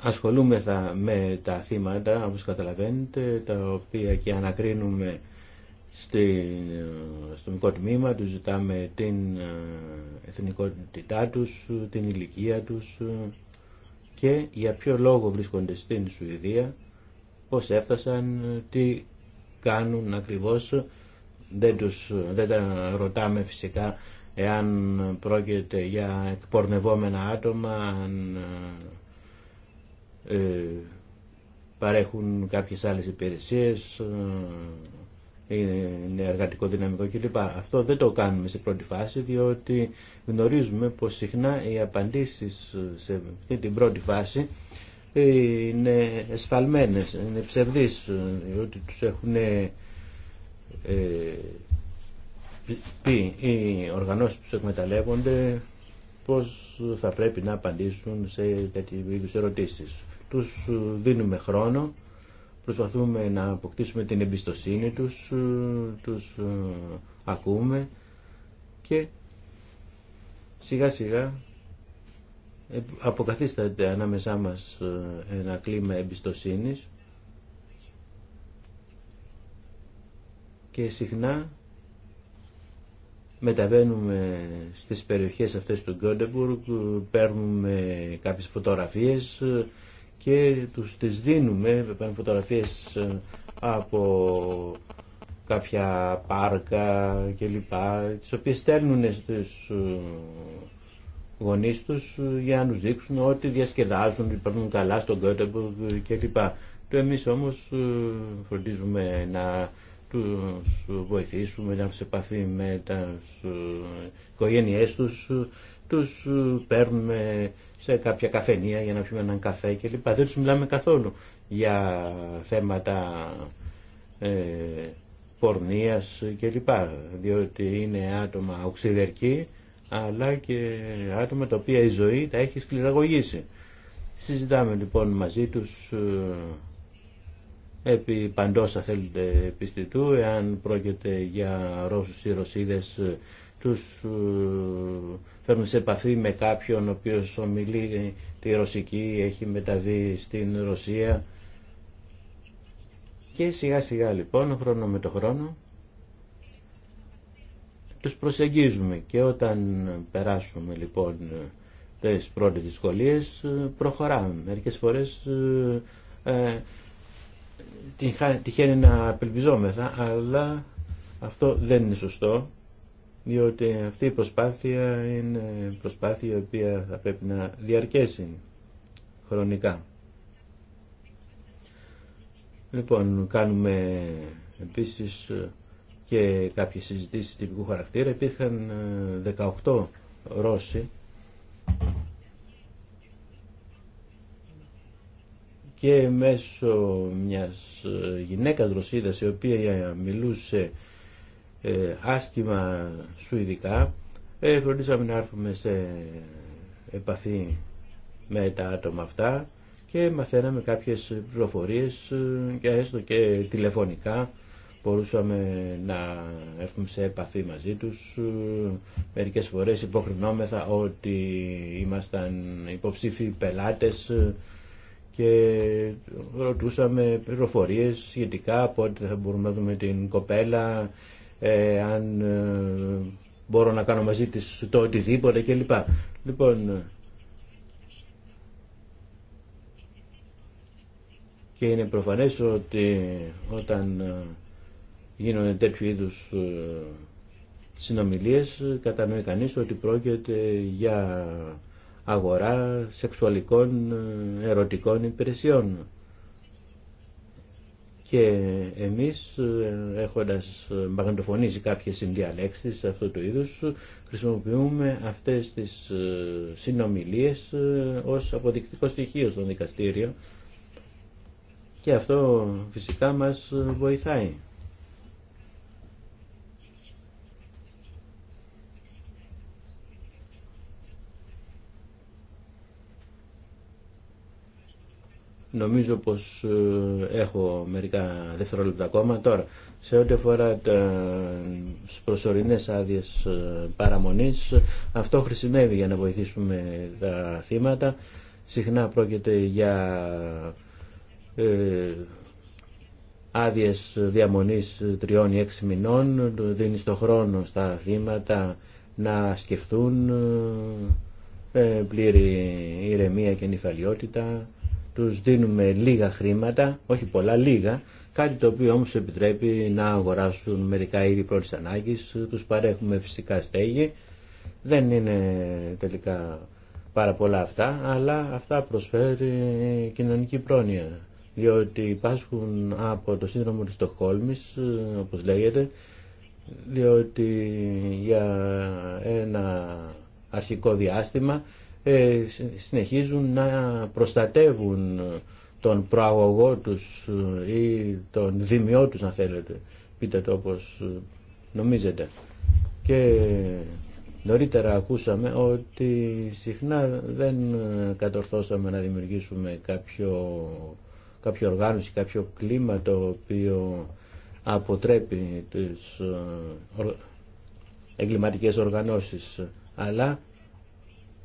Ασχολούμεθα με τα θύματα, όπως καταλαβαίνετε, τα οποία και ανακρίνουμε ε, στο μικρό τμήμα, τους ζητάμε την ε, εθνικότητά τους, την ηλικία τους και για ποιο λόγο βρίσκονται στην Σουηδία, πώς έφτασαν, τι κάνουν ακριβώς. Δεν, τους, δεν τα ρωτάμε φυσικά εάν πρόκειται για εκπορνευόμενα άτομα, αν ε, παρέχουν κάποιες άλλες υπηρεσίες, ε, είναι εργατικό δυναμικό κλπ. Αυτό δεν το κάνουμε σε πρώτη φάση, διότι γνωρίζουμε πως συχνά οι απαντήσεις σε αυτή την πρώτη φάση είναι εσφαλμένες, είναι ψευδείς, ότι τους έχουν ε, πει οι οργανώσεις που τους εκμεταλλεύονται πώς θα πρέπει να απαντήσουν σε τέτοιου ερωτήσει. ερωτήσεις. Τους δίνουμε χρόνο, προσπαθούμε να αποκτήσουμε την εμπιστοσύνη τους, τους ε, ακούμε και σιγά σιγά αποκαθίσταται ανάμεσά μας ε, ένα κλίμα εμπιστοσύνης και συχνά μεταβαίνουμε στις περιοχές αυτές του Γκόντεμπουργκ, παίρνουμε κάποιες φωτογραφίες και τους τις δίνουμε, παίρνουμε φωτογραφίες ε, από κάποια πάρκα κλπ, τις οποίες στέλνουν στους ε, γονείς του ε, για να του δείξουν ότι διασκεδάζουν, ότι παίρνουν καλά στον Κότεμπουργκ κλπ. Το εμείς όμως ε, φροντίζουμε να τους βοηθήσουμε, να έρθουν σε επαφή με τις ε, οικογένειε τους, τους παίρνουμε σε κάποια καφενεία για να πιούμε έναν καφέ κλπ. Δεν του μιλάμε καθόλου για θέματα ε, πορνείας κλπ. Διότι είναι άτομα οξυδερκοί αλλά και άτομα τα οποία η ζωή τα έχει σκληραγωγήσει. Συζητάμε λοιπόν μαζί τους ε, επί παντός αν θέλετε πιστητού εάν πρόκειται για Ρώσους ή Ρωσίδες ε, τους ε, φέρνουν σε επαφή με κάποιον ο οποίος ομιλεί τη Ρωσική, έχει μεταβεί στην Ρωσία και σιγά σιγά λοιπόν χρόνο με το χρόνο τους προσεγγίζουμε και όταν περάσουμε λοιπόν τις πρώτες δυσκολίες προχωράμε. Μερικές φορές ε, ε τυχαίνει να απελπιζόμεθα, αλλά αυτό δεν είναι σωστό, διότι αυτή η προσπάθεια είναι προσπάθεια η οποία θα πρέπει να διαρκέσει χρονικά. Λοιπόν, κάνουμε επίσης και κάποιες συζητήσεις τυπικού χαρακτήρα υπήρχαν 18 ε, Ρώσοι και μέσω μιας ε, γυναίκας Ρωσίδας η οποία ε, μιλούσε άσκημα σουηδικά φροντίσαμε να έρθουμε σε επαφή με τα άτομα αυτά και μαθαίναμε κάποιες πληροφορίες και έστω και τηλεφωνικά μπορούσαμε να έρθουμε σε επαφή μαζί τους. Μερικές φορές υποχρηνόμεθα ότι ήμασταν υποψήφοι πελάτες και ρωτούσαμε πληροφορίες σχετικά πότε θα μπορούμε να δούμε την κοπέλα, ε, αν ε, μπορώ να κάνω μαζί της το οτιδήποτε κλπ. Λοιπόν, και είναι προφανές ότι όταν ε, γίνονται τέτοιου είδου ε, συνομιλίες κατανοεί κανείς ότι πρόκειται για αγορά σεξουαλικών ε, ερωτικών υπηρεσιών. Και εμείς ε, έχοντας μαγνητοφωνήσει κάποιες συνδιαλέξεις αυτού του είδους χρησιμοποιούμε αυτές τις συνομιλίες ως αποδεικτικό στοιχείο στον δικαστήριο και αυτό φυσικά μας βοηθάει. Νομίζω πως ε, έχω μερικά δευτερόλεπτα ακόμα. Τώρα, σε ό,τι αφορά τις προσωρινές άδειες ε, παραμονής, αυτό χρησιμεύει για να βοηθήσουμε τα θύματα. Συχνά πρόκειται για ε, άδειες διαμονής τριών ή έξι μηνών. Δίνει το χρόνο στα θύματα να σκεφτούν πλήρη ηρεμία και νυφαλιότητα τους δίνουμε λίγα χρήματα, όχι πολλά, λίγα, κάτι το οποίο όμως επιτρέπει να αγοράσουν μερικά είδη πρώτης ανάγκης, τους παρέχουμε φυσικά στέγη, δεν είναι τελικά πάρα πολλά αυτά, αλλά αυτά προσφέρει κοινωνική πρόνοια, διότι υπάρχουν από το σύνδρομο της Στοχόλμης, όπως λέγεται, διότι για ένα αρχικό διάστημα ε, συνεχίζουν να προστατεύουν τον προαγωγό τους ε, ή τον δημιό τους αν θέλετε πείτε το όπως ε, νομίζετε και νωρίτερα ακούσαμε ότι συχνά δεν κατορθώσαμε να δημιουργήσουμε κάποιο, κάποιο οργάνωση, κάποιο κλίμα το οποίο αποτρέπει τις εγκληματικές οργανώσεις αλλά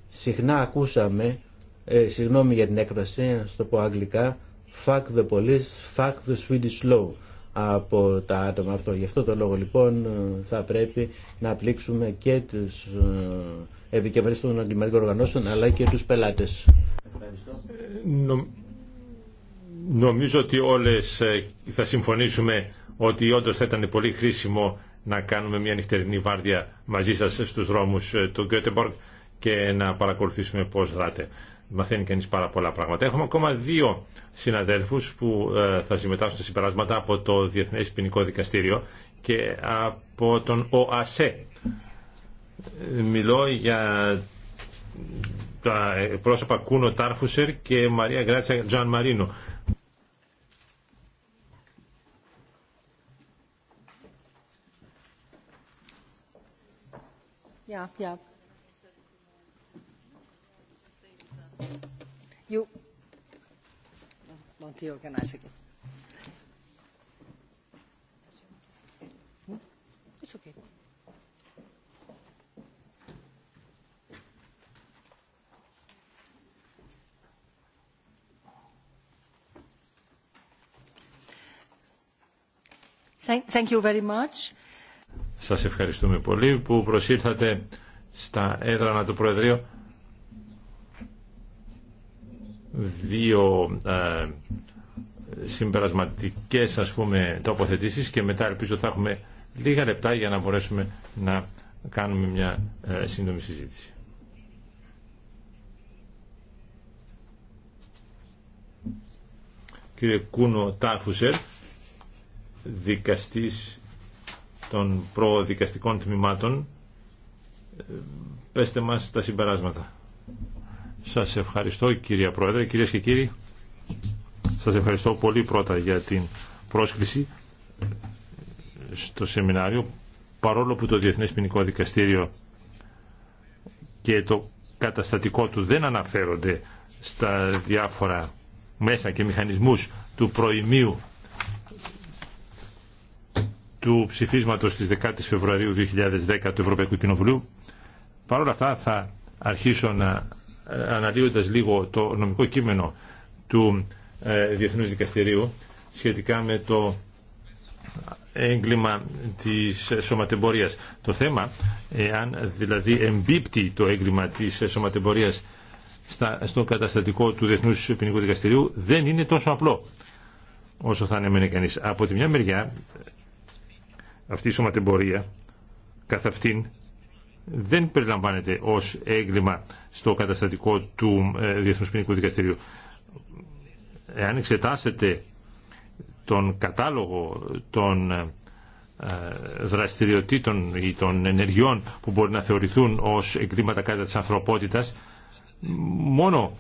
συχνά ακούσαμε, ε, συγγνώμη για την έκφραση, να το πω αγγλικά, fuck the police, fuck the Swedish law από τα άτομα αυτό. Γι' αυτό το λόγο λοιπόν ε, θα πρέπει να πλήξουμε και τους ε, επικεφαλής των οργανώσεων αλλά και τους πελάτες. Νομίζω ότι όλες ε, θα συμφωνήσουμε ότι όντως θα ήταν πολύ χρήσιμο να κάνουμε μια νυχτερινή βάρδια μαζί σας στους δρόμους του Γκέτεμπορκ και να παρακολουθήσουμε πώς δράτε. Μαθαίνει κανείς πάρα πολλά πράγματα. Έχουμε ακόμα δύο συναδέλφους που ε, θα συμμετάσχουν σε συμπεράσματα από το Διεθνές Ποινικό Δικαστήριο και από τον ΟΑΣΕ. Μιλώ για τα πρόσωπα Κούνο Τάρφουσερ και Μαρία Γκράτσα Τζαν Μαρίνο. Yeah, yeah. You want to organize hmm? It's okay. Thank you very much. Σας ευχαριστούμε πολύ που προσήλθατε στα έδρανα του Προεδρείου δύο ε, συμπερασματικές ας πούμε τοποθετήσεις και μετά ελπίζω θα έχουμε λίγα λεπτά για να μπορέσουμε να κάνουμε μια ε, σύντομη συζήτηση. Κύριε Κούνο Τάφουσερ, δικαστής των προδικαστικών τμήματων, ε, πέστε μας τα συμπεράσματα. Σας ευχαριστώ κυρία Πρόεδρε, κυρίες και κύριοι. Σας ευχαριστώ πολύ πρώτα για την πρόσκληση στο σεμινάριο παρόλο που το Διεθνές Ποινικό Δικαστήριο και το καταστατικό του δεν αναφέρονται στα διάφορα μέσα και μηχανισμούς του προημίου του ψηφίσματος της 10 Φεβρουαρίου 2010 του Ευρωπαϊκού Κοινοβουλίου. παρόλα αυτά θα αρχίσω να ε, αναλύοντας λίγο το νομικό κείμενο του ε, Διεθνούς Δικαστηρίου σχετικά με το έγκλημα της σωματεμπορίας. Το θέμα, εάν δηλαδή εμπίπτει το έγκλημα της σωματεμπορίας στο καταστατικό του Διεθνούς Ποινικού Δικαστηρίου, δεν είναι τόσο απλό όσο θα ανέμενε κανείς. Από τη μια μεριά, αυτή η σωματεμπορία, καθ' αυτήν, δεν περιλαμβάνεται ως έγκλημα στο καταστατικό του ε, Διεθνούς Ποινικού Δικαστηρίου. Εάν εξετάσετε τον κατάλογο των ε, δραστηριοτήτων ή των ενεργειών που μπορεί να θεωρηθούν ως εγκλήματα κατά της ανθρωπότητας, μόνο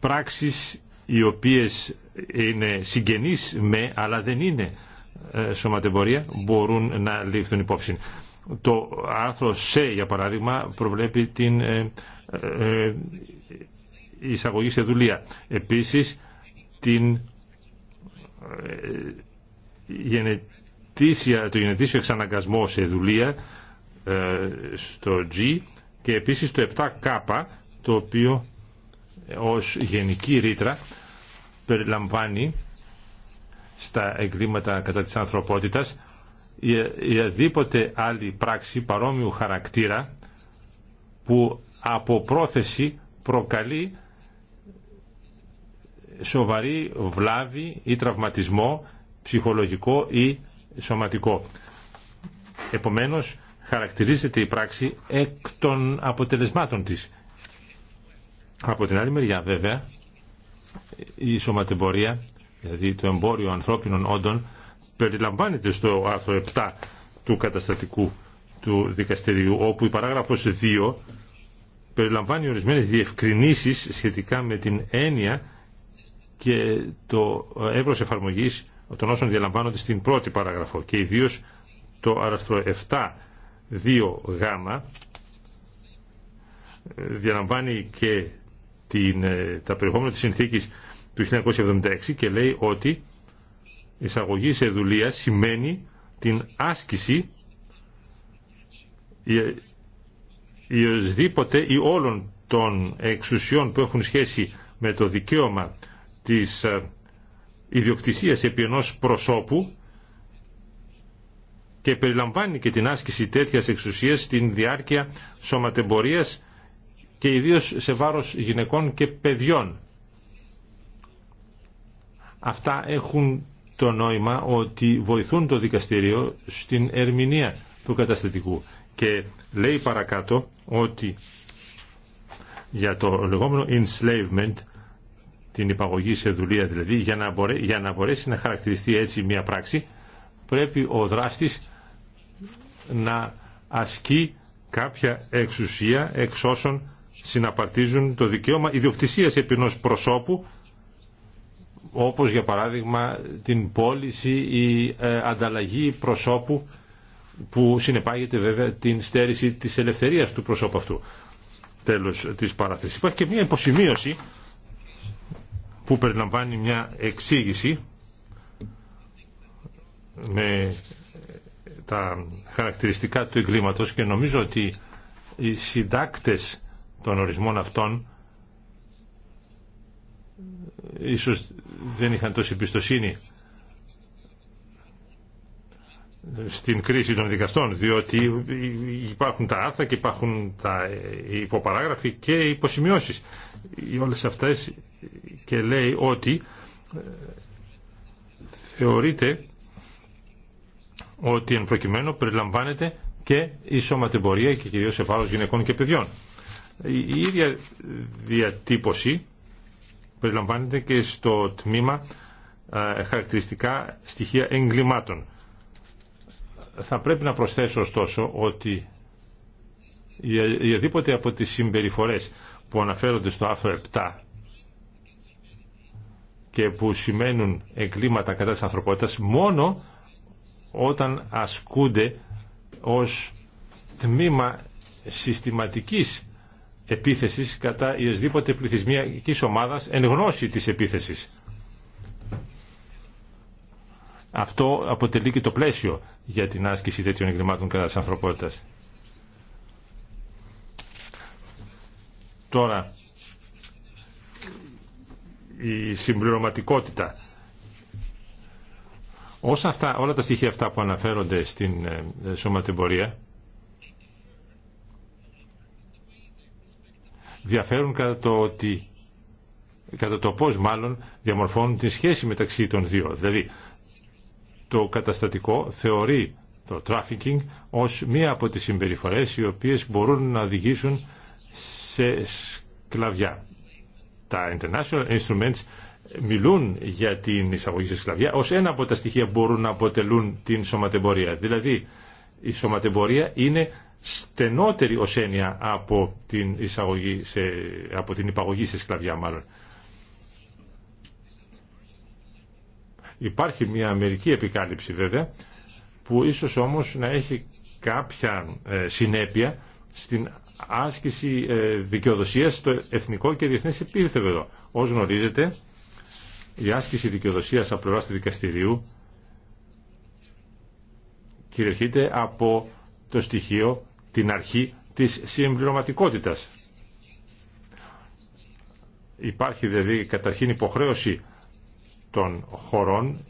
πράξεις οι οποίες είναι συγγενείς με, αλλά δεν είναι ε, σωματεμπορία, μπορούν να ληφθούν υπόψη. Το άρθρο ΣΕ, για παράδειγμα, προβλέπει την ε, ε, ε, εισαγωγή σε δουλεία. Επίσης, την γενετήσια, το γενετήσιο εξαναγκασμό σε δουλεία στο G και επίσης το 7K, το οποίο ως γενική ρήτρα περιλαμβάνει στα εγκλήματα κατά της ανθρωπότητας η αδίποτε άλλη πράξη παρόμοιου χαρακτήρα που από πρόθεση προκαλεί σοβαρή βλάβη ή τραυματισμό ψυχολογικό ή σωματικό. Επομένως, χαρακτηρίζεται η πράξη εκ των αποτελεσμάτων της. Από την άλλη μεριά, βέβαια, η σωματεμπορία, δηλαδή το εμπόριο ανθρώπινων όντων, περιλαμβάνεται στο άρθρο 7 του καταστατικού του δικαστηρίου, όπου η παράγραφος 2 περιλαμβάνει ορισμένες διευκρινήσεις σχετικά με την έννοια και το εύρος εφαρμογής των όσων διαλαμβάνονται στην πρώτη παράγραφο και ιδίω το άρθρο 7 2 γάμα ε, διαλαμβάνει και την, ε, τα περιεχόμενα της συνθήκης του 1976 και λέει ότι εισαγωγή σε δουλεία σημαίνει την άσκηση οσδήποτε ή όλων των εξουσιών που έχουν σχέση με το δικαίωμα της ε, ιδιοκτησίας επί ενός προσώπου και περιλαμβάνει και την άσκηση τέτοιας εξουσίας στην διάρκεια σωματεμπορίας και ιδίως σε βάρος γυναικών και παιδιών. Αυτά έχουν το νόημα ότι βοηθούν το δικαστήριο στην ερμηνεία του καταστατικού. Και λέει παρακάτω ότι για το λεγόμενο enslavement, την υπαγωγή σε δουλεία δηλαδή, για να, για να μπορέσει να χαρακτηριστεί έτσι μια πράξη, πρέπει ο δράστης να ασκεί κάποια εξουσία εξ όσων συναπαρτίζουν το δικαίωμα ιδιοκτησίας επί προσώπου όπως για παράδειγμα την πώληση ή ε, ανταλλαγή προσώπου που συνεπάγεται βέβαια την στέρηση της ελευθερίας του προσώπου αυτού. Τέλος της παράθεσης. Υπάρχει και μια υποσημείωση που περιλαμβάνει μια εξήγηση με τα χαρακτηριστικά του εγκλήματος και νομίζω ότι οι συντάκτες των ορισμών αυτών ίσως δεν είχαν τόση εμπιστοσύνη στην κρίση των δικαστών, διότι υπάρχουν τα άρθρα και υπάρχουν τα υποπαράγραφοι και υποσημειώσεις. Όλες αυτές και λέει ότι ε, θεωρείται ότι εν προκειμένου περιλαμβάνεται και η σωματεμπορία και κυρίως σε βάρος γυναικών και παιδιών. Η ίδια διατύπωση περιλαμβάνεται και στο τμήμα ε, χαρακτηριστικά στοιχεία εγκλημάτων. Θα πρέπει να προσθέσω ωστόσο ότι η από τις συμπεριφορές που αναφέρονται στο άρθρο 7 και που σημαίνουν εγκλήματα κατά της ανθρωπότητας μόνο όταν ασκούνται ως τμήμα συστηματικής επίθεση κατά ιεσδήποτε πληθυσμιακή ομάδα εν γνώση της επίθεσης. Αυτό αποτελεί και το πλαίσιο για την άσκηση τέτοιων εγκλημάτων κατά τη ανθρωπότητα. Τώρα, η συμπληρωματικότητα. Όσα αυτά, όλα τα στοιχεία αυτά που αναφέρονται στην ε, σωματεμπορία διαφέρουν κατά το ότι κατά το πώς μάλλον διαμορφώνουν τη σχέση μεταξύ των δύο. Δηλαδή, το καταστατικό θεωρεί το trafficking ως μία από τις συμπεριφορές οι οποίες μπορούν να οδηγήσουν σε σκλαβιά. Τα international instruments μιλούν για την εισαγωγή σε σκλαβιά ως ένα από τα στοιχεία που μπορούν να αποτελούν την σωματεμπορία. Δηλαδή, η σωματεμπορία είναι στενότερη ως από την, εισαγωγή από την υπαγωγή σε σκλαβιά μάλλον. Υπάρχει μια μερική επικάλυψη βέβαια που ίσως όμως να έχει κάποια ε, συνέπεια στην άσκηση ε, δικαιοδοσίας στο εθνικό και διεθνές επίπεδο εδώ. Ως γνωρίζετε η άσκηση δικαιοδοσίας από πλευράς του δικαστηρίου κυριαρχείται από το στοιχείο την αρχή της συμπληρωματικότητας. Υπάρχει δηλαδή καταρχήν υποχρέωση των χωρών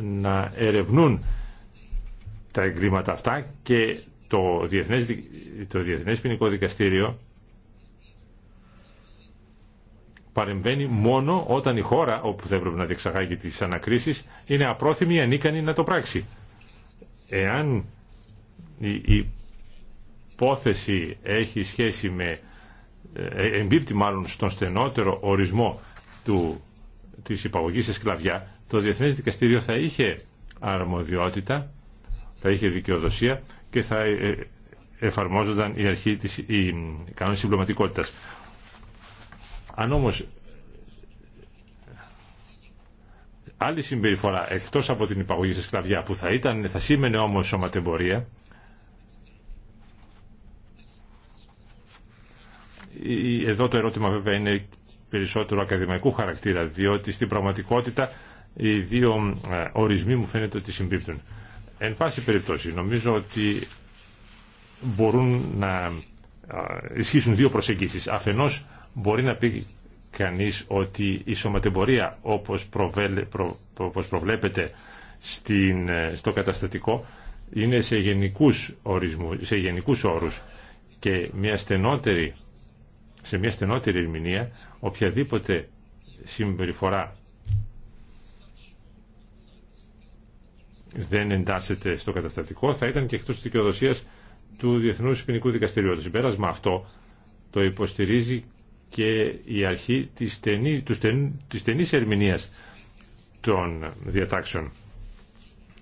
να ερευνούν τα εγκλήματα αυτά και το Διεθνές, το Διεθνές Ποινικό Δικαστήριο παρεμβαίνει μόνο όταν η χώρα όπου θα έπρεπε να διεξαγάγει τις ανακρίσεις είναι απρόθυμη ή ανίκανη να το πράξει. Εάν η υπόθεση έχει σχέση με ε, εμπίπτει μάλλον στον στενότερο ορισμό του, της υπαγωγής σε σκλαβιά, το Διεθνές Δικαστήριο θα είχε αρμοδιότητα, θα είχε δικαιοδοσία και θα ε, ε, εφαρμόζονταν η αρχή της η κανόνες συμπληρωματικότητας. Αν όμως άλλη συμπεριφορά εκτός από την υπαγωγή σε σκλαβιά που θα, ήταν, θα σήμαινε όμως σωματεμπορία Εδώ το ερώτημα βέβαια είναι περισσότερο ακαδημαϊκού χαρακτήρα, διότι στην πραγματικότητα οι δύο ε, ορισμοί μου φαίνεται ότι συμπίπτουν. Εν πάση περιπτώσει, νομίζω ότι μπορούν να ε, ισχύσουν δύο προσεγγίσεις. Αφενός μπορεί να πει κανείς ότι η σωματεμπορία όπως, όπως προβλέπεται στην, ε, στο καταστατικό είναι σε γενικούς, ορισμούς, σε γενικούς όρους και μια στενότερη σε μια στενότερη ερμηνεία οποιαδήποτε συμπεριφορά δεν εντάσσεται στο καταστατικό θα ήταν και εκτός της δικαιοδοσίας του Διεθνούς Ποινικού Δικαστηρίου. Το συμπέρασμα αυτό το υποστηρίζει και η αρχή της, στενή, της στενής ερμηνείας των διατάξεων.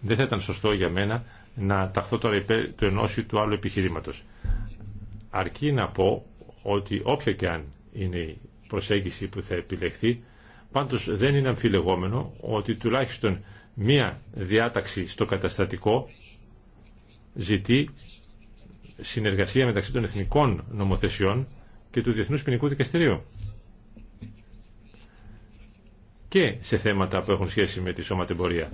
Δεν θα ήταν σωστό για μένα να ταχθώ τώρα υπέρ του ενός ή του άλλου επιχειρήματος. Αρκεί να πω ότι όποια και αν είναι η προσέγγιση που θα επιλεχθεί, πάντως δεν είναι αμφιλεγόμενο ότι τουλάχιστον μία διάταξη στο καταστατικό ζητεί συνεργασία μεταξύ των εθνικών νομοθεσιών και του Διεθνούς Ποινικού Δικαστηρίου και σε θέματα που έχουν σχέση με τη σωματεμπορία.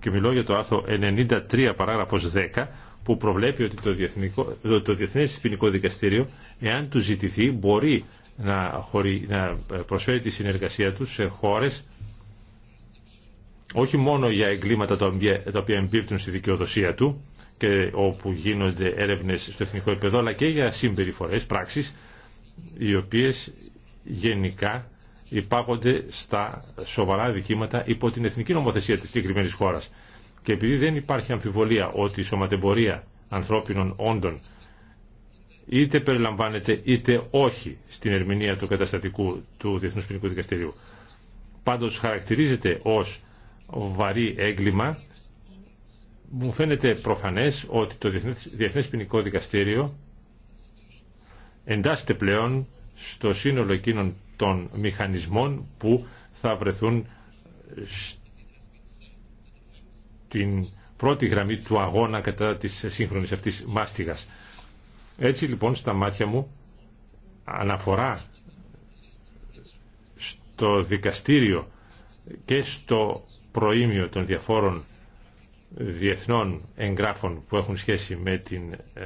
Και μιλώ για το άρθρο 93 παράγραφος 10 που προβλέπει ότι το, διεθνικό, το Διεθνές Ποινικό Δικαστήριο, εάν του ζητηθεί, μπορεί να, χωρί, να ε, προσφέρει τη συνεργασία του σε χώρες όχι μόνο για εγκλήματα τα οποία εμπίπτουν στη δικαιοδοσία του και όπου γίνονται έρευνες στο εθνικό επίπεδο, αλλά και για συμπεριφορές, πράξεις, οι οποίες γενικά υπάγονται στα σοβαρά δικήματα υπό την εθνική νομοθεσία της συγκεκριμένη χώρας. Και επειδή δεν υπάρχει αμφιβολία ότι η σωματεμπορία ανθρώπινων όντων είτε περιλαμβάνεται είτε όχι στην ερμηνεία του καταστατικού του Διεθνούς Ποινικού Δικαστηρίου. Πάντως χαρακτηρίζεται ως βαρύ έγκλημα. Μου φαίνεται προφανές ότι το Διεθνές Ποινικό Δικαστήριο εντάσσεται πλέον στο σύνολο εκείνων των μηχανισμών που θα βρεθούν την πρώτη γραμμή του αγώνα κατά της σύγχρονης αυτής μάστιγας. Έτσι λοιπόν στα μάτια μου αναφορά στο δικαστήριο και στο προήμιο των διαφόρων διεθνών εγγράφων που έχουν σχέση με την ε,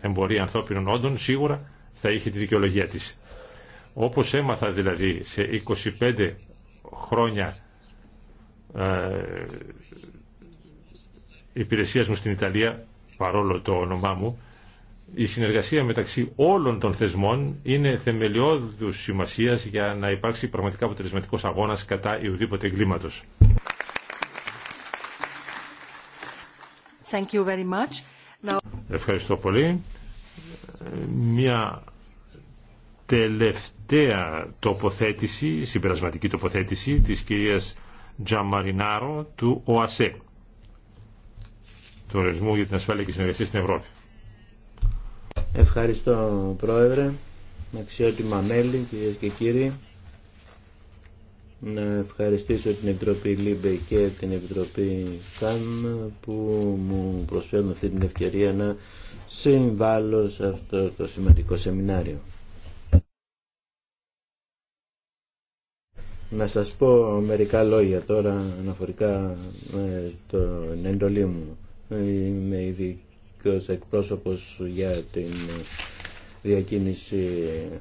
εμπορία ανθρώπινων όντων σίγουρα θα είχε τη δικαιολογία της. Όπως έμαθα δηλαδή σε 25 χρόνια ε, υπηρεσία μου στην Ιταλία, παρόλο το όνομά μου, η συνεργασία μεταξύ όλων των θεσμών είναι θεμελιώδου σημασία για να υπάρξει πραγματικά αποτελεσματικό αγώνα κατά ουδήποτε εγκλήματο. Ευχαριστώ πολύ. Μια τελευταία τοποθέτηση, συμπερασματική τοποθέτηση της κυρίας Τζαμαρινάρο του ΟΑΣΕ του Οργανισμού για την Ασφάλεια και Συνεργασία στην Ευρώπη. Ευχαριστώ Πρόεδρε, αξιότιμα μέλη κυρίε και κύριοι. Να ευχαριστήσω την Επιτροπή ΛΥΜΠΕ και την Επιτροπή ΚΑΜ που μου προσφέρουν αυτή την ευκαιρία να συμβάλλω σε αυτό το σημαντικό σεμινάριο. Να σας πω μερικά λόγια τώρα αναφορικά με την εντολή μου. Είμαι ειδικό εκπρόσωπος για την διακίνηση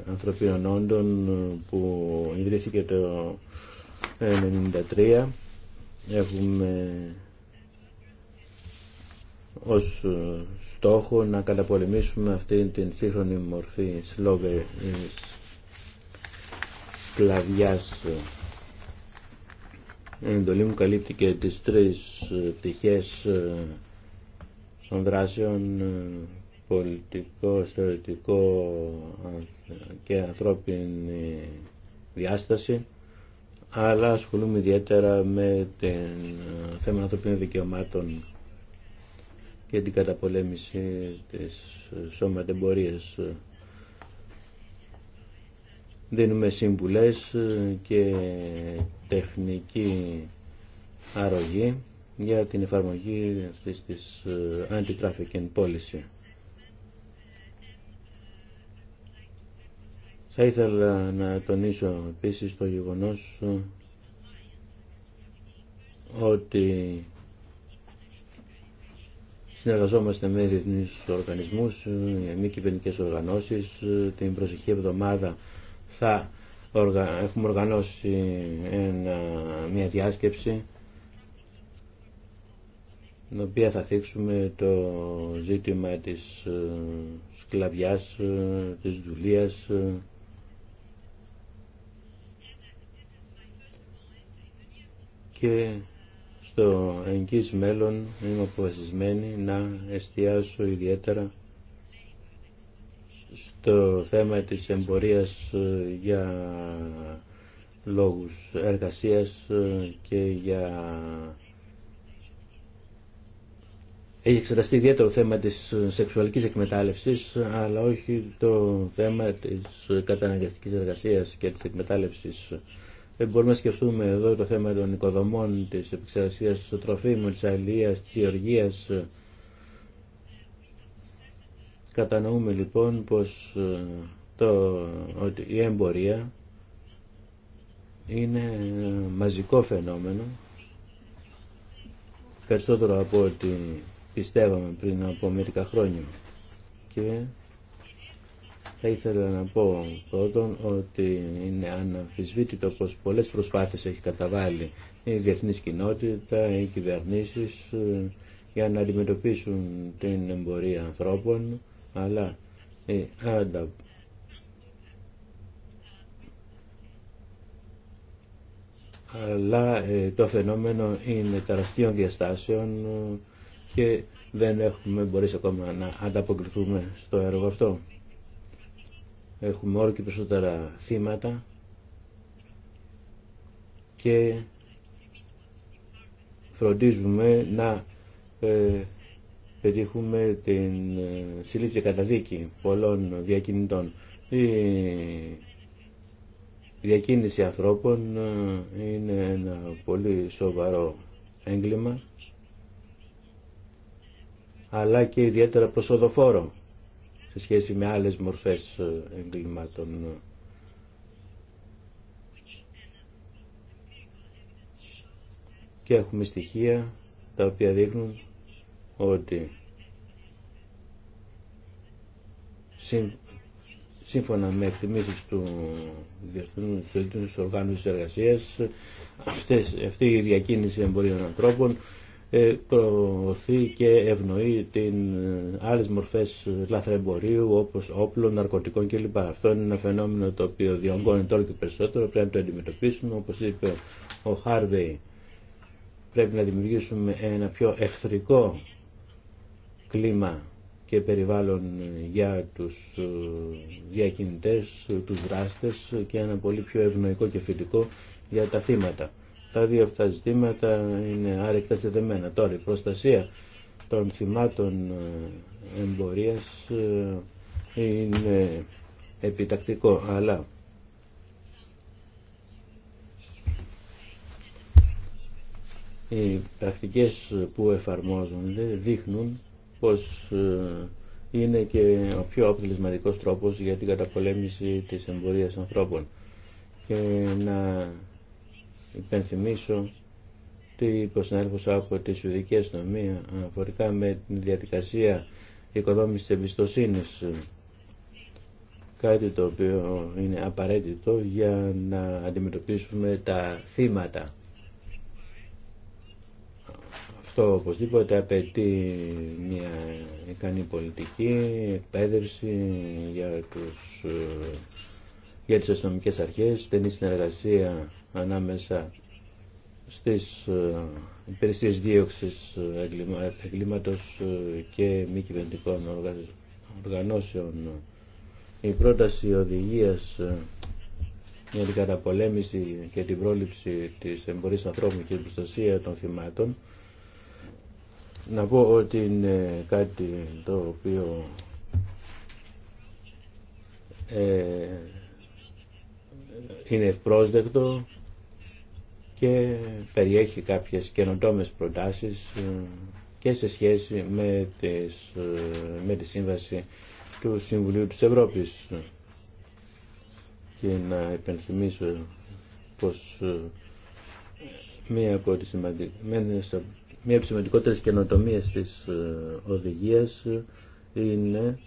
ανθρωπίνων όντων που ιδρύθηκε το 1993. Έχουμε ως στόχο να καταπολεμήσουμε αυτή την σύγχρονη μορφή σλόβε σκλαβιάς η εντολή μου καλύπτει και τις τρεις πτυχές των δράσεων ε, πολιτικό, θεωρητικό και ανθρώπινη διάσταση αλλά ασχολούμαι ιδιαίτερα με το ε, θέμα ανθρωπίνων δικαιωμάτων και την καταπολέμηση της σώματεμπορίας. Δίνουμε σύμβουλες ε, και τεχνική αρρωγή για την εφαρμογή αυτής της ε, anti-trafficking policy. Θα ήθελα να τονίσω επίσης το γεγονός ε, ότι συνεργαζόμαστε με διεθνείς οργανισμούς, ε, μη κυβερνικέ οργανώσεις. Την προσεχή εβδομάδα θα έχουμε οργανώσει μια διάσκεψη την οποία θα θίξουμε το ζήτημα της ε, σκλαβιάς, ε, της δουλείας, ε. και στο εγγύς μέλλον είμαι αποφασισμένη να εστιάσω ιδιαίτερα στο θέμα της εμπορίας για λόγους εργασίας και για έχει εξεταστεί ιδιαίτερο θέμα της σεξουαλικής εκμετάλλευσης, αλλά όχι το θέμα της καταναγκαστικής εργασίας και της εκμετάλλευσης. Ε, μπορούμε να σκεφτούμε εδώ το θέμα των οικοδομών, της επεξεργασίας της τροφίμων, της αλληλείας, της γεωργίας. Κατανοούμε λοιπόν πως ε, το, ότι η εμπορία είναι μαζικό φαινόμενο, περισσότερο από ότι πιστεύαμε πριν από μερικά χρόνια. Και θα ήθελα να πω πρώτον ότι είναι αναμφισβήτητο πως πολλές προσπάθειες έχει καταβάλει η διεθνή κοινότητα, οι κυβερνήσει ε, για να αντιμετωπίσουν την εμπορία ανθρώπων, αλλά η ε, αλλά ε, το φαινόμενο είναι τεραστίων διαστάσεων και δεν έχουμε μπορέσει ακόμα να ανταποκριθούμε στο έργο αυτό. Έχουμε όλο και περισσότερα θύματα και φροντίζουμε να ε, πετύχουμε την ε, συλλήψη καταδίκη πολλών διακινητών. Η διακίνηση ανθρώπων ε, είναι ένα πολύ σοβαρό έγκλημα αλλά και ιδιαίτερα προσοδοφόρο σε σχέση με άλλες μορφές ε, εγκλημάτων. Και έχουμε στοιχεία τα οποία δείχνουν ότι σύμφωνα με εκτιμήσεις του Διεθνούς Οργάνου της Εργασίας αυτές, αυτή η διακίνηση εμπορίων ανθρώπων ε, προωθεί και ευνοεί την ε, άλλες μορφές λαθρεμπορίου όπως όπλων, ναρκωτικών κλπ. Αυτό είναι ένα φαινόμενο το οποίο διονγκώνει τώρα και περισσότερο, πρέπει να το αντιμετωπίσουμε όπως είπε ο Χάρβεϊ. Πρέπει να δημιουργήσουμε ένα πιο εχθρικό κλίμα και περιβάλλον για τους ε, διακινητές, τους δράστες και ένα πολύ πιο ευνοϊκό και φοιτικό για τα θύματα τα δύο αυτά ζητήματα είναι άρρηκτα δεμένα Τώρα η προστασία των θυμάτων ε, εμπορίας ε, είναι επιτακτικό, αλλά οι πρακτικές που εφαρμόζονται δείχνουν πως ε, είναι και ο πιο αποτελεσματικός τρόπος για την καταπολέμηση της εμπορίας ανθρώπων και να υπενθυμίσω ότι είπε από τη Σουηδική Αστυνομία αναφορικά με τη διαδικασία οικοδόμησης εμπιστοσύνη. κάτι το οποίο είναι απαραίτητο για να αντιμετωπίσουμε τα θύματα. Αυτό οπωσδήποτε απαιτεί μια ικανή πολιτική, εκπαίδευση για, τους, ε, για τις αστυνομικές αρχές, στενή συνεργασία ανάμεσα στις ε, υπηρεσίες δίωξης ε, εγκλήματος ε, και μη κυβερνητικών οργανώσεων. Η πρόταση οδηγίας για την καταπολέμηση και την πρόληψη της εμπορίας ανθρώπων και την προστασία των θυμάτων να πω ότι είναι κάτι το οποίο είναι ευπρόσδεκτο και περιέχει κάποιες καινοτόμες προτάσεις ε, και σε σχέση με, τις, ε, με τη σύμβαση του Συμβουλίου της Ευρώπης. Και να επενθυμίσω πως ε, μία από τις, μία από τις σημαντικότερες καινοτομίες της οδηγίας είναι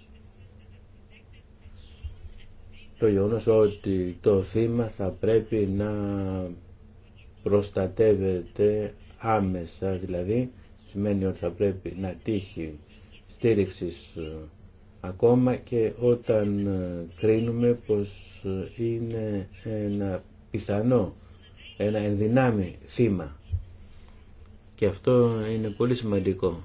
το γεγονός ότι το θύμα θα πρέπει να προστατεύεται άμεσα, δηλαδή σημαίνει ότι θα πρέπει να τύχει στήριξης ε, ακόμα και όταν ε, κρίνουμε πως ε, είναι ένα πιθανό, ένα ενδυνάμει σήμα Και αυτό είναι πολύ σημαντικό.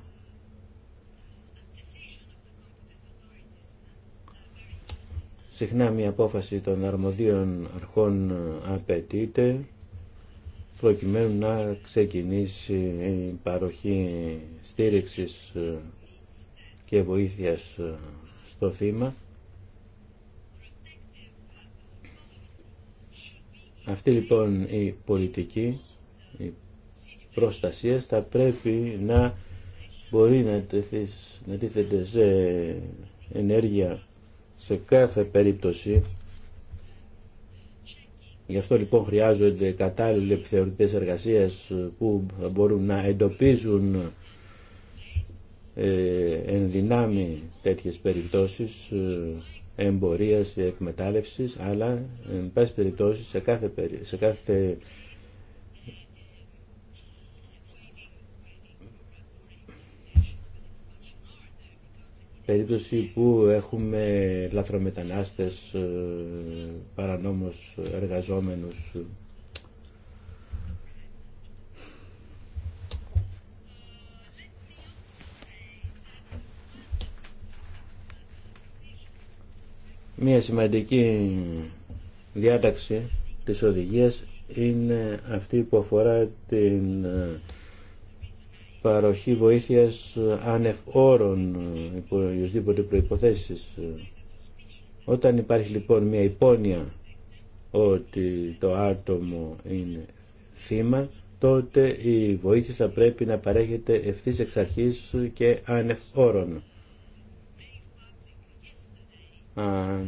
Συχνά μια απόφαση των αρμοδίων αρχών απαιτείται προκειμένου να ξεκινήσει η παροχή στήριξης ε, και βοήθειας ε, στο θύμα. Αυτή λοιπόν η πολιτική η προστασία θα πρέπει να μπορεί να, τεθείς, να τίθεται σε ενέργεια σε κάθε περίπτωση Γι' αυτό λοιπόν χρειάζονται κατάλληλοι επιθεωρητέ εργασία ε, που μπορούν να εντοπίζουν ε, εν δυνάμει τέτοιες περιπτώσεις ε, εμπορίας ή εκμετάλλευσης αλλά εν πάση περιπτώσει σε κάθε, σε κάθε περίπτωση που έχουμε λαθρομετανάστες, ε, παρανόμους εργαζόμενους. Μία σημαντική διάταξη της οδηγίας είναι αυτή που αφορά την ε, παροχή βοήθειας ε, άνευ όρων ε, υπό οποιοσδήποτε προϋποθέσεις. Ε, όταν υπάρχει λοιπόν μια υπόνοια ότι το άτομο είναι θύμα, τότε η βοήθεια θα πρέπει να παρέχεται ευθύς εξ αρχής και άνευ όρων.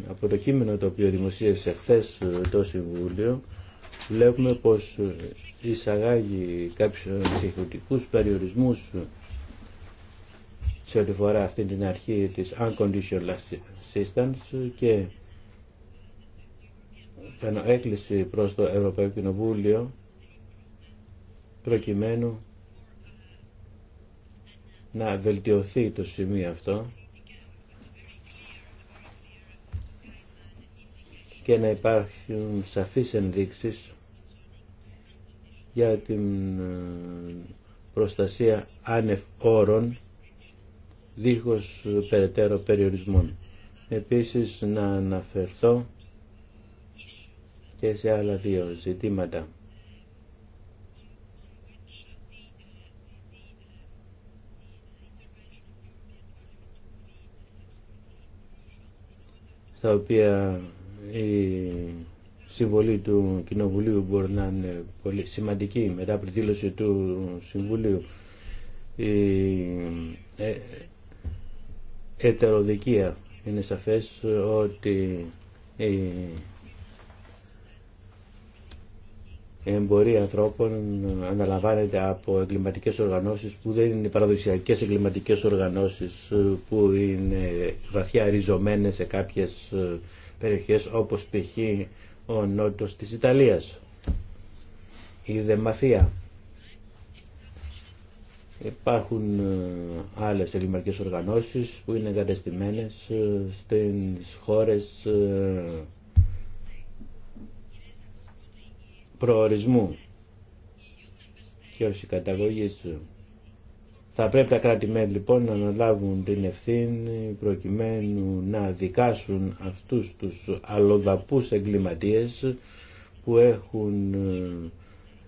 Από το κείμενο το οποίο δημοσίευσε χθε το Συμβούλιο, βλέπουμε πως εισαγάγει κάποιους εξεχωτικούς περιορισμούς σε ό,τι φορά αυτή την αρχή της unconditional assistance και κάνω έκκληση προς το Ευρωπαϊκό Κοινοβούλιο προκειμένου να βελτιωθεί το σημείο αυτό και να υπάρχουν σαφείς ενδείξεις για την ε, προστασία άνευ όρων δίχως περαιτέρω περιορισμών. Επίσης να αναφερθώ και σε άλλα δύο ζητήματα. τα οποία η συμβολή του Κοινοβουλίου μπορεί να είναι πολύ σημαντική μετά από τη δήλωση του Συμβουλίου. Η ε, ετεροδικία είναι σαφές ότι η εμπορία ανθρώπων αναλαμβάνεται από εγκληματικές οργανώσεις που δεν είναι παραδοσιακές εγκληματικές οργανώσεις που είναι βαθιά ριζωμένες σε κάποιες ε, περιοχές όπως π.χ. ο νότος της Ιταλίας, η Δεμαθία. Υπάρχουν ε, άλλες εγκληματικές οργανώσεις που είναι εγκατεστημένες ε, στις χώρες ε, προορισμού και όχι καταγωγής θα πρέπει τα κράτη-μέλη λοιπόν να αναλάβουν την ευθύνη προκειμένου να δικάσουν αυτούς τους αλλοδαπούς εγκληματίες που έχουν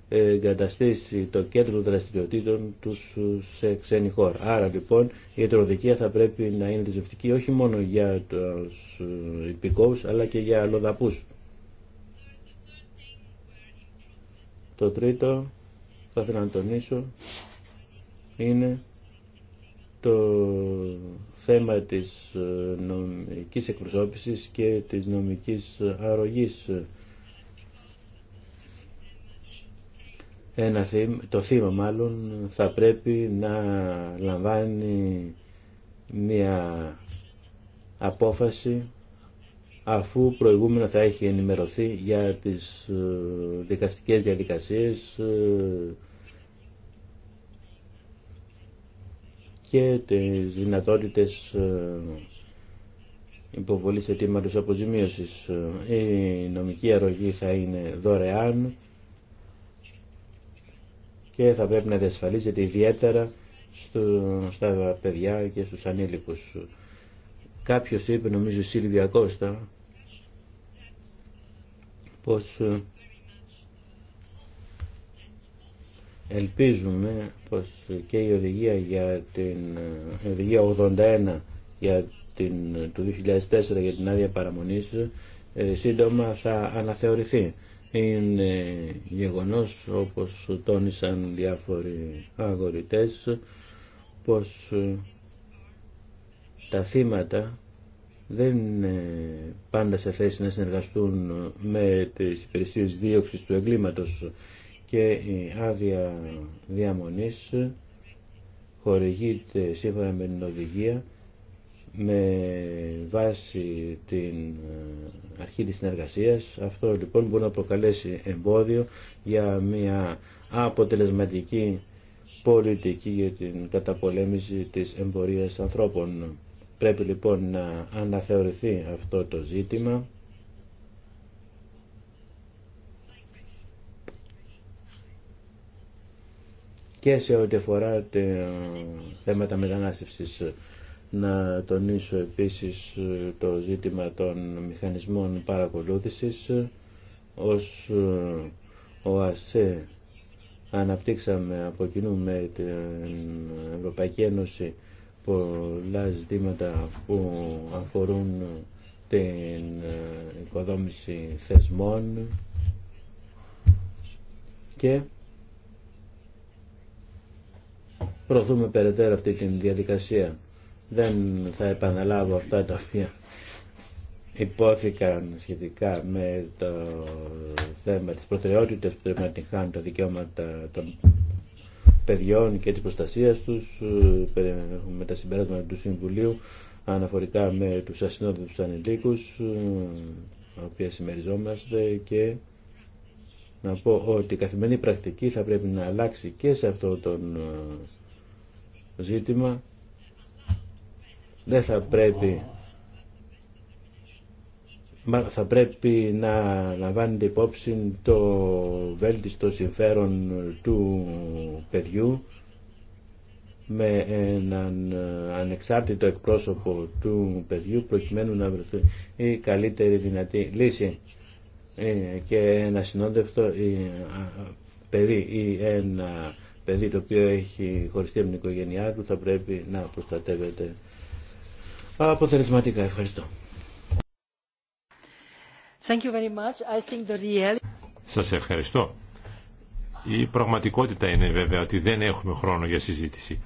ε, εγκαταστήσει το κέντρο δραστηριοτήτων τους σε ξένη χώρα. Άρα λοιπόν η ιατροδικία θα πρέπει να είναι δεσμευτική όχι μόνο για τους υπηκόους αλλά και για αλλοδαπούς. Το τρίτο θα ήθελα να τονίσω είναι το θέμα της ε, νομικής εκπροσώπησης και της νομικής αρρωγής. Ένα το θύμα μάλλον θα πρέπει να λαμβάνει μια απόφαση αφού προηγούμενα θα έχει ενημερωθεί για τις ε, δικαστικές διαδικασίες ε, και τις δυνατότητες ε, υποβολής αιτήματος αποζημίωσης. Ε, η νομική αρρωγή θα είναι δωρεάν και θα πρέπει να διασφαλίζεται ιδιαίτερα στα παιδιά και στους ανήλικους. Κάποιος είπε, νομίζω η Σίλβια Κώστα, πως ε, Ελπίζουμε πως και η οδηγία, για την, οδηγία 81 για την, του 2004 για την άδεια παραμονής ε, σύντομα θα αναθεωρηθεί. Είναι γεγονός όπως τόνισαν διάφοροι αγορητές πως ε, τα θύματα δεν είναι πάντα σε θέση να συνεργαστούν με τις υπηρεσίες δίωξης του εγκλήματος και η άδεια διαμονής χορηγείται σύμφωνα με την οδηγία με βάση την ε, αρχή της συνεργασίας. Αυτό λοιπόν μπορεί να προκαλέσει εμπόδιο για μια αποτελεσματική πολιτική για την καταπολέμηση της εμπορίας ανθρώπων. Πρέπει λοιπόν να αναθεωρηθεί αυτό το ζήτημα και σε ό,τι αφορά τα θέματα μετανάστευσης. Να τονίσω επίσης ε, το ζήτημα των μηχανισμών παρακολούθησης. Ως ε, ΑΣΕ αναπτύξαμε από κοινού με την Ευρωπαϊκή Ένωση πολλά ζητήματα που αφορούν την ε, οικοδόμηση θεσμών και προωθούμε περαιτέρω αυτή τη διαδικασία. Δεν θα επαναλάβω αυτά τα οποία υπόθηκαν σχετικά με το θέμα της προτεραιότητας που πρέπει να την χάνουν τα δικαιώματα των παιδιών και της προστασίας τους. με τα συμπεράσματα του Συμβουλίου αναφορικά με τους ασυνόδευτους ανηλίκους, τα οποία συμμεριζόμαστε και να πω ότι η καθημερινή πρακτική θα πρέπει να αλλάξει και σε αυτό τον ζήτημα δεν θα πρέπει θα πρέπει να λαμβάνεται υπόψη το βέλτιστο συμφέρον του παιδιού με έναν ανεξάρτητο εκπρόσωπο του παιδιού προκειμένου να βρεθεί η καλύτερη δυνατή λύση ε, και ένα συνόντευτο ε, παιδί ή ένα παιδί το οποίο έχει χωριστεί από την οικογένειά του θα πρέπει να προστατεύεται αποτελεσματικά. Ευχαριστώ. Thank you very much. I Σας ευχαριστώ. Η πραγματικότητα είναι βέβαια ότι δεν έχουμε χρόνο για συζήτηση.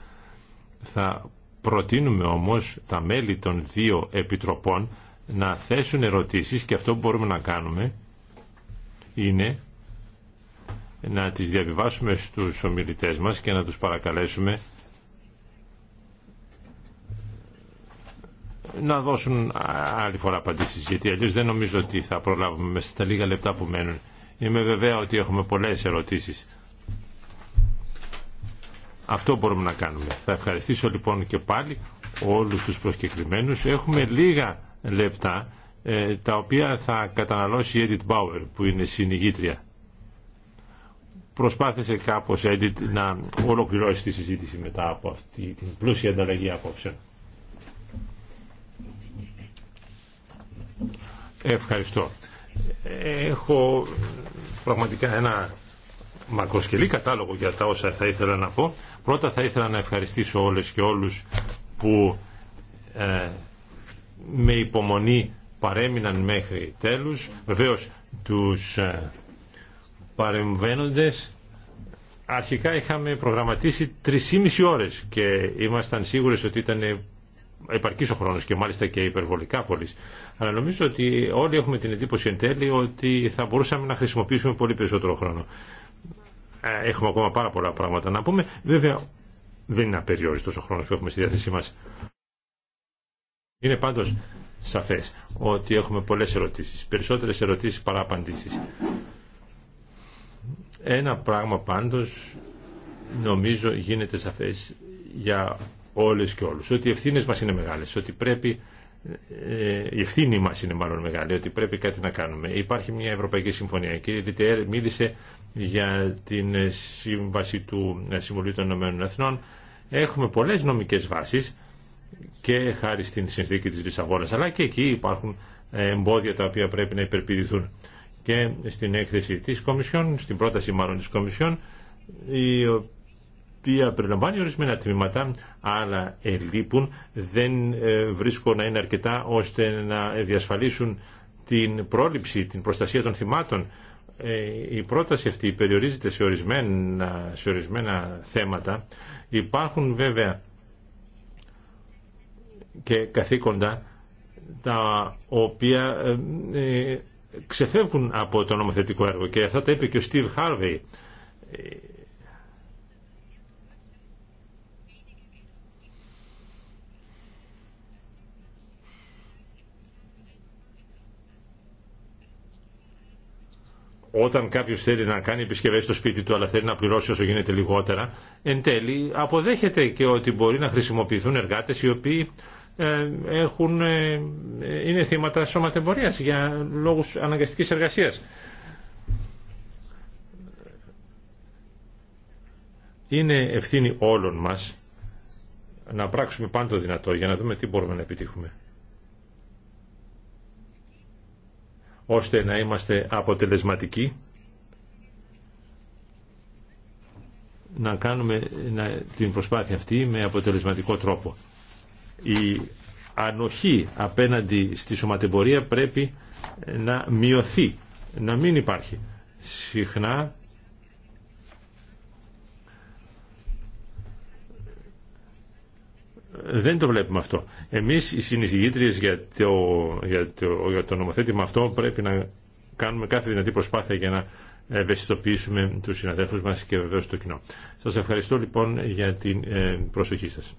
Θα προτείνουμε όμως τα μέλη των δύο επιτροπών να θέσουν ερωτήσεις και αυτό που μπορούμε να κάνουμε είναι να τις διαβιβάσουμε στους ομιλητές μας και να τους παρακαλέσουμε να δώσουν άλλη φορά απαντήσεις γιατί αλλιώς δεν νομίζω ότι θα προλάβουμε μέσα στα λίγα λεπτά που μένουν. Είμαι βεβαία ότι έχουμε πολλές ερωτήσεις. Αυτό μπορούμε να κάνουμε. Θα ευχαριστήσω λοιπόν και πάλι όλους τους προσκεκλημένους. Έχουμε λίγα λεπτά ε, τα οποία θα καταναλώσει η Edith Bauer που είναι συνηγήτρια προσπάθησε κάπως edit να ολοκληρώσει τη συζήτηση μετά από αυτή την πλούσια ανταλλαγή απόψε. Ευχαριστώ. Έχω πραγματικά ένα μακροσκελή κατάλογο για τα όσα θα ήθελα να πω. Πρώτα θα ήθελα να ευχαριστήσω όλες και όλους που ε, με υπομονή παρέμειναν μέχρι τέλους. Βεβαίως τους ε, παρεμβαίνοντες αρχικά είχαμε προγραμματίσει 3,5 ώρες και ήμασταν σίγουρε ότι ήταν επαρκής ο χρόνος και μάλιστα και υπερβολικά πολύ. Αλλά νομίζω ότι όλοι έχουμε την εντύπωση εν τέλει ότι θα μπορούσαμε να χρησιμοποιήσουμε πολύ περισσότερο χρόνο. Ε, έχουμε ακόμα πάρα πολλά πράγματα να πούμε. Βέβαια δεν είναι απεριόριστος ο χρόνος που έχουμε στη διάθεσή μας. Είναι πάντως σαφές ότι έχουμε πολλές ερωτήσεις, περισσότερες ερωτήσεις παρά απαντήσεις. Ένα πράγμα πάντως νομίζω γίνεται σαφές για όλες και όλους, ότι οι ευθύνες μας είναι μεγάλες, ότι πρέπει ε, η ευθύνη μας είναι μάλλον μεγάλη, ότι πρέπει κάτι να κάνουμε. Υπάρχει μια Ευρωπαϊκή Συμφωνία. Η κύριε Λιτέρ μίλησε για την σύμβαση του Συμβουλίου των Ηνωμένων Εθνών. Έχουμε πολλές νομικές βάσεις και χάρη στην συνθήκη της Λισαβόνας, αλλά και εκεί υπάρχουν ε, εμπόδια τα οποία πρέπει να υπερπηδηθούν και στην έκθεση της Κομισιόν, στην πρόταση μάλλον της Κομισιόν, η οποία περιλαμβάνει ορισμένα τμήματα, αλλά ελείπουν, δεν ε, βρίσκω να είναι αρκετά ώστε να διασφαλίσουν την πρόληψη, την προστασία των θυμάτων. Ε, η πρόταση αυτή περιορίζεται σε ορισμένα, σε ορισμένα θέματα. Υπάρχουν βέβαια και καθήκοντα τα οποία ε, ξεφεύγουν από το νομοθετικό έργο και αυτά τα είπε και ο Στίβ Χάρβεϊ. Όταν κάποιο θέλει να κάνει επισκευέ στο σπίτι του αλλά θέλει να πληρώσει όσο γίνεται λιγότερα, εν τέλει αποδέχεται και ότι μπορεί να χρησιμοποιηθούν εργάτε οι οποίοι ε, έχουν, ε, είναι θύματα σωματεμπορίας για λόγους αναγκαστικής εργασίας. Είναι ευθύνη όλων μας να πράξουμε πάντο δυνατό για να δούμε τι μπορούμε να επιτύχουμε. ώστε να είμαστε αποτελεσματικοί να κάνουμε την προσπάθεια αυτή με αποτελεσματικό τρόπο η ανοχή απέναντι στη σωματεμπορία πρέπει να μειωθεί, να μην υπάρχει. Συχνά δεν το βλέπουμε αυτό. Εμείς οι συνεισηγήτριες για το, για, το, για το νομοθέτημα αυτό πρέπει να κάνουμε κάθε δυνατή προσπάθεια για να ευαισθητοποιήσουμε τους συναδέλφους μας και βεβαίως το κοινό. Σας ευχαριστώ λοιπόν για την ε, προσοχή σας.